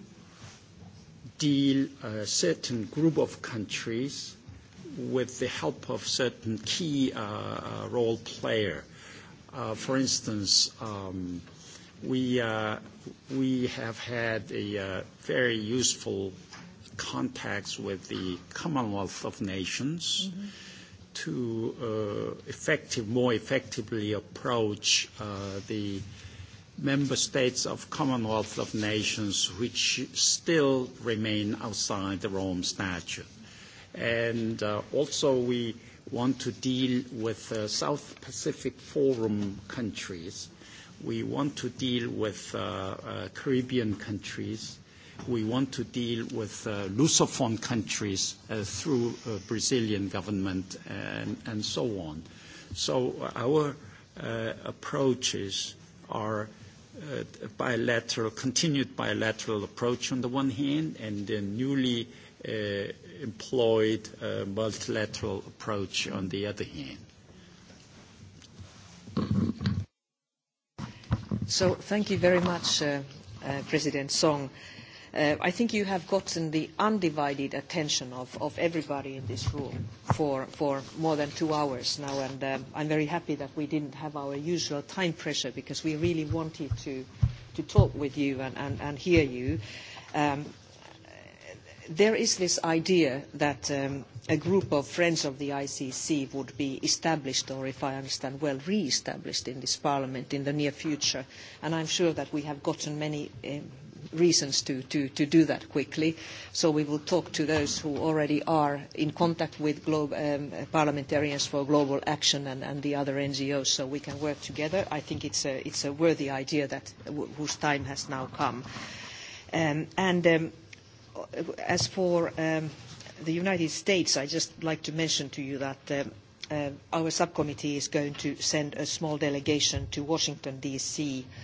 deal a certain group of countries with the help of certain key uh, role player. Uh, for instance, um, we uh, we have had a uh, very useful contacts with the Commonwealth of Nations to uh, effective, more effectively approach uh, the uh, member states of Commonwealth of Nations which still remain outside the Rome Statute. And also we want to deal with South Pacific Forum countries. We want to deal with Caribbean countries. We want to deal with Lusophone countries through uh, Brazilian government and so on. So our approaches are bilateral, continued bilateral approach on the one hand, and a newly employed multilateral approach on the other hand. So thank you very much, President Song. I think you have gotten the undivided attention of everybody in this room for more than two hours now, and I'm very happy that we didn't have our usual time pressure because we really wanted to talk with you and hear you. There is this idea that a group of friends of the ICC would be established, or if I understand well, re-established in this parliament in the near future, and I'm sure that we have gotten many reasons to, to, to do that quickly. So we will talk to those who already are in contact with parliamentarians for global action and, and the other NGOs so we can work together. I think it's a, it's a worthy idea that whose time has now come. and as for the United States, I'd just like to mention to you that our subcommittee is going to send a small delegation to Washington, D.C. Uh,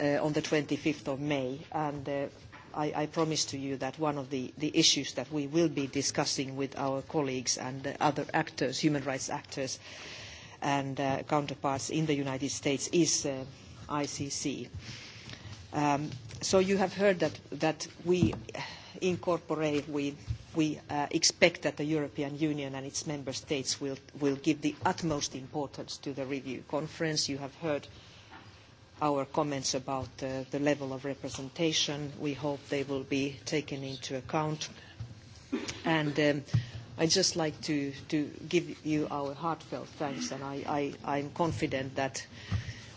on the 25th of May, and I promise to you that one of the issues that we will be discussing with our colleagues and other actors, human rights actors and counterparts in the United States is ICC. So you have heard that we incorporate, we expect that the European Union and its member states will give the utmost importance to the review conference. You have heard our comments about the level of representation. We hope they will be taken into account. And I'd just like to give you our heartfelt thanks, and I'm confident that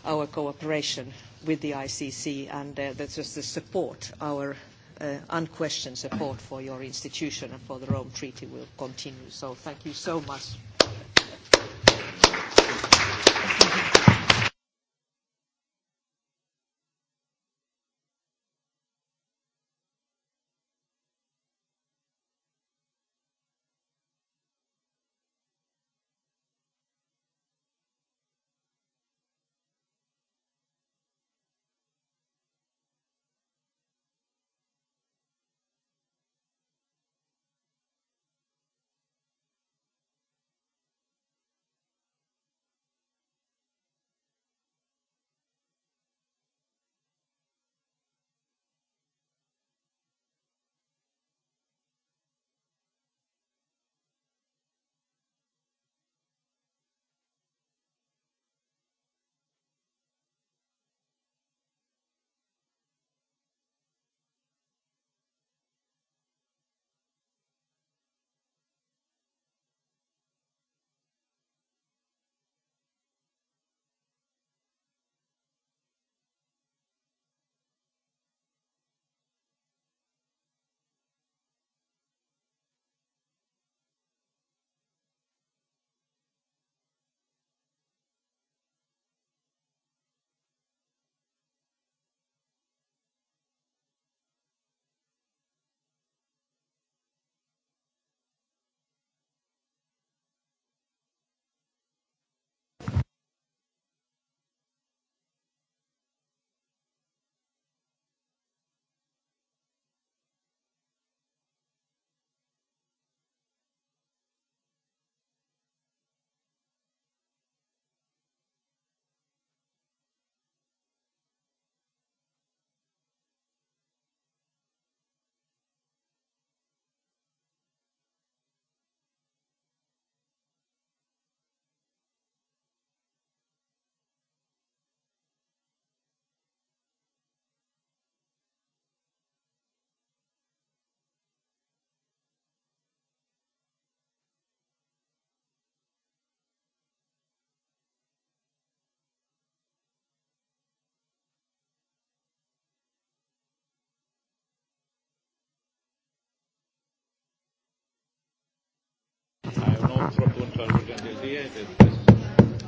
our cooperation with the ICC and just the support, our unquestioned support for your institution and for the Rome Treaty will continue. So thank you so much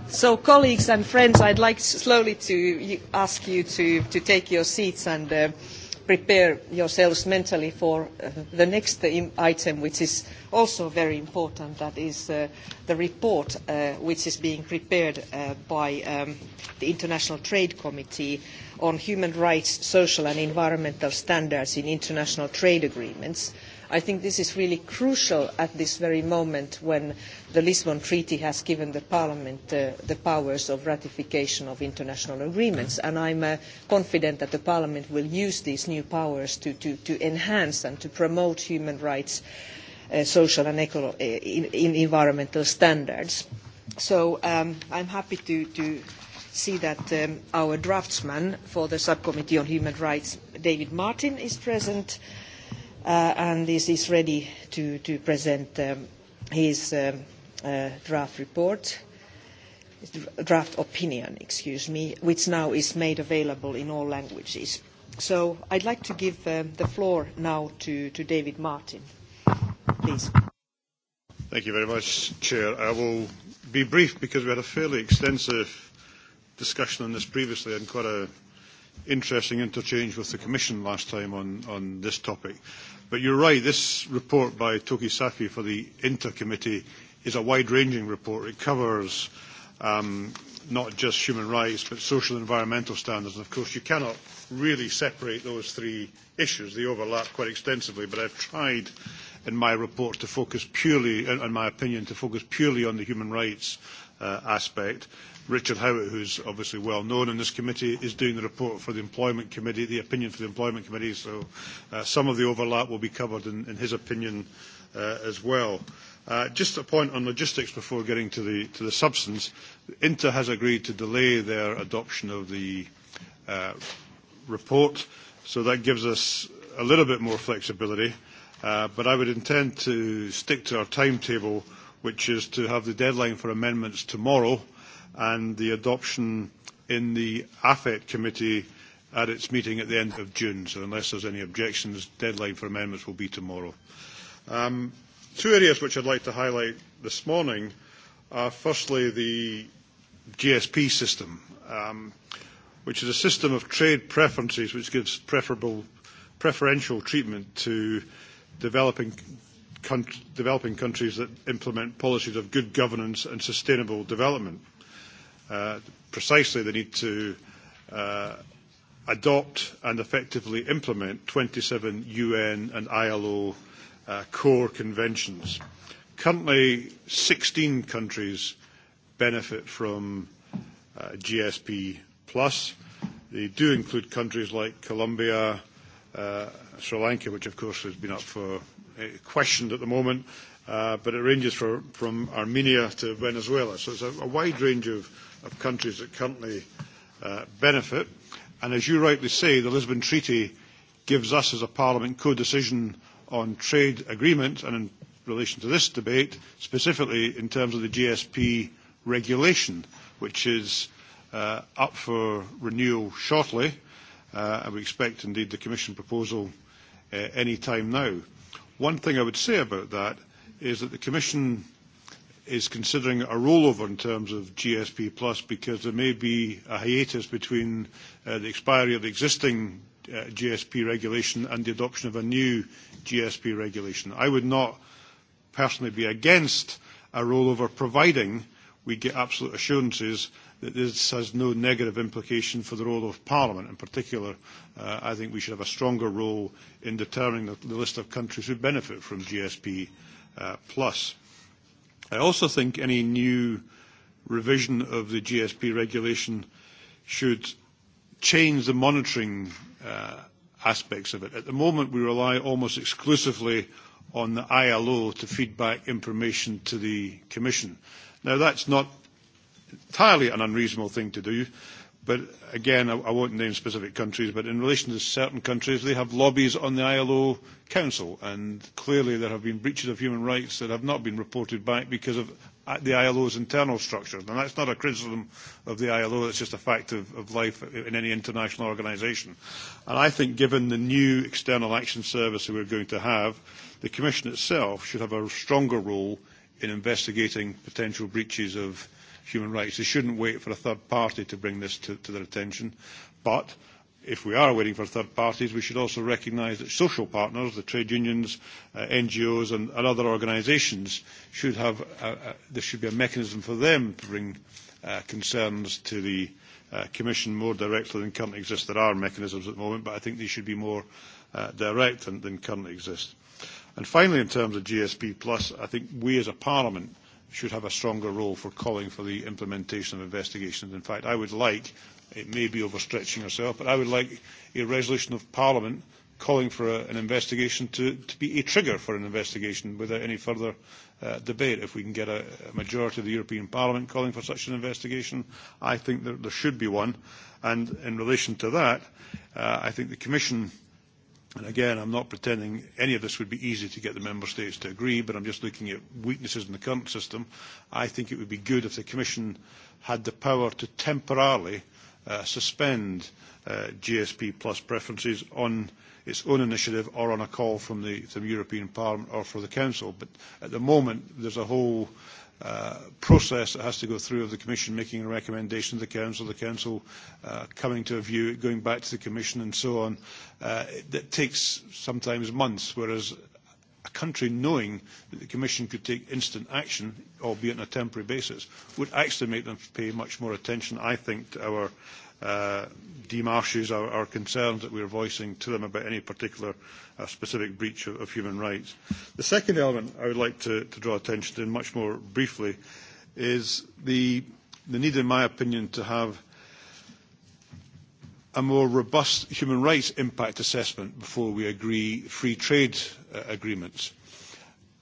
So, colleagues and friends, I'd like slowly to ask you to, to take your seats and uh, prepare yourselves mentally for uh, the next item, which is also very important, that is uh, the report uh, which is being prepared uh, by um, the International Trade Committee on human rights, social and environmental standards in international trade agreements – I think this is really crucial at this very moment when the Lisbon Treaty has given Parliament the powers of ratification of international agreements. And I am confident that Parliament will use these new powers to, enhance and to promote human rights, social and environmental standards. So I am happy to see that our draftsman for the Subcommittee on Human Rights, David Martin, is present and is ready to present his draft report, draft opinion, excuse me, which now is made available in all languages. So I'd like to give the floor now to David Martin. Please. Thank you very much, Chair. I will be brief because we had a fairly extensive discussion on this previously and quite an interesting interchange with the Commission last time on this topic. But you're right, this report by Toki Safi for the Inter Committee is a wide-ranging report. It covers um, not just human rights, but social and environmental standards. And of course, you cannot really separate those three issues. They overlap quite extensively, but I've tried in my report to focus purely, in my opinion, to focus purely on the human rights aspect. Richard Howitt, who's obviously well known in this committee, is doing the report for the Employment Committee, the opinion for the Employment Committee, so some of the overlap will be covered in, his opinion as well. just a point on logistics before getting to the, to the substance. Inter has agreed to delay their adoption of the report, so that gives us a little bit more flexibility, but I would intend to stick to our timetable, which is to have the deadline for amendments tomorrow, and the adoption in the AFET committee at its meeting at the end of June. So unless there's any objections, deadline for amendments will be tomorrow. Um, two areas which I'd like to highlight this morning are firstly the GSP system, um, which is a system of trade preferences which gives preferable, preferential treatment to developing, developing countries that implement policies of good governance and sustainable development precisely the need to adopt and effectively implement 27 UN and ILO core conventions. Currently, 16 countries benefit from GSP+. plus. They do include countries like Colombia, Sri Lanka, which of course has been up for questioned at the moment, but it ranges from Armenia to Venezuela. So it's a wide range of of countries that currently benefit. And as you rightly say, the Lisbon Treaty gives us as a Parliament codecision on trade agreements and in relation to this debate, specifically in terms of the GSP regulation, which is up for renewal shortly. and we expect indeed the Commission proposal any time now. One thing I would say about that is that the Commission is considering a rollover in terms of GSP Plus because there may be a hiatus between the expiry of the existing GSP regulation and the adoption of a new GSP regulation. I would not personally be against a rollover, providing we get absolute assurances that this has no negative implication for the role of Parliament. In particular, I think we should have a stronger role in determining the list of countries who benefit from GSP Plus. I also think any new revision of the GSP regulation should change the monitoring uh, aspects of it. At the moment, we rely almost exclusively on the ILO to feed back information to the Commission. Now, that's not entirely an unreasonable thing to do, But again, I, I won't name specific countries, but in relation to certain countries, they have lobbies on the ILO Council, and clearly there have been breaches of human rights that have not been reported back because of the ILO's internal structures. And that's not a criticism of the ILO, it's just a fact of, of life in any international organisation. And I think given the new External Action Service that we're going to have, the Commission itself should have a stronger role in investigating potential breaches of human rights. They shouldn't wait for a third party to bring this to, to their attention. But if we are waiting for third parties, we should also recognise that social partners, the trade unions, uh, NGOs and, and other organisations should have, a, a, there should be a mechanism for them to bring uh, concerns to the uh, Commission more directly than currently exists. There are mechanisms at the moment, but I think they should be more uh, direct than, than currently exist. And finally, in terms of GSP+, Plus, I think we as a Parliament should have a stronger role for calling for the implementation of investigations. In fact, I would like, it may be overstretching yourself, but I would like a resolution of Parliament calling for a, an investigation to, to be a trigger for an investigation without any further uh, debate. If we can get a, a majority of the European Parliament calling for such an investigation, I think that there should be one. And in relation to that, uh, I think the Commission uh, And again, I'm not pretending any of this would be easy to get the member states to agree, but I'm just looking at weaknesses in the current system. I think it would be good if the Commission had the power to temporarily suspend GSP plus preferences on its own initiative or on a call from the, European Parliament or for the Council. But at the moment, there's a whole uh process that has to go through of the Commission making a recommendation to the Council, the Council uh, coming to a view, going back to the Commission and so on, uh, that takes sometimes months, whereas a country knowing that the Commission could take instant action, albeit on a temporary basis, would actually make them pay much more attention, I think, to our demarches, our, our concerns that we are voicing to them about any particular uh, specific breach of, of human rights. The second element I would like to, to draw attention to much more briefly is the, the need, in my opinion, to have a more robust human rights impact assessment before we agree free trade uh, agreements.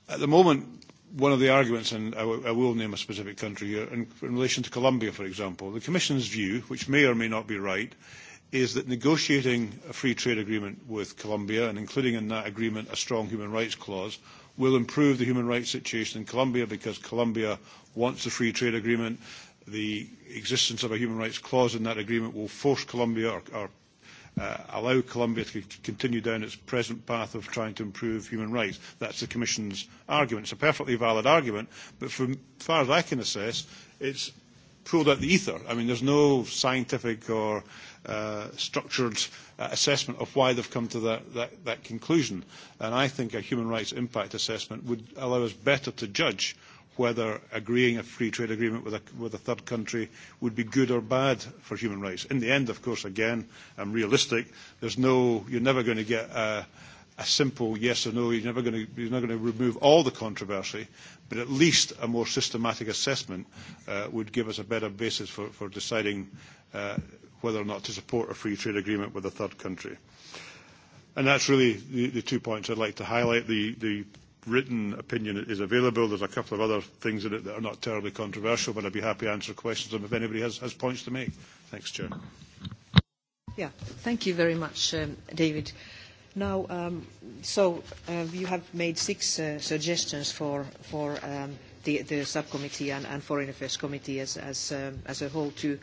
At the moment, one of the arguments, and I, w- I will name a specific country here, in, in relation to Colombia, for example, the Commission's view, which may or may not be right, is that negotiating a free trade agreement with Colombia and including in that agreement a strong human rights clause will improve the human rights situation in Colombia because Colombia wants a free trade agreement. The existence of a human rights clause in that agreement will force Colombia or, or allow Colombia to continue down its present path of trying to improve human rights. That's the Commission's argument. It's a perfectly valid argument, but from far as I can assess, it's pulled out the ether. I mean, there's no scientific or uh, structured uh, assessment of why they've come to that, that, that conclusion. And I think a human rights impact assessment would allow us better to judge whether agreeing a free trade agreement with a, with a third country would be good or bad for human rights. In the end, of course, again, I'm realistic. There's no, you're never going to get a, a simple yes or no. You're, never going to, you're not going to remove all the controversy, but at least a more systematic assessment uh, would give us a better basis for, for deciding uh, whether or not to support a free trade agreement with a third country. And that's really the, the two points I'd like to highlight. The, the written opinion is available. There's a couple of other things in it that are not terribly controversial, but I'd be happy to answer questions if anybody has, has points to make. Thanks, Chair. Yeah, thank you very much, um, David. Now, um, so uh, you have made six uh, suggestions for, for um, the, the subcommittee and, and Foreign Affairs Committee as, as, um, as a whole to,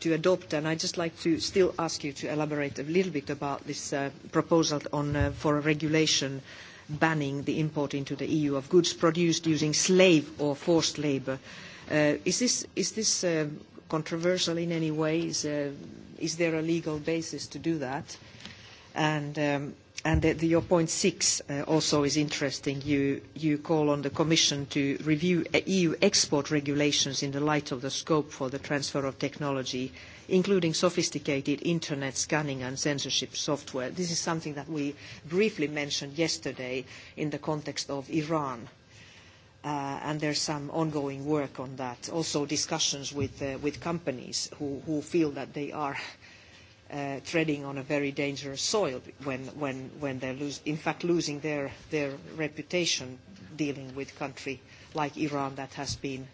to adopt. And I'd just like to still ask you to elaborate a little bit about this uh, proposal on, uh, for a regulation uh, banning the import into the EU of goods produced using slave or forced labour. is this, is this controversial in any way? Is, is there a legal basis to do that? And, your point six also is interesting. You, call on the Commission to review EU export regulations in the light of the scope for the transfer of technology uh, including sophisticated internet scanning and censorship software. This is something that we briefly mentioned yesterday in the context of Iran. and there's some ongoing work on that. Also discussions with, uh, with companies who, who feel that they are uh, treading on a very dangerous soil when, when, when they're lose, in fact losing their, their reputation dealing with a country like Iran that has been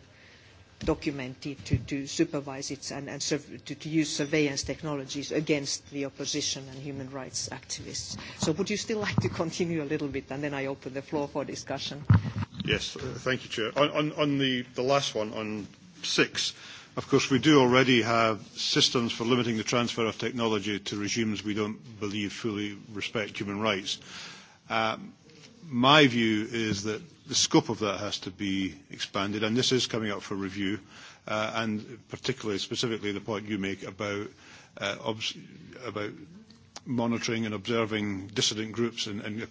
documented to, to supervise it and, and to, to use surveillance technologies against the opposition and human rights activists. So would you still like to continue a little bit and then I open the floor for discussion? Yes, thank you, Chair. On, on, on the, the last one, on six, of course we do already have systems for limiting the transfer of technology to regimes we don't believe fully respect human rights. Um, my view is that the scope of that has to be expanded, and this is coming up for review, uh, and particularly, specifically, the point you make about uh, obs- about monitoring and observing dissident groups and, and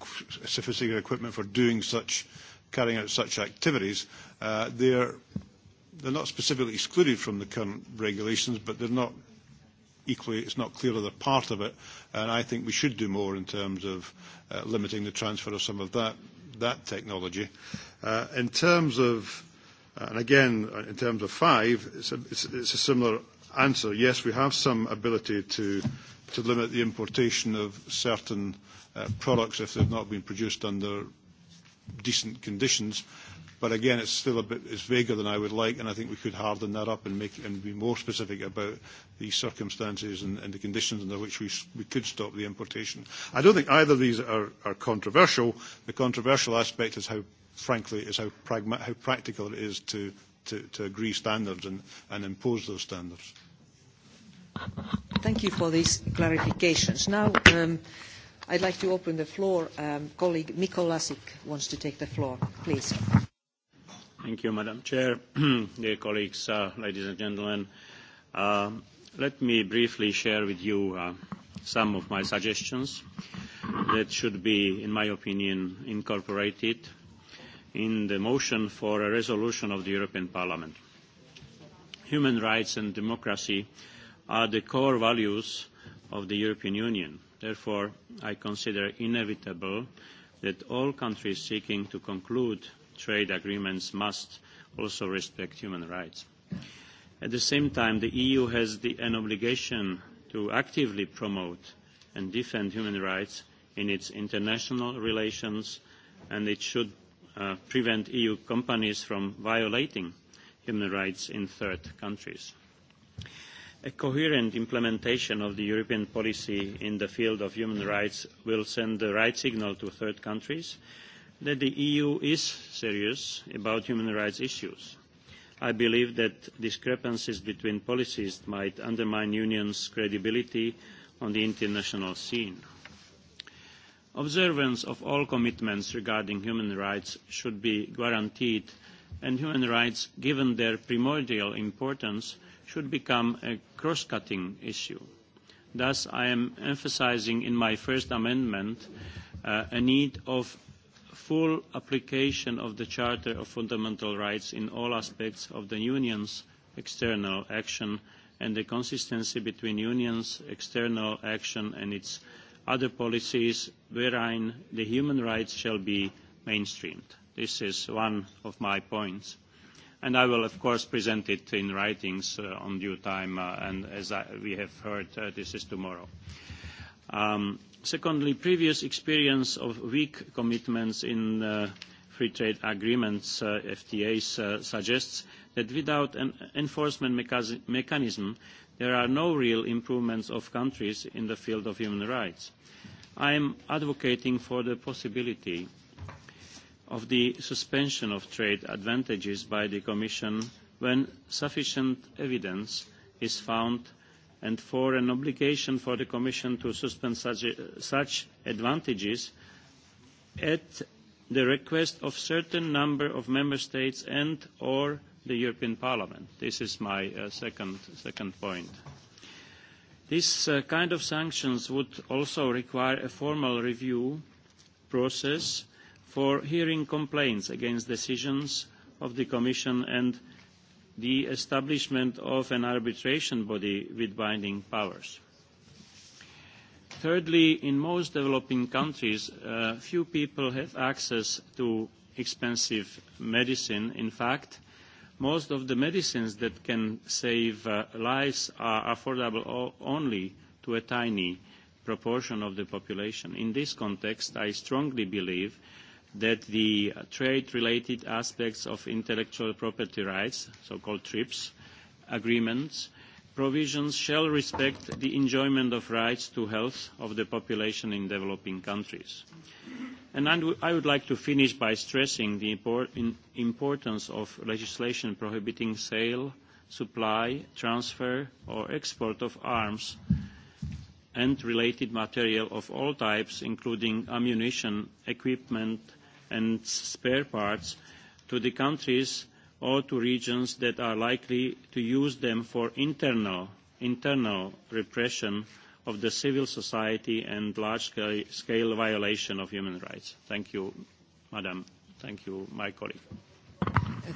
sophisticated equipment for doing such, carrying out such activities. Uh, they're they're not specifically excluded from the current regulations, but they're not equally, it's not clear that they're part of it. And I think we should do more in terms of uh, limiting the transfer of some of that that technology. In terms of, and again, in terms of five, it's a similar answer. Yes, we have some ability to limit the importation of certain products if they've not been produced under decent conditions. But again, it's still a bit it's vaguer than I would like, and I think we could harden that up and make and be more specific about the circumstances and, and the conditions under which we, we could stop the importation. I don't think either of these are, are controversial. The controversial aspect is how, frankly, is how, pragma- how practical it is to, to, to agree standards and, and impose those standards. Thank you for these clarifications. Now, um, I'd like to open the floor. Um, colleague Mikolasik wants to take the floor. Please. Thank you, Madam Chair. Dear colleagues, ladies and gentlemen, let me briefly share with you some of my suggestions that should be, in my opinion, incorporated in the motion for a resolution of the European Parliament. Human rights and democracy are the core values of the European Union. Therefore, I consider inevitable that all countries seeking to conclude trade agreements must also respect human rights. At the same time, the EU has an obligation to actively promote and defend human rights in its international relations, and it should prevent EU companies from violating human rights in third countries. A coherent implementation of the European policy in the field of human rights will send the right signal to third countries, that the EU is serious about human rights issues. I believe that discrepancies between policies might undermine Union's credibility on the international scene. Observance of all commitments regarding human rights should be guaranteed, and human rights, given their primordial importance, should become a cross-cutting issue. Thus, I am emphasising in my first amendment a need of full application of the Charter of Fundamental Rights in all aspects of the Union's external action and the consistency between the Union's external action and its other policies wherein the human rights shall be mainstreamed. This is one of my points. And I will, of course, present it in writings uh, on due time, uh, and as I, we have heard, uh, this is tomorrow. Um, Secondly, previous experience of weak commitments in free trade agreements, FTAs, suggests that without an enforcement mechanism, there are no real improvements of countries in the field of human rights. I am advocating for the possibility of the suspension of trade advantages by the Commission when sufficient evidence is found and for an obligation for the Commission to suspend such, advantages at the request of a certain number of Member States and or the European Parliament. This is my second, point. This kind of sanctions would also require a formal review process for hearing complaints against decisions of the Commission and the establishment of an arbitration body with binding powers. Thirdly, in most developing countries, few people have access to expensive medicine. In fact, most of the medicines that can save lives are affordable only to a tiny proportion of the population. In this context, I strongly believe that the trade-related aspects of intellectual property rights, so-called TRIPS agreements, provisions shall respect the enjoyment of rights to health of the population in developing countries. And I would like to finish by stressing the importance of legislation prohibiting sale, supply, transfer, or export of arms and related material of all types, including ammunition, equipment, and spare parts to the countries or to regions that are likely to use them for internal, internal repression of the civil society and large-scale violation of human rights. Thank you, Madam. Thank you, my colleague.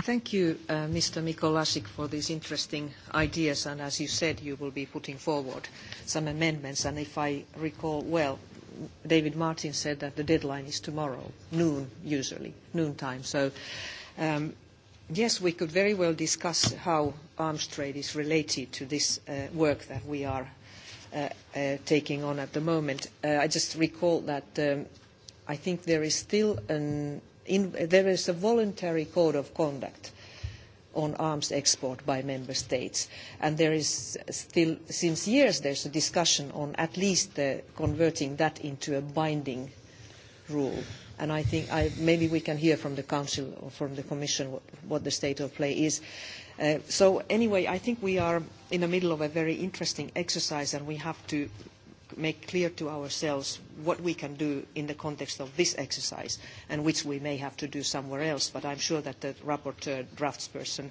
Thank you, Mr. Mikolášik, for these interesting ideas. And as you said, you will be putting forward some amendments. And if I recall well, David Martin said that the deadline is tomorrow, noon usually, noon time. So yes, we could very well discuss how arms trade is related to this work that we are taking on at the moment. I just recall that I think there is still an there is a voluntary code of conduct on arms export by member states. And there is still, since years, there is a discussion on at least converting that into a binding rule. And I think I, maybe we can hear from the Council or from the Commission what, what the state of play is. so anyway, I think we are in the middle of a very interesting exercise and we have to make clear to ourselves what we can do in the context of this exercise and which we may have to do somewhere else. But I'm sure that the rapporteur draftsperson,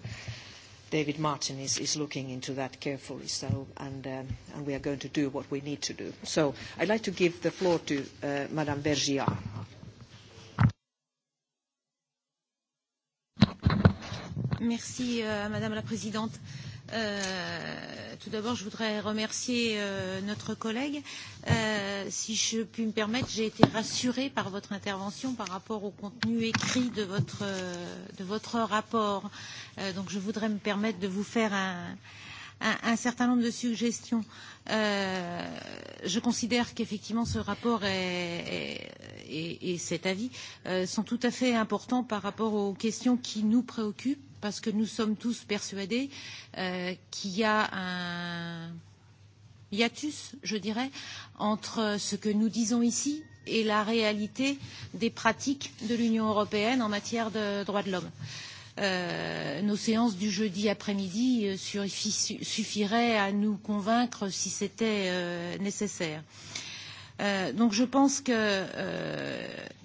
David Martin, is, is looking into that carefully. So, and, and we are going to do what we need to do. So I'd like to give the floor to uh, Madame Bergia. Merci, euh, Madame la Présidente. Euh, tout d'abord, je voudrais remercier notre collègue. si je puis me permettre, j'ai été rassurée par votre intervention par rapport au contenu écrit de votre, rapport. donc, je voudrais me permettre de vous faire un, un, certain nombre de suggestions. je considère qu'effectivement ce rapport est, et, cet avis sont tout à fait importants par rapport aux questions qui nous préoccupent parce que nous sommes tous persuadés euh, qu'il y a un hiatus, je dirais, entre ce que nous disons ici et la réalité des pratiques de l'Union européenne en matière de droits de l'homme. Euh, nos séances du jeudi après-midi suffiraient à nous convaincre si c'était euh, nécessaire. Euh, donc je pense que,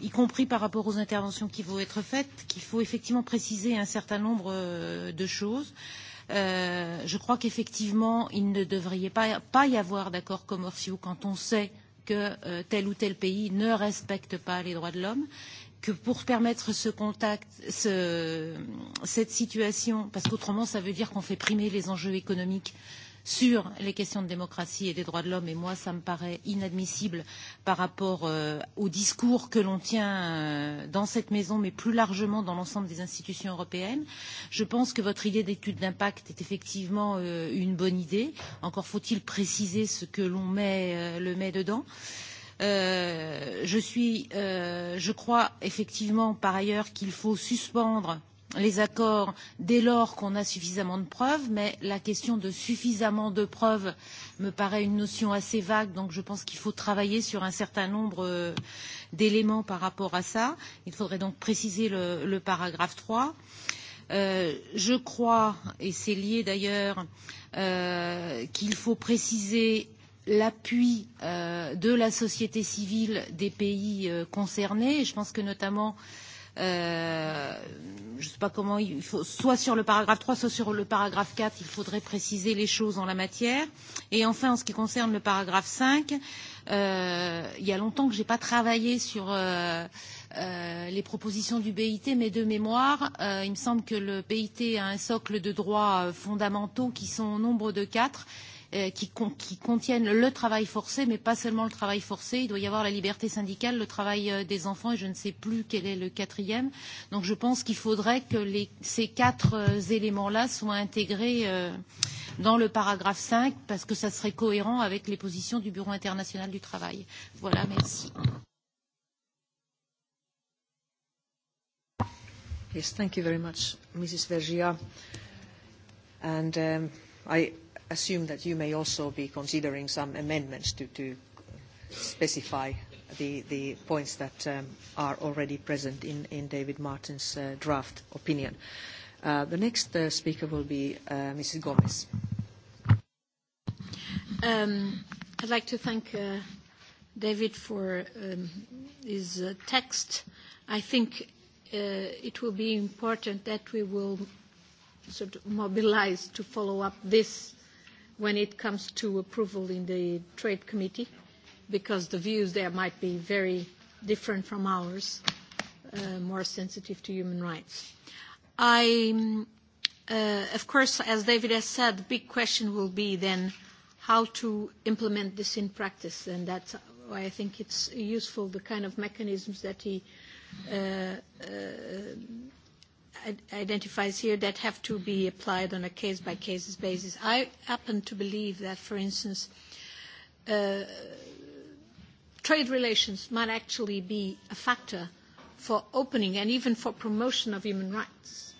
y compris par rapport aux interventions qui vont être faites, qu'il faut effectivement préciser un certain nombre de choses. je crois qu'effectivement, il ne devrait pas, y avoir d'accords commerciaux quand on sait que tel ou tel pays ne respecte pas les droits de l'homme que pour permettre ce contact, ce, cette situation, parce qu'autrement ça veut dire qu'on fait primer les enjeux économiques euh, sur les questions de démocratie et des droits de l'homme. Et moi, ça me paraît inadmissible par rapport euh, au discours que l'on tient euh, dans cette maison, mais plus largement dans l'ensemble des institutions européennes. Je pense que votre idée d'étude d'impact est effectivement euh, une bonne idée. Encore faut-il préciser ce que l'on met, euh, le met dedans. Euh, je suis, euh, je crois effectivement par ailleurs qu'il faut suspendre les accords dès lors qu'on a suffisamment de preuves, mais la question de suffisamment de preuves me paraît une notion assez vague, donc je pense qu'il faut travailler sur un certain nombre d'éléments par rapport à ça. Il faudrait donc préciser le, le paragraphe 3. Euh, je crois, et c'est lié d'ailleurs, euh, qu'il faut préciser l'appui euh, de la société civile des pays euh, concernés. Et je pense que notamment euh, euh, je ne sais pas comment, il faut, soit sur le paragraphe 3, soit sur le paragraphe 4, il faudrait préciser les choses en la matière. Et enfin, en ce qui concerne le paragraphe 5, euh, il y a longtemps que je n'ai pas travaillé sur euh, euh, les propositions du BIT, mais de mémoire, euh, il me semble que le BIT a un socle de droits fondamentaux qui sont au nombre de quatre qui, con, qui contiennent le travail forcé, mais pas seulement le travail forcé. Il doit y avoir la liberté syndicale, le travail des enfants, et je ne sais plus quel est le quatrième. Donc je pense qu'il faudrait que les, ces quatre éléments-là soient intégrés dans le paragraphe 5, parce que ça serait cohérent avec les positions du Bureau international du travail. Voilà, merci. Yes, thank you very much, Mrs. Vergia. And um, I assume that you may also be considering some amendments to specify the points that are already present in David Martin's draft opinion. The next speaker will be Mrs. Gomez. I'd like to thank David for his text. I think it will be important that we will sort of mobilize to follow up this when it comes to approval in the Trade Committee, because the views there might be very different from ours, uh, more sensitive to human rights. I, uh, of course, as David has said, the big question will be then how to implement this in practice, and that's why I think it's useful the kind of mechanisms that he uh, uh, identifies here that have to be applied on a case-by-case basis. I happen to believe that, for instance, trade relations might actually be a factor for opening and even for promotion of human rights,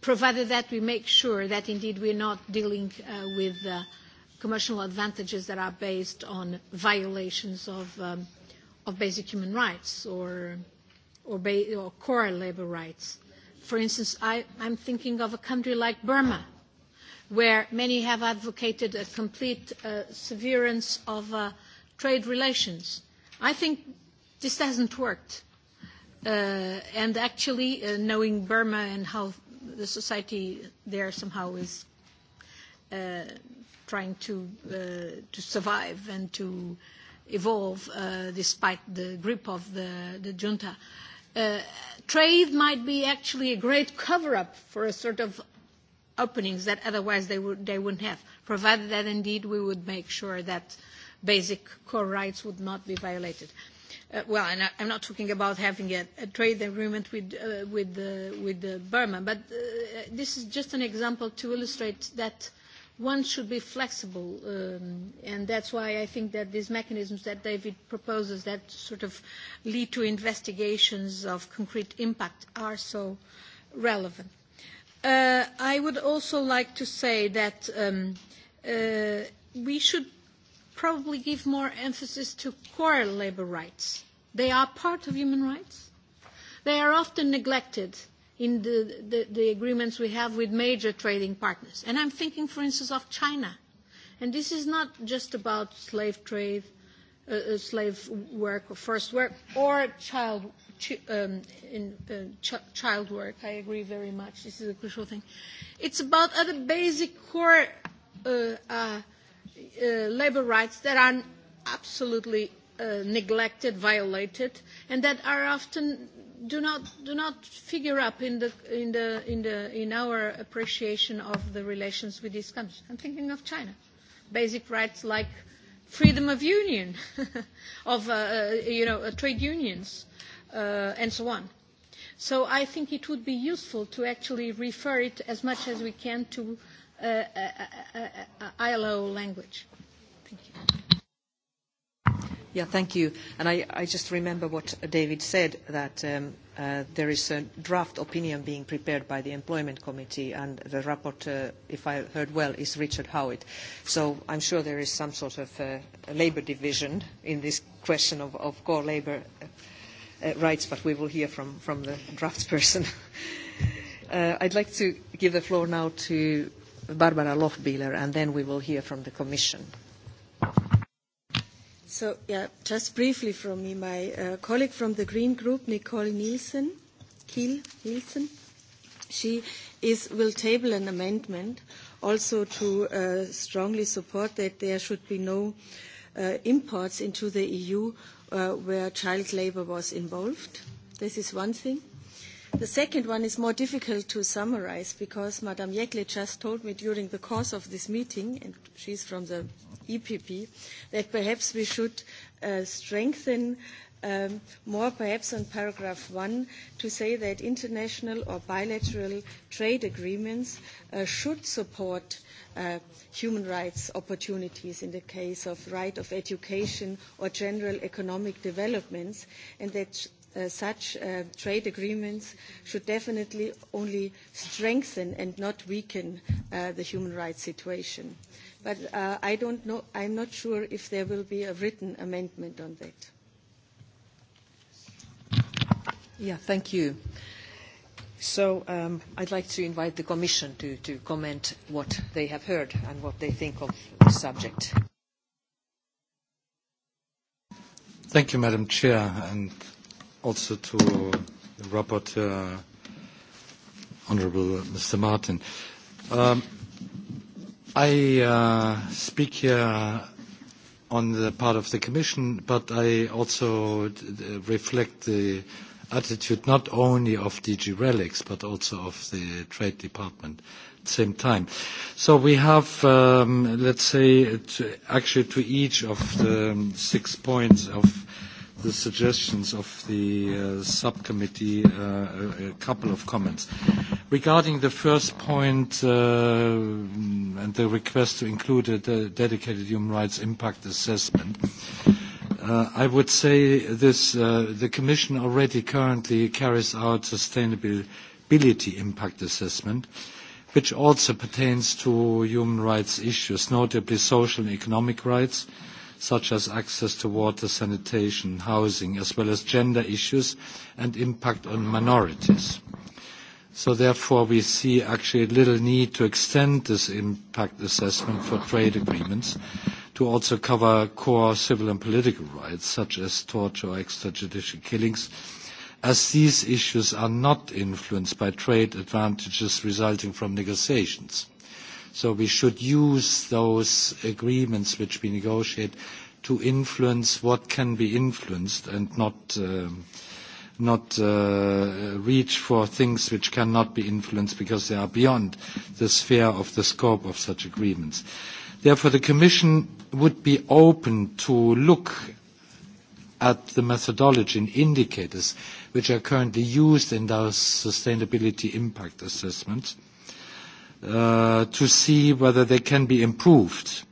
provided that we make sure that indeed we're not dealing with commercial advantages that are based on violations of, basic human rights or, or, core labour rights For instance, I, I'm thinking of a country like Burma, where many have advocated a complete uh, severance of uh, trade relations. I think this hasn't worked. Uh, and actually, uh, knowing Burma and how the society there somehow is uh, trying to, uh, to survive and to evolve uh, despite the grip of the, the junta. Uh, trade might be actually a great cover-up for a sort of openings that otherwise they, would, they wouldn't have, provided that indeed we would make sure that basic core rights would not be violated. Uh, well, and I, I'm not talking about having a, a trade agreement with, uh, with, uh, with uh, Burma, but uh, this is just an example to illustrate that uh, one should be flexible, um, and that's why I think that these mechanisms that David proposes that sort of lead to investigations of concrete impact are so relevant. Uh, I would also like to say that um, uh, we should probably give more emphasis to core labor rights. They are part of human rights. They are often neglected in the, the, the agreements we have with major trading partners. And I'm thinking, for instance, of China. And this is not just about slave trade, uh, slave work or forced work, or child, ch- um, in, uh, ch- child work. I agree very much. This is a crucial thing. It's about other basic core uh, uh, uh, labor rights that are absolutely uh, neglected, violated, and that are often do not do not figure up in the in the in the in our appreciation of the relations with these countries. I'm thinking of China, basic rights like freedom of union, of uh, you know trade unions, uh, and so on. So I think it would be useful to actually refer it as much as we can to uh, uh, uh, uh, ILO language. Thank you thank you. And I, I just remember what David said, that there is a draft opinion being prepared by the Employment Committee, and the rapporteur, if I heard well, is Richard Howitt. So I'm sure there is some sort of labour division in this question of, core labour rights, but we will hear from, the draft person. I'd like to give the floor now to Barbara Lochbieler, and then we will hear from the Commission. So, yeah, just briefly from me, my uh, colleague from the Green Group, Nicole Nielsen, Kiel Nielsen, she is, will table an amendment also to uh, strongly support that there should be no uh, imports into the EU uh, where child labour was involved. This is one thing. The second one is more difficult to summarize because Madame Jekle just told me during the course of this meeting, and she's from the EPP, that perhaps we should uh, strengthen um, more perhaps on paragraph one to say that international or bilateral trade agreements uh, should support uh, human rights opportunities in the case of right of education or general economic developments and that such trade agreements should definitely only strengthen and not weaken the human rights situation. But I don't know, I'm not sure if there will be a written amendment on that. Yeah, thank you. So um, I'd like to invite the Commission to, to comment what they have heard and what they think of the subject. Thank you, Madam Chair, and also to the rapporteur, Honorable Mr. Martin. Um, I uh, speak here on the part of the Commission, but I also reflect the attitude not only of DG Relics, but also of the Trade Department at the same time. So we have, um, let's say, to, actually to each of the six points of the suggestions of the subcommittee, a couple of comments. Regarding the first point, and the request to include a dedicated human rights impact assessment, I would say this, the Commission already currently carries out sustainability impact assessment, which also pertains to human rights issues, notably social and economic rights, such as access to water, sanitation, housing, as well as gender issues and impact on minorities. So Therefore, we see actually little need to extend this impact assessment for trade agreements to also cover core civil and political rights, such as torture or extrajudicial killings, as these issues are not influenced by trade advantages resulting from negotiations. So we should use those agreements which we negotiate to influence what can be influenced and not not reach for things which cannot be influenced because they are beyond the sphere of the scope of such agreements. Therefore, the Commission would be open to look at the methodology and indicators which are currently used in those sustainability impact assessments to see whether they can be improved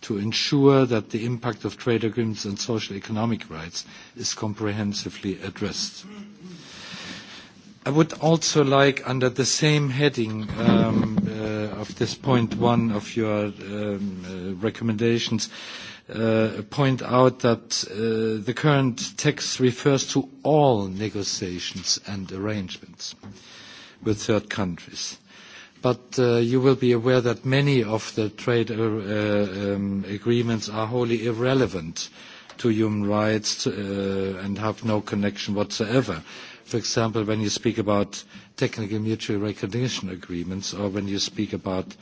to ensure that the impact of trade agreements on social economic rights is comprehensively addressed. I would also like, under the same heading of this point one of your recommendations, point out that the current text refers to all negotiations and arrangements with third countries But you will be aware that many of the trade agreements are wholly irrelevant to human rights and have no connection whatsoever. For example, when you speak about technical mutual recognition agreements or when you speak about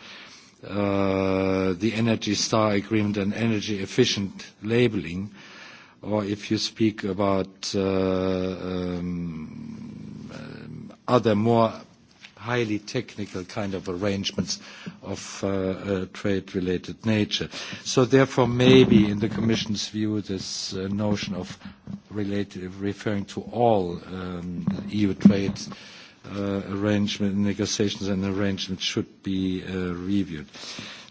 the Energy Star Agreement and energy efficient labeling, or if you speak about other more highly technical kind of arrangements of trade-related nature. So therefore, maybe in the Commission's view, this notion of referring to all EU trade arrangement, negotiations and arrangements should be reviewed.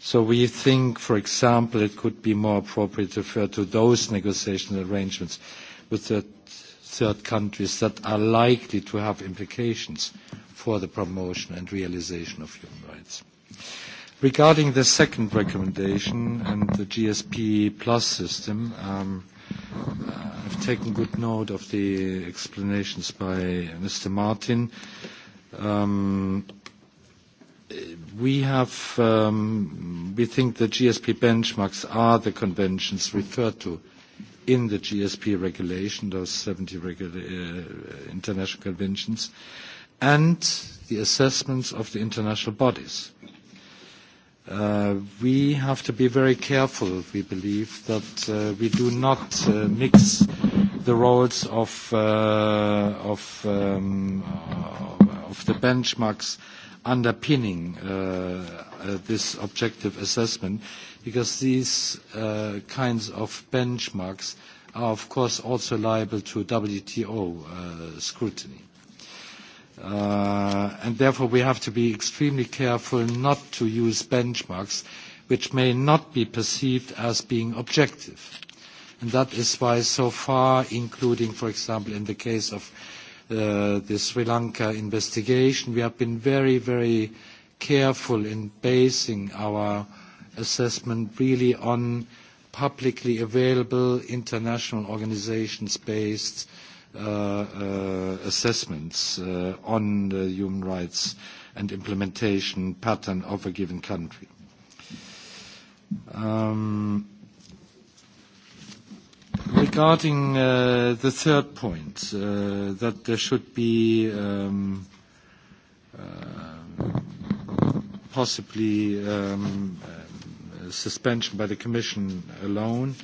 So we think, for example, it could be more appropriate to refer to those negotiation arrangements with third countries that are likely to have implications for the promotion and realization of human rights. Regarding the second recommendation and the GSP Plus system, I've taken good note of the explanations by Mr. Martin. We have, we think the GSP benchmarks are the conventions referred to in the GSP regulation, those 70 international conventions and the assessments of the international bodies. We have to be very careful, we believe, that we do not mix the roles of the benchmarks underpinning this objective assessment, because these kinds of benchmarks are, of course, also liable to WTO scrutiny and therefore we have to be extremely careful not to use benchmarks which may not be perceived as being objective. And that is why so far, including, for example, in the case of the Sri Lanka investigation, we have been very, very careful in basing our assessment really on publicly available international organisations based assessments on the human rights and implementation pattern of a given country. Regarding the third point, that there should be possibly suspension by the Commission alone.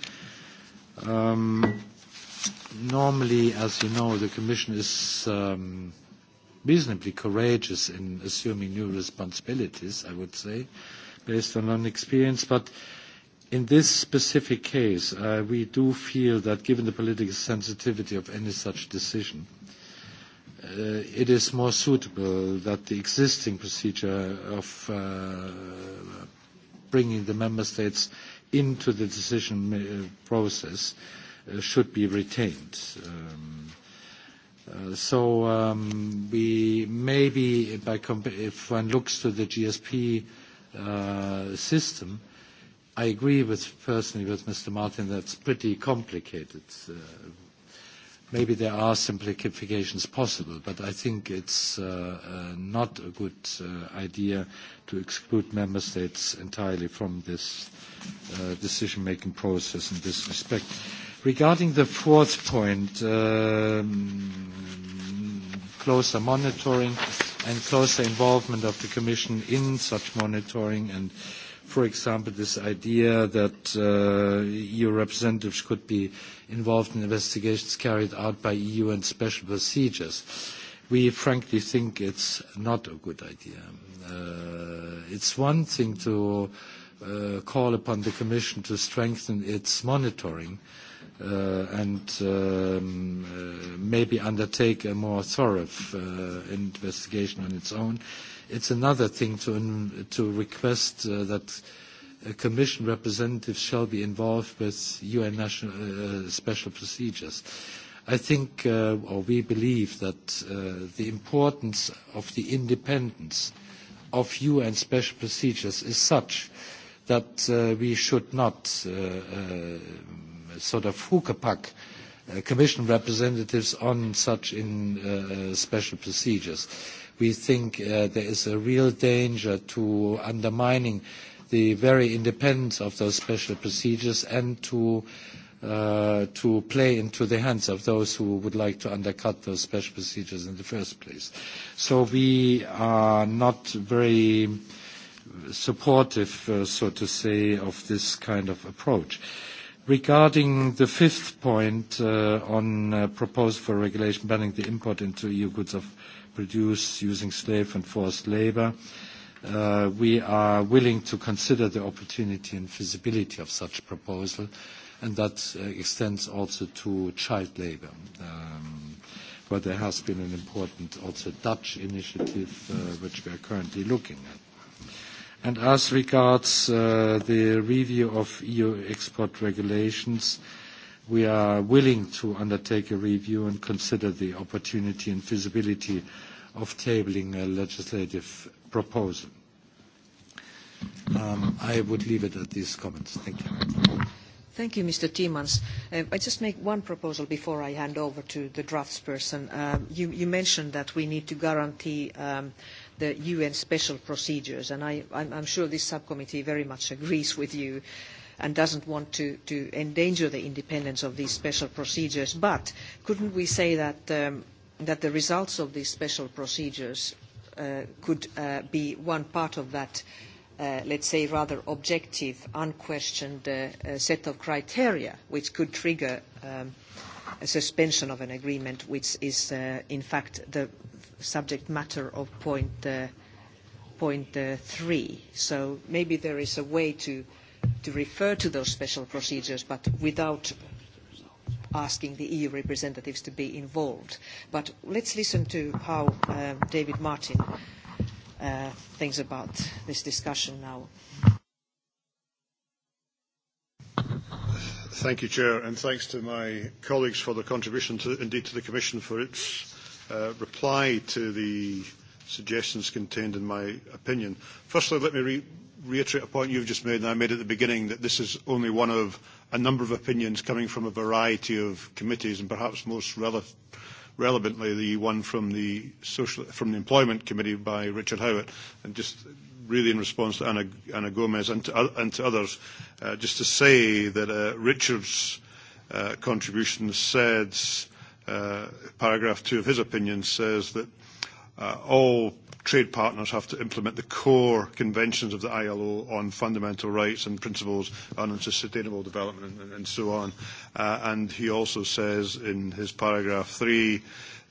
Normally, as you know, the Commission is um, reasonably courageous in assuming new responsibilities, I would say, based on long experience. But in this specific case, uh, we do feel that given the political sensitivity of any such decision, uh, it is more suitable that the existing procedure of uh, bringing the member states into the decision process uh, should be retained. So we maybe by if one looks to the GSP system, I agree with personally with Mr. Martin, that's pretty complicated. Maybe there are simplifications possible, but I think it's not a good idea to exclude member states entirely from this decision-making process in this respect. Regarding the fourth point, closer monitoring and closer involvement of the Commission in such monitoring and, for example, this idea that EU representatives could be involved in investigations carried out by EU and special procedures. We frankly think it's not a good idea. It's one thing to call upon the Commission to strengthen its monitoring, uh, and maybe undertake a more thorough investigation on its own. It's another thing to request that commission representatives shall be involved with UN national special procedures. I think, or we believe that the importance of the independence of UN special procedures is such that we should not sort of hookah commission representatives on such in special procedures. We think there is a real danger to undermining the very independence of those special procedures and to to play into the hands of those who would like to undercut those special procedures in the first place. So we are not very supportive, so to say, of this kind of approach. Uh, Regarding the fifth point on proposal for regulation banning the import into EU goods of produce using slave and forced labor, we are willing to consider the opportunity and feasibility of such a proposal, and that extends also to child labor, where there has been an important also Dutch initiative, which we are currently looking at. As regards the review of EU export regulations, we are willing to undertake a review and consider the opportunity and feasibility of tabling a legislative proposal. I would leave it at these comments. Thank you. Thank you, Mr. Timmermans. I just make one proposal before I hand over to the draftsperson. You mentioned that we need to guarantee the UN special procedures, and I, I'm, I'm sure this subcommittee very much agrees with you and doesn't want to, to endanger the independence of these special procedures. But couldn't we say that, that the results of these special procedures could be one part of that, let's say, rather objective, unquestioned set of criteria which could trigger a suspension of an agreement, which is, in fact, the subject matter of point, uh, point uh, three. So maybe there is a way to, to refer to those special procedures, but without asking the EU representatives to be involved. But let's listen to how David Martin uh, thinks about this discussion now. Thank you, Chair, and thanks to my colleagues for their contribution, to, indeed to the Commission for its reply to the suggestions contained in my opinion. Firstly, let me re reiterate a point you've just made, and I made at the beginning, that this is only one of a number of opinions coming from a variety of committees, and perhaps most relevantly, the one from the, Social, from the Employment Committee by Richard Howitt, and just really in response to Anna, Anna Gomez and to, and to others, uh, just to say that uh, Richard's uh, contribution says paragraph two of his opinion says that all trade partners have to implement the core conventions of the ILO on fundamental rights and principles on sustainable development and, and so on. Uh, and he also says in his paragraph three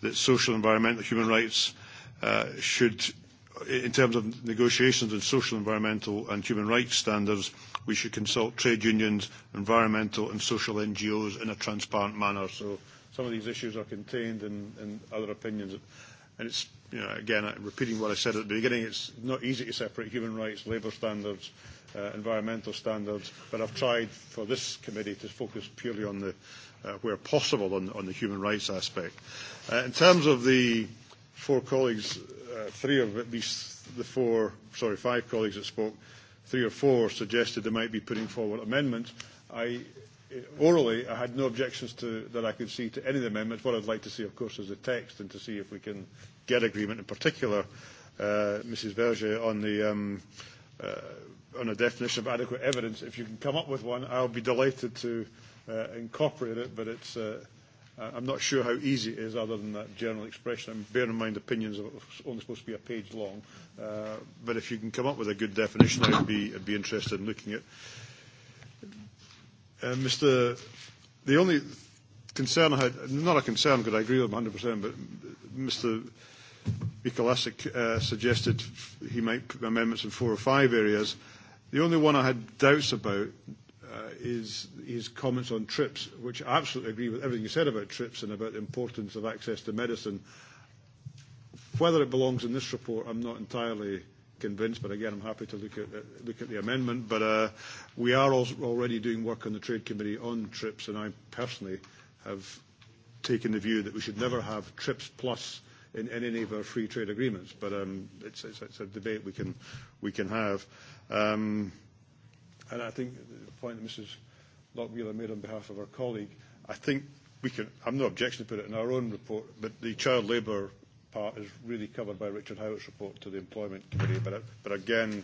that social, environmental, human rights uh, should, in terms of negotiations on social, environmental and human rights standards, we should consult trade unions, environmental and social NGOs in a transparent manner. So Some of these issues are contained in, in other opinions. And it's, you know, again, repeating what I said at the beginning, it's not easy to separate human rights, labour standards, uh, environmental standards, but I've tried for this committee to focus purely on the, uh, where possible, on, on the human rights aspect. Uh, in terms of the four colleagues, uh, three of at least the four, sorry, five colleagues that spoke, three or four suggested they might be putting forward amendments. I orally, I had no objections to, that I could see to any of the amendments. What I'd like to see, of course, is the text and to see if we can get agreement, in particular, uh, Mrs. Berger, on the um, uh, on a definition of adequate evidence. If you can come up with one, I'll be delighted to uh, incorporate it. But it's uh, I'm not sure how easy it is, other than that general expression. I'm bearing in mind, opinions are only supposed to be a page long. Uh, but if you can come up with a good definition, I'd be I'd be interested in looking at. it. Mr. The only concern I had, not a concern because I agree with him 100%, but Mr. Mikolasik uh, suggested he might put amendments in four or five areas. The only one I had doubts about uh, is his comments on trips, which I absolutely agree with everything you said about trips and about the importance of access to medicine. Whether it belongs in this report, I'm not entirely convinced, but again, I'm happy to look at, look at the amendment. But uh, we are also already doing work on the Trade Committee on TRIPS, and I personally have taken the view that we should never have TRIPS plus in, in any of our free trade agreements. But um, it's, it's, it's a debate we can, we can have. Um, and I think the point that Mrs. Lockwheeler made on behalf of her colleague, I think we can, I'm no objection to put it in our own report, but the child labour part is really covered by Richard Howitt's report to the Employment Committee. But, but again,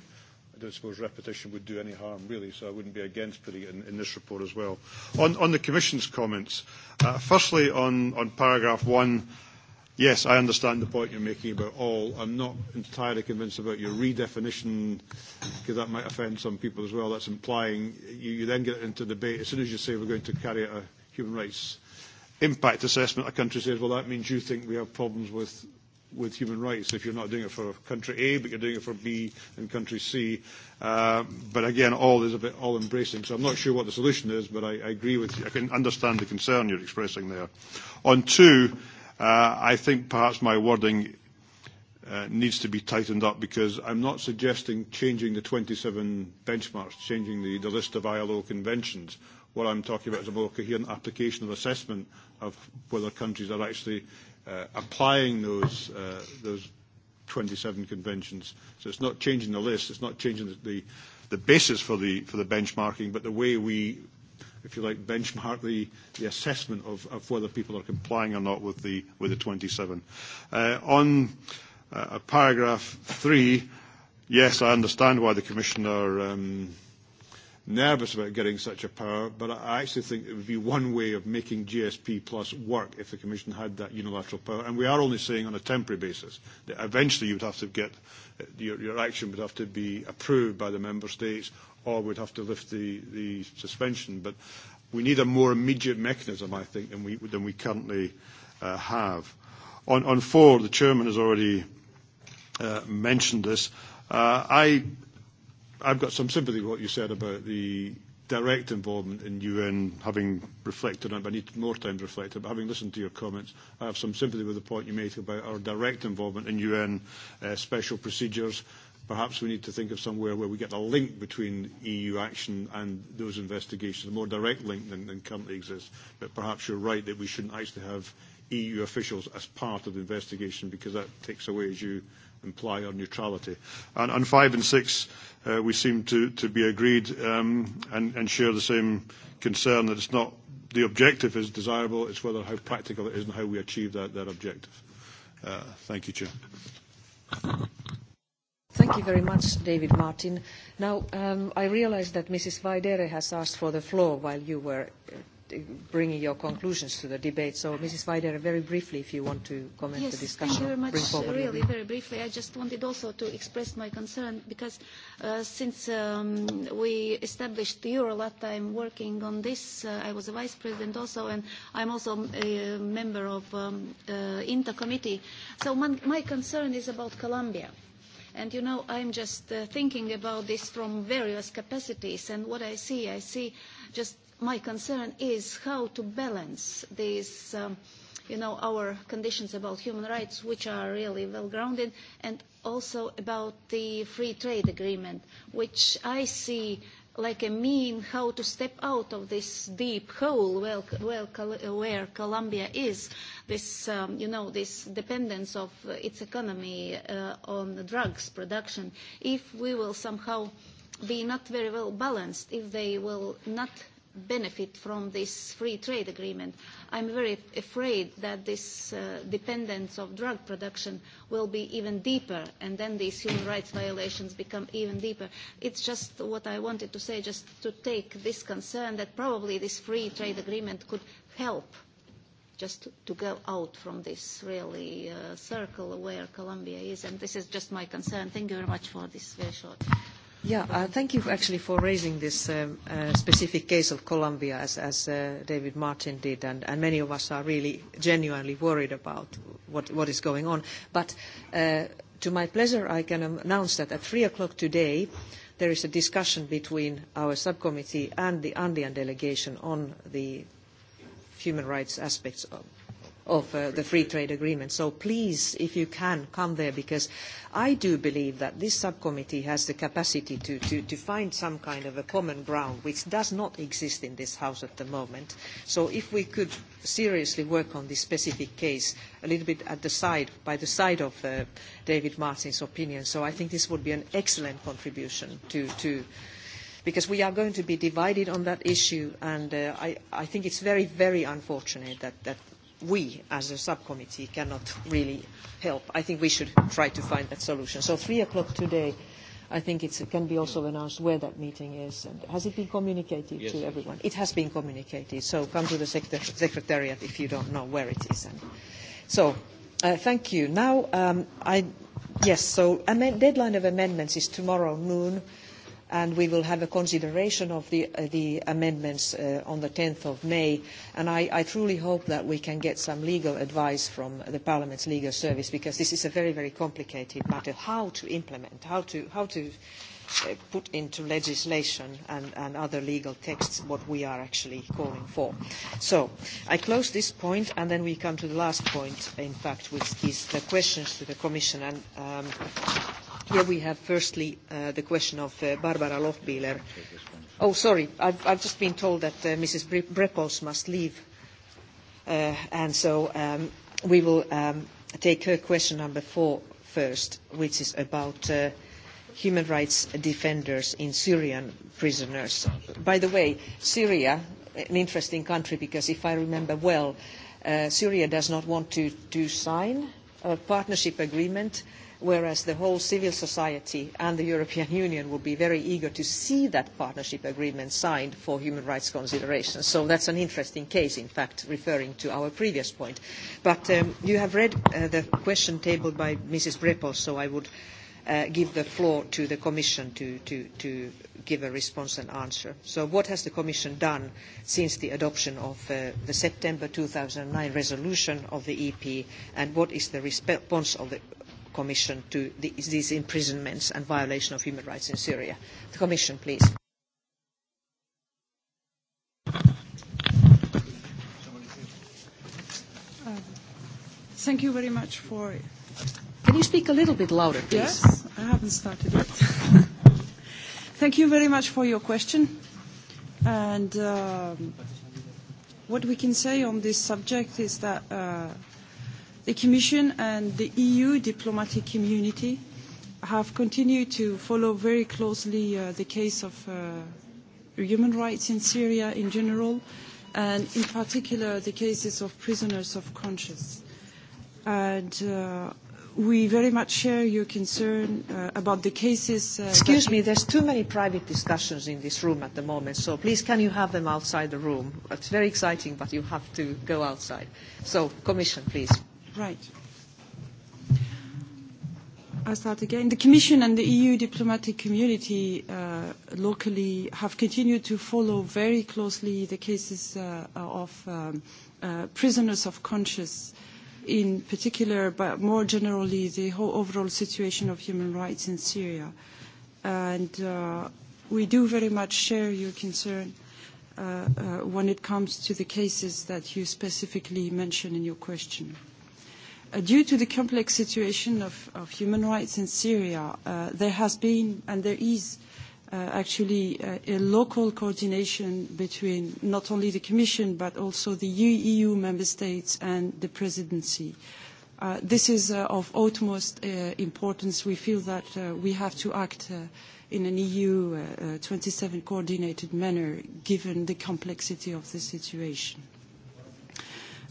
I don't suppose repetition would do any harm, really, so I wouldn't be against putting it in, in this report as well. On, on the Commission's comments, uh, firstly, on, on paragraph one, yes, I understand the point you're making about all. I'm not entirely convinced about your redefinition, because that might offend some people as well. That's implying you, you then get into debate. As soon as you say we're going to carry out a human rights impact assessment, a country says, well, that means you think we have problems with with human rights if you're not doing it for country A, but you're doing it for B and country C. Uh, but again, all is a bit all embracing. So I'm not sure what the solution is, but I, I agree with you. I can understand the concern you're expressing there. On two, uh, I think perhaps my wording uh, needs to be tightened up because I'm not suggesting changing the 27 benchmarks, changing the, the list of ILO conventions. What I'm talking about is a more coherent application of assessment of whether countries are actually uh, applying those, uh, those 27 conventions. So it's not changing the list, it's not changing the, the, the basis for the, for the benchmarking, but the way we, if you like, benchmark the, the assessment of, of whether people are complying or not with the, with the 27. Uh, on uh, paragraph 3, yes, I understand why the Commissioner um, – nervous about getting such a power, but I actually think it would be one way of making GSP Plus work if the Commission had that unilateral power. And we are only saying on a temporary basis that eventually you would have to get your, your action would have to be approved by the member states, or would have to lift the, the suspension. But we need a more immediate mechanism, I think, than we, than we currently uh, have. On, on four, the chairman has already uh, mentioned this. Uh, I I've got some sympathy with what you said about the direct involvement in UN, having reflected on it, but I need more time to reflect on it, but having listened to your comments, I have some sympathy with the point you made about our direct involvement in UN uh, special procedures. Perhaps we need to think of somewhere where we get a link between EU action and those investigations, a more direct link than, than currently exists. But perhaps you're right that we shouldn't actually have EU officials as part of the investigation because that takes away, as you imply, our neutrality. And, and five and six, we seem to, to be agreed um, and, and share the same concern that it's not the objective is desirable, it's whether how practical it is and how we achieve that, that objective. Uh, thank you, Chair. Thank you very much, David Martin. Now, um, I realize that Mrs. Vaidere has asked for the floor while you were bringing your conclusions to the debate. So, Mrs. Weider, very briefly, if you want to comment the discussion. Yes, thank you very much. really, very briefly, I just wanted also to express my concern because uh, since um, we established Eurolat, I'm working on this. Uh, I was a vice president also, and I'm also a member of um, uh, INTA committee. So my, my concern is about Colombia. And you know, I'm just uh, thinking about this from various capacities. And what I see, I see just my concern is how to balance these, um, you know, our conditions about human rights, which are really well grounded, and also about the free trade agreement, which I see like a mean how to step out of this deep hole where, where, where Colombia is, this, um, you know, this dependence of its economy uh, on drugs production, if we will somehow be not very well balanced, if they will not benefit from this free trade agreement. I'm very afraid that this dependence of drug production will be even deeper, and then these human rights violations become even deeper. It's just what I wanted to say, just to take this concern that probably this free trade agreement could help just to go out from this really circle where Colombia is, and this is just my concern. Thank you very much for this very short Yeah, thank you actually for raising this specific case of Colombia, as David Martin did, and many of us are really genuinely worried about what is going on. But to my pleasure, I can announce that at three o'clock today, there is a discussion between our subcommittee and the Andean delegation on the human rights aspects of the free trade agreement. So please, if you can, come there because I do believe that this subcommittee has the capacity to, to, to find some kind of a common ground which does not exist in this House at the moment. So if we could seriously work on this specific case a little bit at the side, by the side of David Martin's opinion. So I think this would be an excellent contribution to, to because we are going to be divided on that issue, and I, I think it's very, very unfortunate that, that we as a subcommittee cannot really help. I think we should try to find that solution. So three o'clock today, I think it can be also announced where that meeting is. And has it been communicated to everyone? It has been communicated. So come to the secretariat if you don't know where it is. And so uh, thank you. Now, um, I, yes, so amend, deadline of amendments is tomorrow noon and we will have a consideration of the, amendments on the 10 of May. And I, truly hope that we can get some legal advice from the Parliament's legal service, because this is a very, very complicated matter, how to implement, how to, put into legislation and, other legal texts what we are actually calling for. So I close this point, and then we come to the last point, in fact, which is the questions to the Commission. And, Here we have firstly the question of Barbara Lochbihler. Oh, sorry, I've, I've just been told that Mrs. Brepos must leave, and so we will take her question number four first, which is about human rights defenders in Syrian prisoners. By the way, Syria, an interesting country because if I remember well, Syria does not want to, sign a partnership agreement whereas the whole civil society and the European Union will be very eager to see that partnership agreement signed for human rights considerations. So that's an interesting case, in fact, referring to our previous point. But you have read the question tabled by Mrs. Brepol, so I would give the floor to the Commission to, give a response and answer. So what has the Commission done since the adoption of the September two thousand nine resolution of the EP, and what is the response of the Commission to these imprisonments and violation of human rights in Syria? The Commission, please. Thank you very much for. Can you speak a little bit louder, please? Yes, I haven't started yet. Thank you very much for your question. And um, what we can say on this subject is that. Uh, The Commission and the EU diplomatic community have continued to follow very closely the case of human rights in Syria in general, and in particular the cases of prisoners of conscience. And we very much share your concern about the cases. Excuse me, there's too many private discussions in this room at the moment, so please can you have them outside the room? It's very exciting, but you have to go outside. So, Commission, please. Right. I start again. The Commission and the EU diplomatic community uh, locally have continued to follow very closely the cases uh, of um, uh, prisoners of conscience, in particular, but more generally, the whole overall situation of human rights in Syria. And uh, we do very much share your concern uh, uh, when it comes to the cases that you specifically mention in your question. Due to the complex situation of human rights in Syria, there has been and there is actually a local coordination between not only the Commission but also the EU member states and the presidency. This is of utmost importance. We feel that we have to act in an EU twenty seven coordinated manner given the complexity of the situation.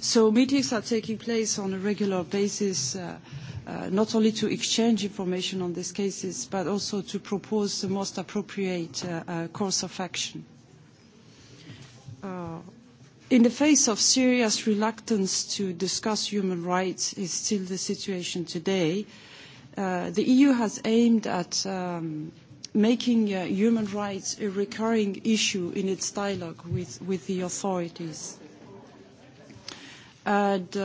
So meetings are taking place on a regular basis, not only to exchange information on these cases, but also to propose the most appropriate course of action. In the face of serious reluctance to discuss human rights is still the situation today, the EU has aimed at making human rights a recurring issue in its dialogue with the authorities And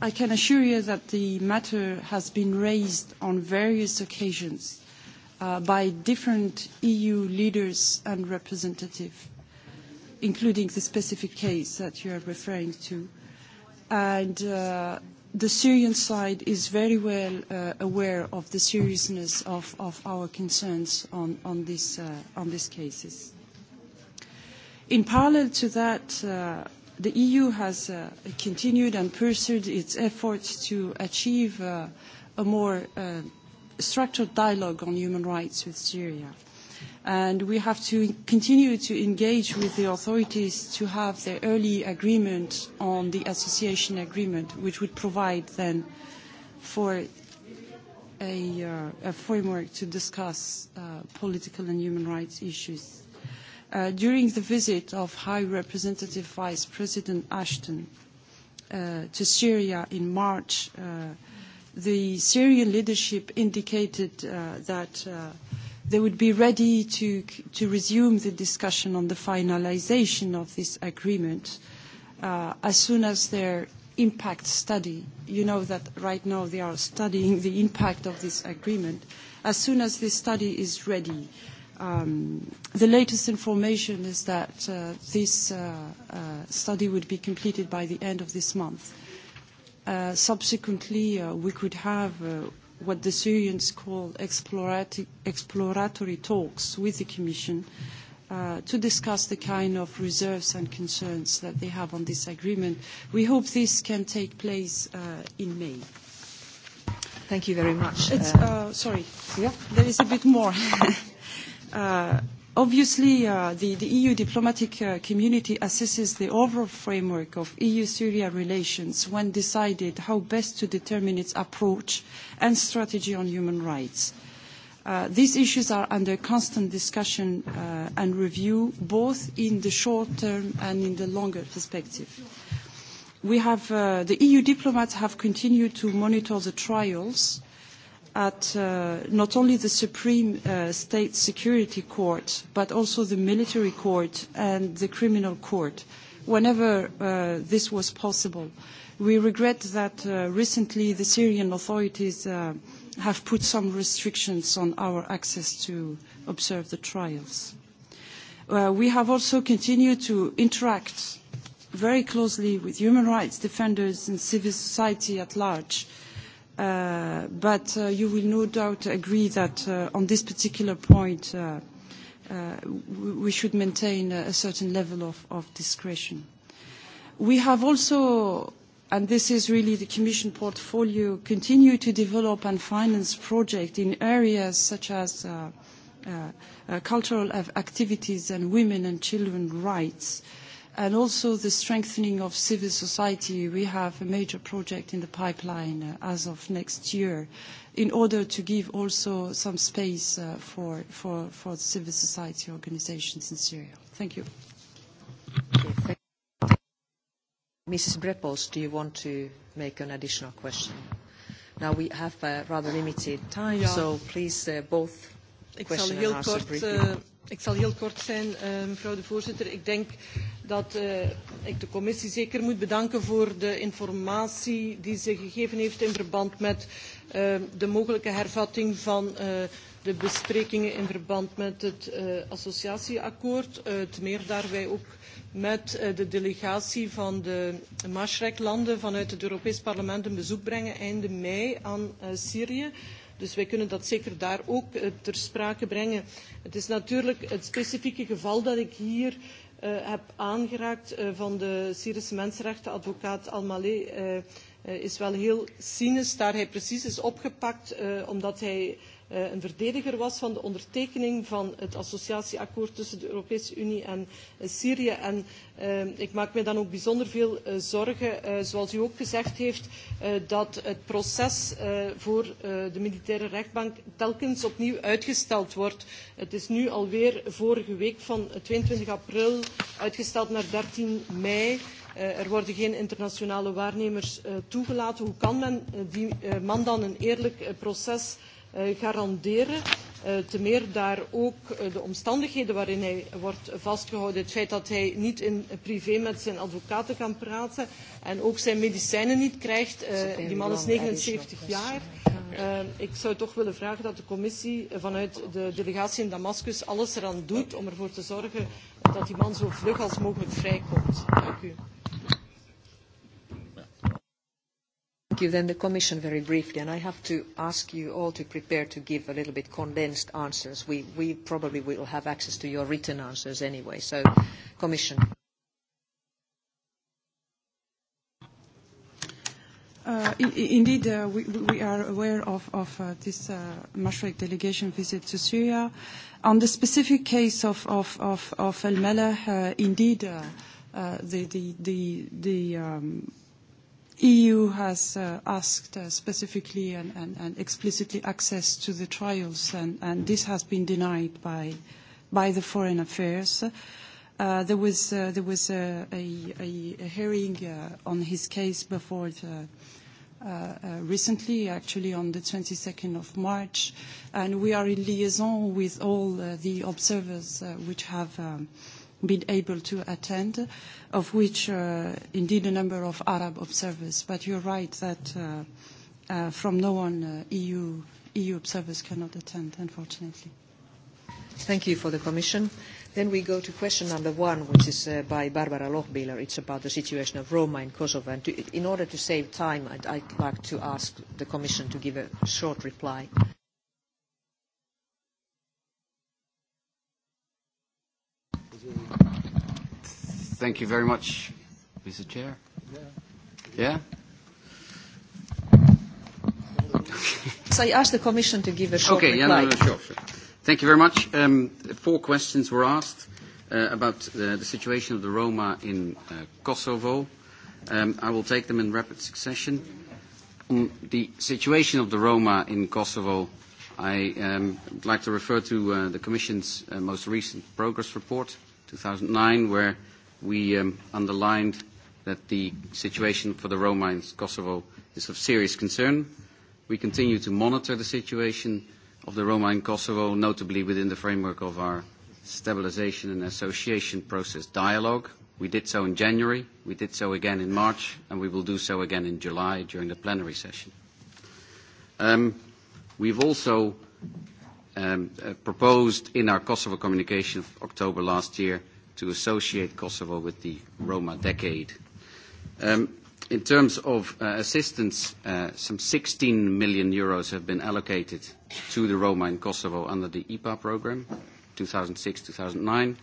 I can assure you that the matter has been raised on various occasions by different EU leaders and representatives, including the specific case that you are referring to. And the Syrian side is very well aware of the seriousness of, our concerns on, these cases. In parallel to that, the EU has continued and pursued its efforts to achieve a more structured dialogue on human rights with Syria. And we have to continue to engage with the authorities to have the early agreement on the association agreement, which would provide then for a, framework to discuss political and human rights issues during the visit of High Representative Vice President Ashton to Syria in March, the Syrian leadership indicated that they would be ready to, resume the discussion on the finalisation of this agreement as soon as their impact study, you know that right now they are studying the impact of this agreement, as soon as this study is ready. Uh, The latest information is that this study would be completed by the end of this month. Subsequently, we could have what the Syrians call exploratory talks with the Commission to discuss the kind of reserves and concerns that they have on this agreement. We hope this can take place in May. Thank you very much. Sorry. There is a bit more. Obviously, the EU diplomatic community assesses the overall framework of EU-Syria relations when deciding how best to determine its approach and strategy on human rights. These issues are under constant discussion and review, both in the short term and in the longer perspective. We have, the EU diplomats have continued to monitor the trials uh, at not only the Supreme State Security Court, but also the military court and the criminal court, whenever this was possible. We regret that recently the Syrian authorities have put some restrictions on our access to observe the trials. we have also continued to interact very closely with human rights defenders and civil society at large But you will no doubt agree that on this particular point, we should maintain a certain level of discretion. We have also, and this is really the Commission portfolio, continue to develop and finance projects in areas such as cultural activities and women and children rights, uh, and also the strengthening of civil society. We have a major project in the pipeline as of next year in order to give also some space for, civil society organizations in Syria. Thank you. Mrs. Brepols, do you want to make an additional question? Now we have rather limited time, so please both question and answer briefly Ik zal heel kort zijn, mevrouw de voorzitter. Ik denk dat ik de commissie zeker moet bedanken voor de informatie die ze gegeven heeft in verband met de mogelijke hervatting van de besprekingen in verband met het associatieakkoord. ten meer daar wij ook met de delegatie van de Maastricht-landen vanuit het Europees Parlement een bezoek brengen einde mei aan Syrië. Dus wij kunnen dat zeker daar ook ter sprake brengen. Het is natuurlijk het specifieke geval dat ik hier heb aangeraakt van de Syrische mensenrechtenadvocaat Al-Maleh is wel heel cynisch daar hij precies is opgepakt omdat hij een verdediger was van de ondertekening van het associatieakkoord tussen de Europese Unie en Syrië. En ik maak me dan ook bijzonder veel zorgen, zoals u ook gezegd heeft, dat het proces voor de militaire rechtbank telkens opnieuw uitgesteld wordt. Het is nu alweer vorige week van 22 april uitgesteld naar 13 mei. Er worden geen internationale waarnemers toegelaten. Hoe kan men die man dan een eerlijk proces garanderen. Te meer daar ook de omstandigheden waarin hij wordt vastgehouden, het feit dat hij niet in privé met zijn advocaten kan praten en ook zijn medicijnen niet krijgt. Die man is 79 jaar. Ik zou toch willen vragen dat de commissie vanuit de delegatie in Damascus alles eraan doet om ervoor te zorgen dat die man zo vlug als mogelijk vrijkomt. Dank u. you. Then the Commission very briefly, and I have to ask you all to prepare to give a little bit condensed answers. We, we probably will have access to your written answers anyway. So, Commission. Indeed, we are aware of this Maastricht delegation visit to Syria. On the specific case of El Meleh, indeed, the EU has asked specifically and, explicitly access to the trials, and, this has been denied by, the Foreign Affairs. there was, a, hearing on his case before the, recently, actually on the 22nd of March, and we are in liaison with all the observers which have been able to attend, of which indeed a number of Arab observers. But you're right that from now on EU, EU observers cannot attend, unfortunately. Thank you for the Commission. Then we go to question number one, which is uh, by Barbara Lochbieler. It's about the situation of Roma in Kosovo. And to, in order to save time, I'd, I'd like to ask the Commission to give a short reply. Thank you very much, Mr. Chair. Yeah? So I asked the Commission to give a short okay, reply. Okay, yeah, no, no, sure, sure. Thank you very much. Um, four questions were asked uh, about uh, the situation of the Roma in uh, Kosovo. Um, I will take them in rapid succession. On the situation of the Roma in Kosovo, I um, would like to refer to uh, the Commission's uh, most recent progress report, uh, 2009, where we um, underlined that the situation for the Roma in Kosovo is of serious concern. We continue to monitor the situation of the Roma in Kosovo, notably within the framework of our stabilization and association process dialogue. We did so in January, we did so again in March, and we will do so again in July during the plenary session. Um, we've also proposed in our Kosovo communication of October last year to associate Kosovo with the Roma decade. in terms of assistance, some EUR sixteen million have been allocated to the Roma in Kosovo under the IPA programme, two thousand six 2006 nine,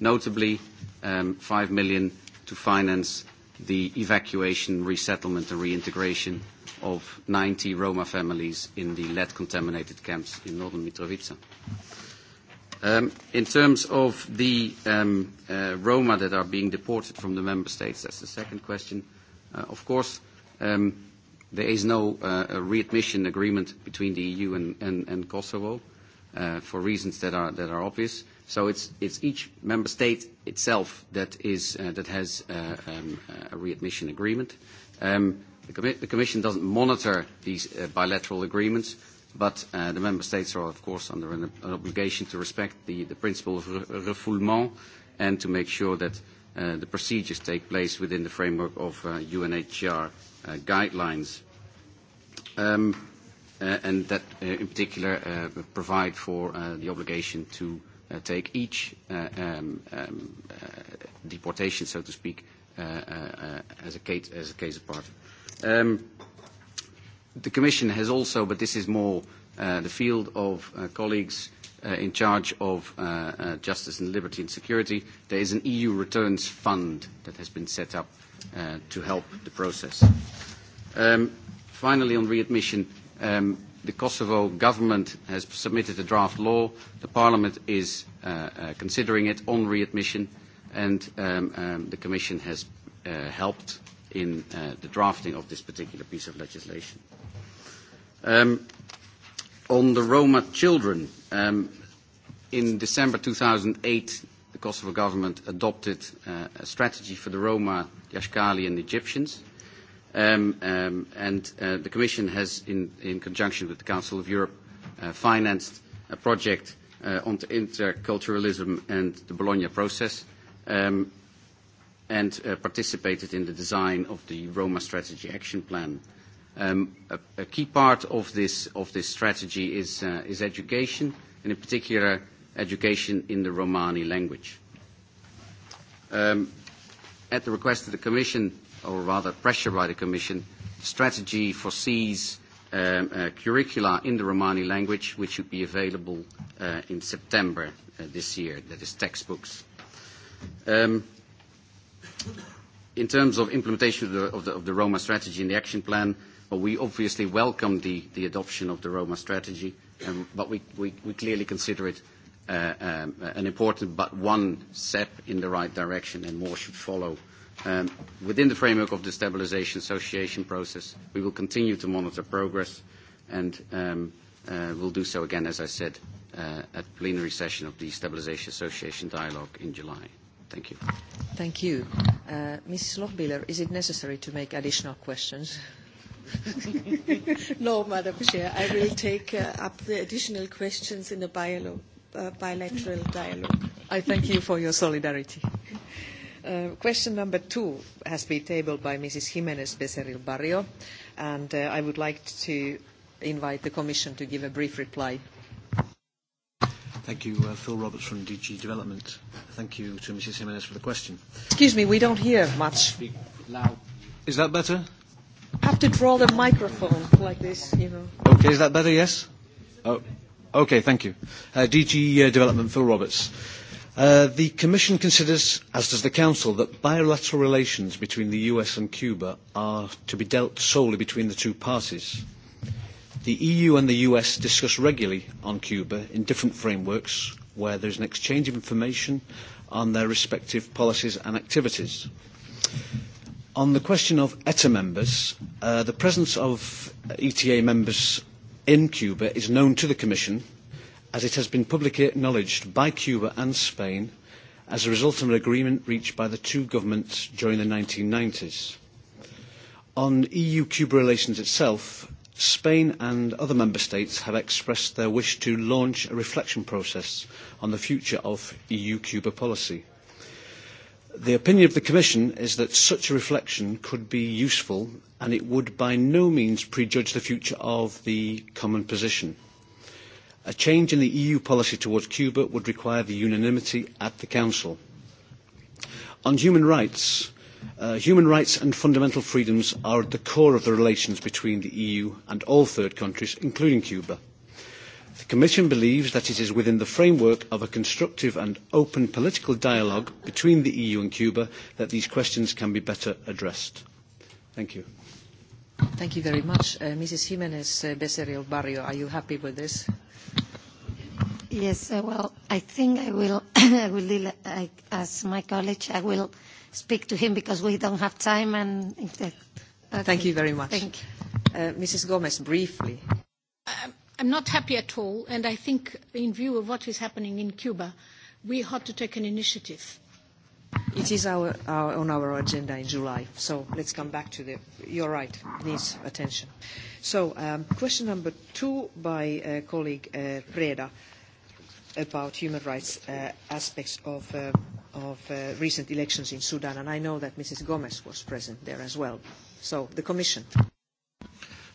notably EUR five million to finance the evacuation, resettlement and reintegration of 90 Roma families in the lead-contaminated camps in northern Mitrovica. In terms of the Roma that are being deported from the member states, that's the second question. Of course, there is no readmission agreement between the EU and and Kosovo for reasons that are that are obvious. So It's it's each member state itself that is that has a readmission agreement. Um The Commission doesn't monitor these bilateral agreements, but the Member States are, of course, under an obligation to respect the principle of refoulement and to make sure that the procedures take place within the framework of UNHCR guidelines. And that, in particular, provide for the obligation to take each deportation, so to speak, as a case apart. The Commission has also, but this is more the field of colleagues in charge of justice and liberty and security, there is an EU returns fund that has been set up to help the process. Finally, on readmission, the Kosovo government has submitted a draft law. The parliament is considering it on readmission, and the commission has helped in uh, the drafting of this particular piece of legislation. Um, on the Roma children, um, in December 2008, the Kosovo government adopted uh, a strategy for the Roma, the Ashkali, and the Egyptians. Um, um, and uh, the Commission has, in, in conjunction with the Council of Europe, uh, financed a project uh, on interculturalism and the Bologna process. Um, and participated in the design of the Roma Strategy Action Plan. a, key part of this, of this strategy is, is education, and in particular, education in the Romani language. at the request of the Commission, or rather pressure by the Commission, the strategy foresees curricula in the Romani language which should be available in September this year, that is textbooks. Um, In terms of implementation of the Roma strategy and the action plan, we obviously welcome the adoption of the Roma strategy, but we clearly consider it an important but one step in the right direction, and more should follow. Within the framework of the stabilisation association process, we will continue to monitor progress, and we'll do so again, as I said, at plenary session of the stabilisation association dialogue in July. Thank you. Thank you. Uh, Lochbihler, is it necessary to make additional questions? no, Madam Chair. I will take up the additional questions in the bilateral dialogue. I thank you for your solidarity. question number two has been tabled by Mrs. Jimenez Becerril Barrio, and I would like to invite the Commission to give a brief reply Thank you, uh, Phil Roberts from DG Development. Thank you to Mrs. Jimenez for the question. Excuse me, we don't hear much. Speak loud. Is that better? I have to draw the microphone like this, you know. Okay, is that better? Yes. Oh, okay, thank you. Uh, DG uh, Development, Phil Roberts. Uh, the Commission considers, as does the Council, that bilateral relations between the US and Cuba are to be dealt solely between the two parties. The EU and the US discuss regularly on Cuba in different frameworks where there is an exchange of information on their respective policies and activities. On the question of ETA members, the presence of ETA members in Cuba is known to the Commission as it has been publicly acknowledged by Cuba and Spain as a result of an agreement reached by the two governments during the 1990s. On EU-Cuba relations itself, Spain and other member states have expressed their wish to launch a reflection process on the future of EU-Cuba policy. The opinion of the Commission is that such a reflection could be useful and it would by no means prejudge the future of the common position. A change in the EU policy towards Cuba would require the unanimity at the Council. On human rights, human rights and fundamental freedoms are at the core of the relations between the EU and all third countries, including Cuba. The Commission believes that it is within the framework of a constructive and open political dialogue between the EU and Cuba that these questions can be better addressed. Thank you. Thank you very much. Mrs. Jimenez Becerril Barrio, are you happy with this? Yes, well, I think I will, I will, as my colleague, I will speak to him because we don't have time. And Thank you very much. Thank you. Mrs. Gomez, briefly. I'm not happy at all, and I think in view of what is happening in Cuba, we ought to take an initiative. It is our, our, on our agenda in July, so let's come back to the. You're right, needs attention. So, um, question number two by uh, colleague uh, Preda about human rights aspects of, recent elections in Sudan, and I know that Mrs. Gomes was present there as well. So, the Commission.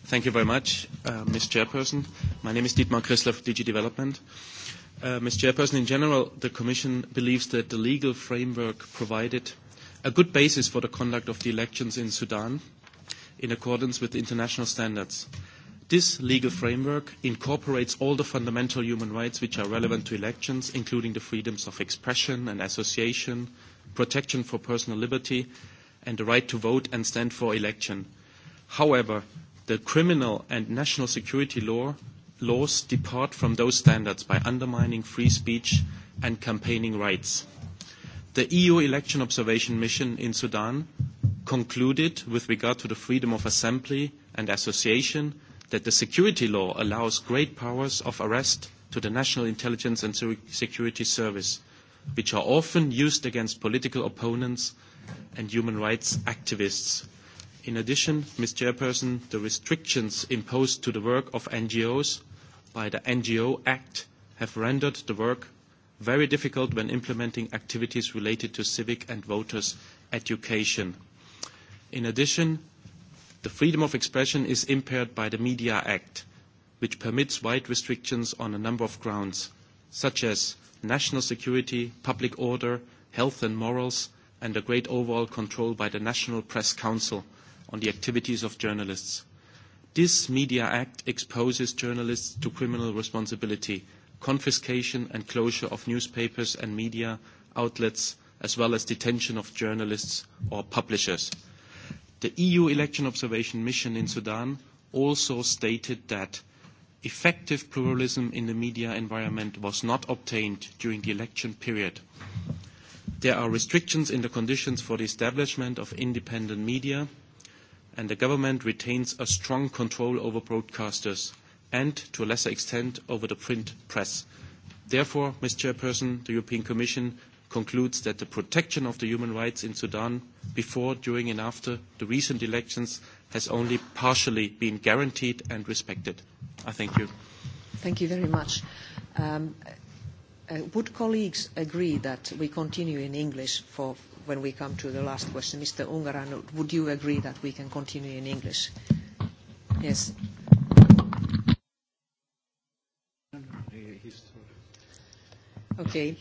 Thank you very much, Ms. Chairperson. My name is Dietmar Kressler of DG Development. Ms. Chairperson, in general, the Commission believes that the legal framework provided a good basis for the conduct of the elections in Sudan in accordance with international standards. This legal framework incorporates all the fundamental human rights which are relevant to elections, including the freedoms of expression and association, protection for personal liberty, and the right to vote and stand for election. However, the criminal and national security law, laws depart from those standards by undermining free speech and campaigning rights. The EU election observation mission in Sudan concluded with regard to the freedom of assembly and association that the security law allows great powers of arrest to the National Intelligence and Security Service, which are often used against political opponents and human rights activists. In addition, Ms. Chairperson, the restrictions imposed to the work of NGOs by the NGO Act have rendered the work very difficult when implementing activities related to civic and voters' education. In addition, The freedom of expression is impaired by the Media Act, which permits wide restrictions on a number of grounds, such as national security, public order, health and morals, and a great overall control by the National Press Council on the activities of journalists. This Media Act exposes journalists to criminal responsibility, confiscation and closure of newspapers and media outlets, as well as detention of journalists or publishers. The EU election observation mission in Sudan also stated that effective pluralism in the media environment was not obtained during the election period. There are restrictions in the conditions for the establishment of independent media, and the government retains a strong control over broadcasters and, to a lesser extent, over the print press. Therefore, Ms. Chairperson, the European Commission concludes that the protection of the human rights in Sudan before, during and after the recent elections has only partially been guaranteed and respected. I thank you. Thank you very much. Um, uh, would colleagues agree that we continue in English for when we come to the last question? Mr. Ungaran, would you agree that we can continue in English? Yes. Okay.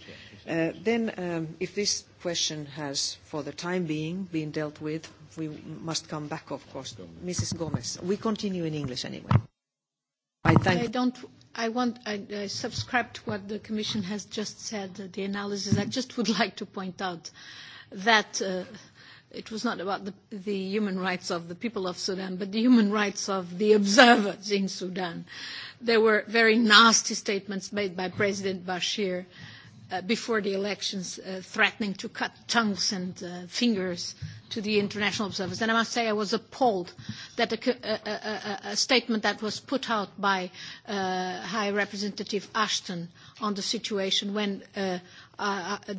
Then, if this question has, for the time being, been dealt with, we must come back, of course. Mrs. Gomez, we continue in English anyway. I thank- I don't... I want... I subscribe to what the Commission has just said, the analysis. I just would like to point out that it was not about the, the human rights of the people of Sudan, but the human rights of the observers in Sudan. There were very nasty statements made by President Bashir before the elections threatening to cut tongues and fingers to the international observers. And I must say I was appalled that a, a, statement that was put out by High Representative Ashton on the situation when the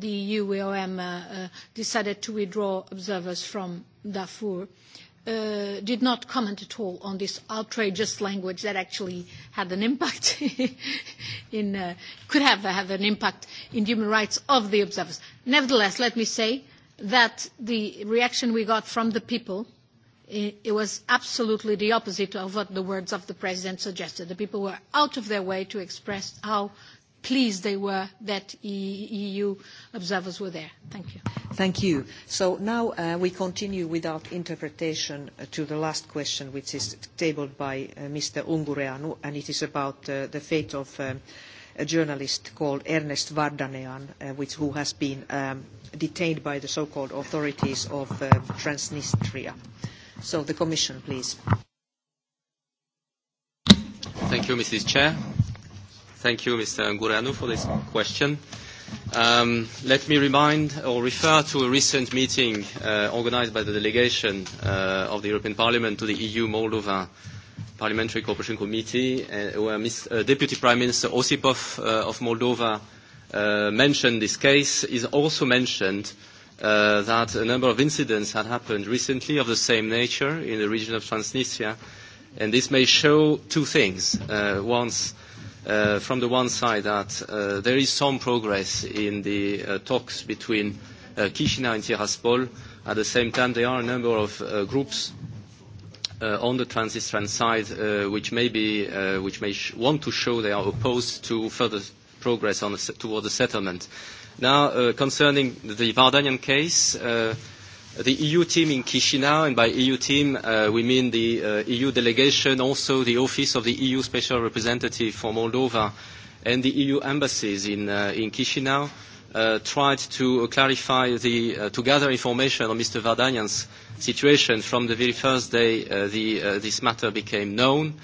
EU EOM decided to withdraw observers from Darfur uh, did not comment at all on this outrageous language that actually had an impact in uh, could have had an impact in human rights of the observers. Nevertheless, let me say that the reaction we got from the people it was absolutely the opposite of what the words of the president suggested. The people were out of their way to express how pleased they were that EU observers were there. Thank you. Thank you. So now we continue without interpretation to the last question, which is tabled by Mr. Ungureanu, and it is about the fate of a journalist called Ernest Vardanean, which, who has been detained by the so-called authorities of Transnistria. So the Commission, please. Thank you, Mrs. Chair. Thank you, Mr. Guarino, for this question. let me remind or refer to a recent meeting organized by the delegation of the European Parliament to the EU-Moldova Parliamentary Cooperation Committee, where Mr Deputy Prime Minister Osipov of Moldova mentioned this case. Is also mentioned that a number of incidents had happened recently of the same nature in the region of Transnistria, and this may show two things. once, from the one side that there is some progress in the talks between Chisinau and Tiraspol. At the same time, there are a number of groups on the Transnistrian side which may want to show they are opposed to further progress toward a settlement. Now, concerning the Vardanian case, the EU team in Chisinau, and by EU team uh, we mean the uh, EU delegation, also the office of the EU Special Representative for Moldova, and the EU embassies in, uh, in Chisinau, uh, tried to clarify the, uh, to gather information on Mr. Vardanyan's situation from the very first day uh, the, uh, this matter became known,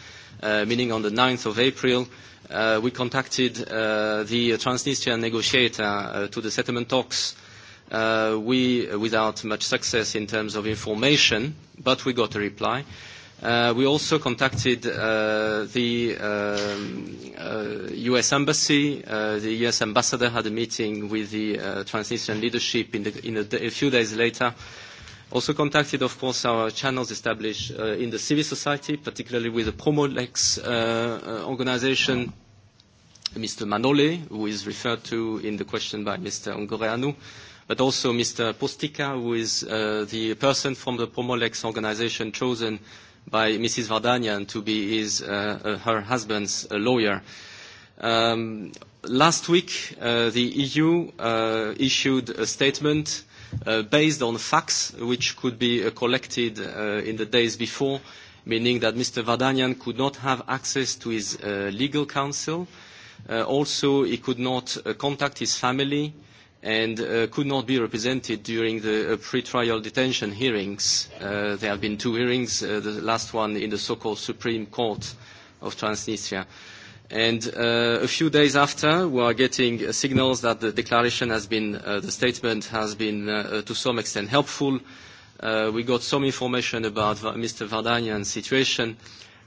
uh, meaning on the 9th of April. Uh, we contacted uh, the Transnistrian negotiator uh, to the settlement talks we, without much success in terms of information, but we got a reply. We also contacted the U.S. Embassy. The U.S. ambassador had a meeting with the transition leadership a few days later. Also contacted, of course, our channels established in the civil society, particularly with the Promolex organization, Mr. Manole, who is referred to in the question by Mr. Ungureanu but also Mr. Postica, who is the person from the Promolex organization chosen by Mrs. Vardanian to be his, her husband's lawyer. last week, the EU issued a statement based on facts which could be collected in the days before, meaning that Mr. Vardanian could not have access to his legal counsel. also, he could not contact his family and uh, could not be represented during the uh, pre-trial detention hearings. Uh, there have been two hearings, uh, the last one in the so-called Supreme Court of Transnistria. And uh, a few days after, we are getting uh, signals that the declaration has been, uh, the statement has been uh, to some extent helpful. Uh, we got some information about Mr. Vardanian's situation.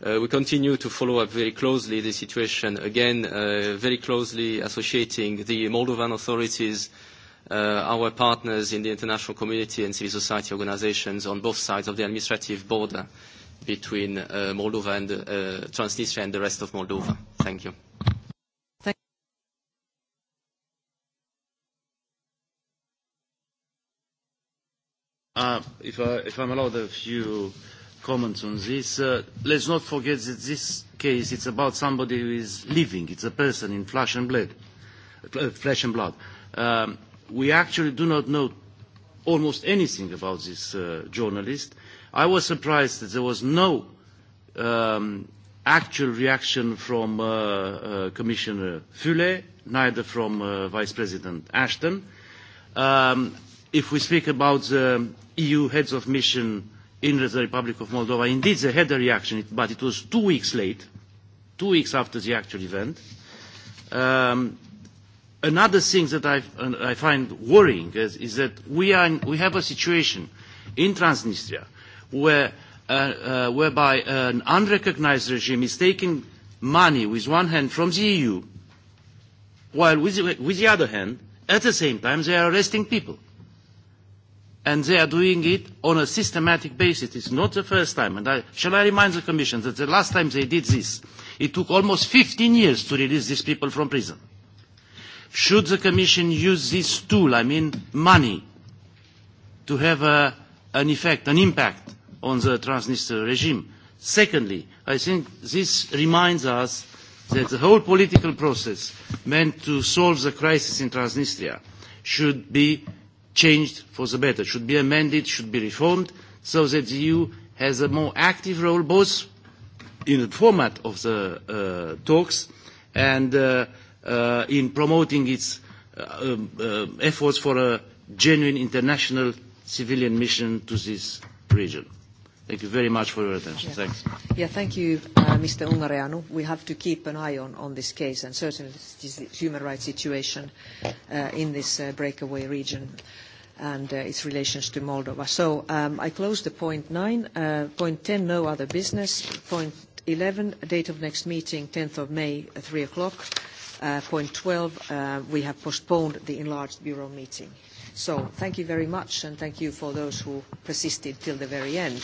Uh, we continue to follow up very closely the situation, again, uh, very closely associating the Moldovan authorities uh, our partners in the international community and civil society organizations on both sides of the administrative border between uh Moldova and uh Transnistria and the rest of Moldova. Thank you. If if I I'm allowed a few comments on this, uh let's not forget that this case, is about somebody who is living. It's a person in flesh and blood. flesh and blood. Um we actually do not know almost anything about this uh, journalist. I was surprised that there was no um, actual reaction from uh, uh, Commissioner Füle, neither from uh, Vice President Ashton. Um, if we speak about the EU heads of mission in the Republic of Moldova, indeed they had a reaction, but it was two weeks late, two weeks after the actual event. Um, Another thing that I, uh I find worrying is, is that we, are in, we have a situation in Transnistria where, uh, uh, whereby an unrecognized regime is taking money with one hand from the EU, while with the, with the other hand, at the same time, they are arresting people. And they are doing it on a systematic basis. It's not the first time. And I, shall I remind the Commission that the last time they did this, it took almost 15 years to release these people from prison. Should the Commission use this tool, I mean money, to have a, an effect, an impact on the Transnistria regime? Secondly, I think this reminds us that the whole political process meant to solve the crisis in Transnistria should be changed for the better, should be amended, should be reformed, so that the EU has a more active role, both in the format of the talks and uh, in promoting its uh, uh, efforts for a genuine international civilian mission to this region. Thank you very much for your attention. Thanks. Yeah, thank you, uh, Mr. Ungareanu. We have to keep an eye on, on this case and certainly the human rights situation uh, in this uh, breakaway region and uh, its relations to Moldova. So um, I close the point nine. Uh, point ten, no other business. Point eleven, date of next meeting, 10th of May, three o'clock Point 12, we have postponed the enlarged bureau meeting. So Thank you very much, and thank you for those who persisted till the very end.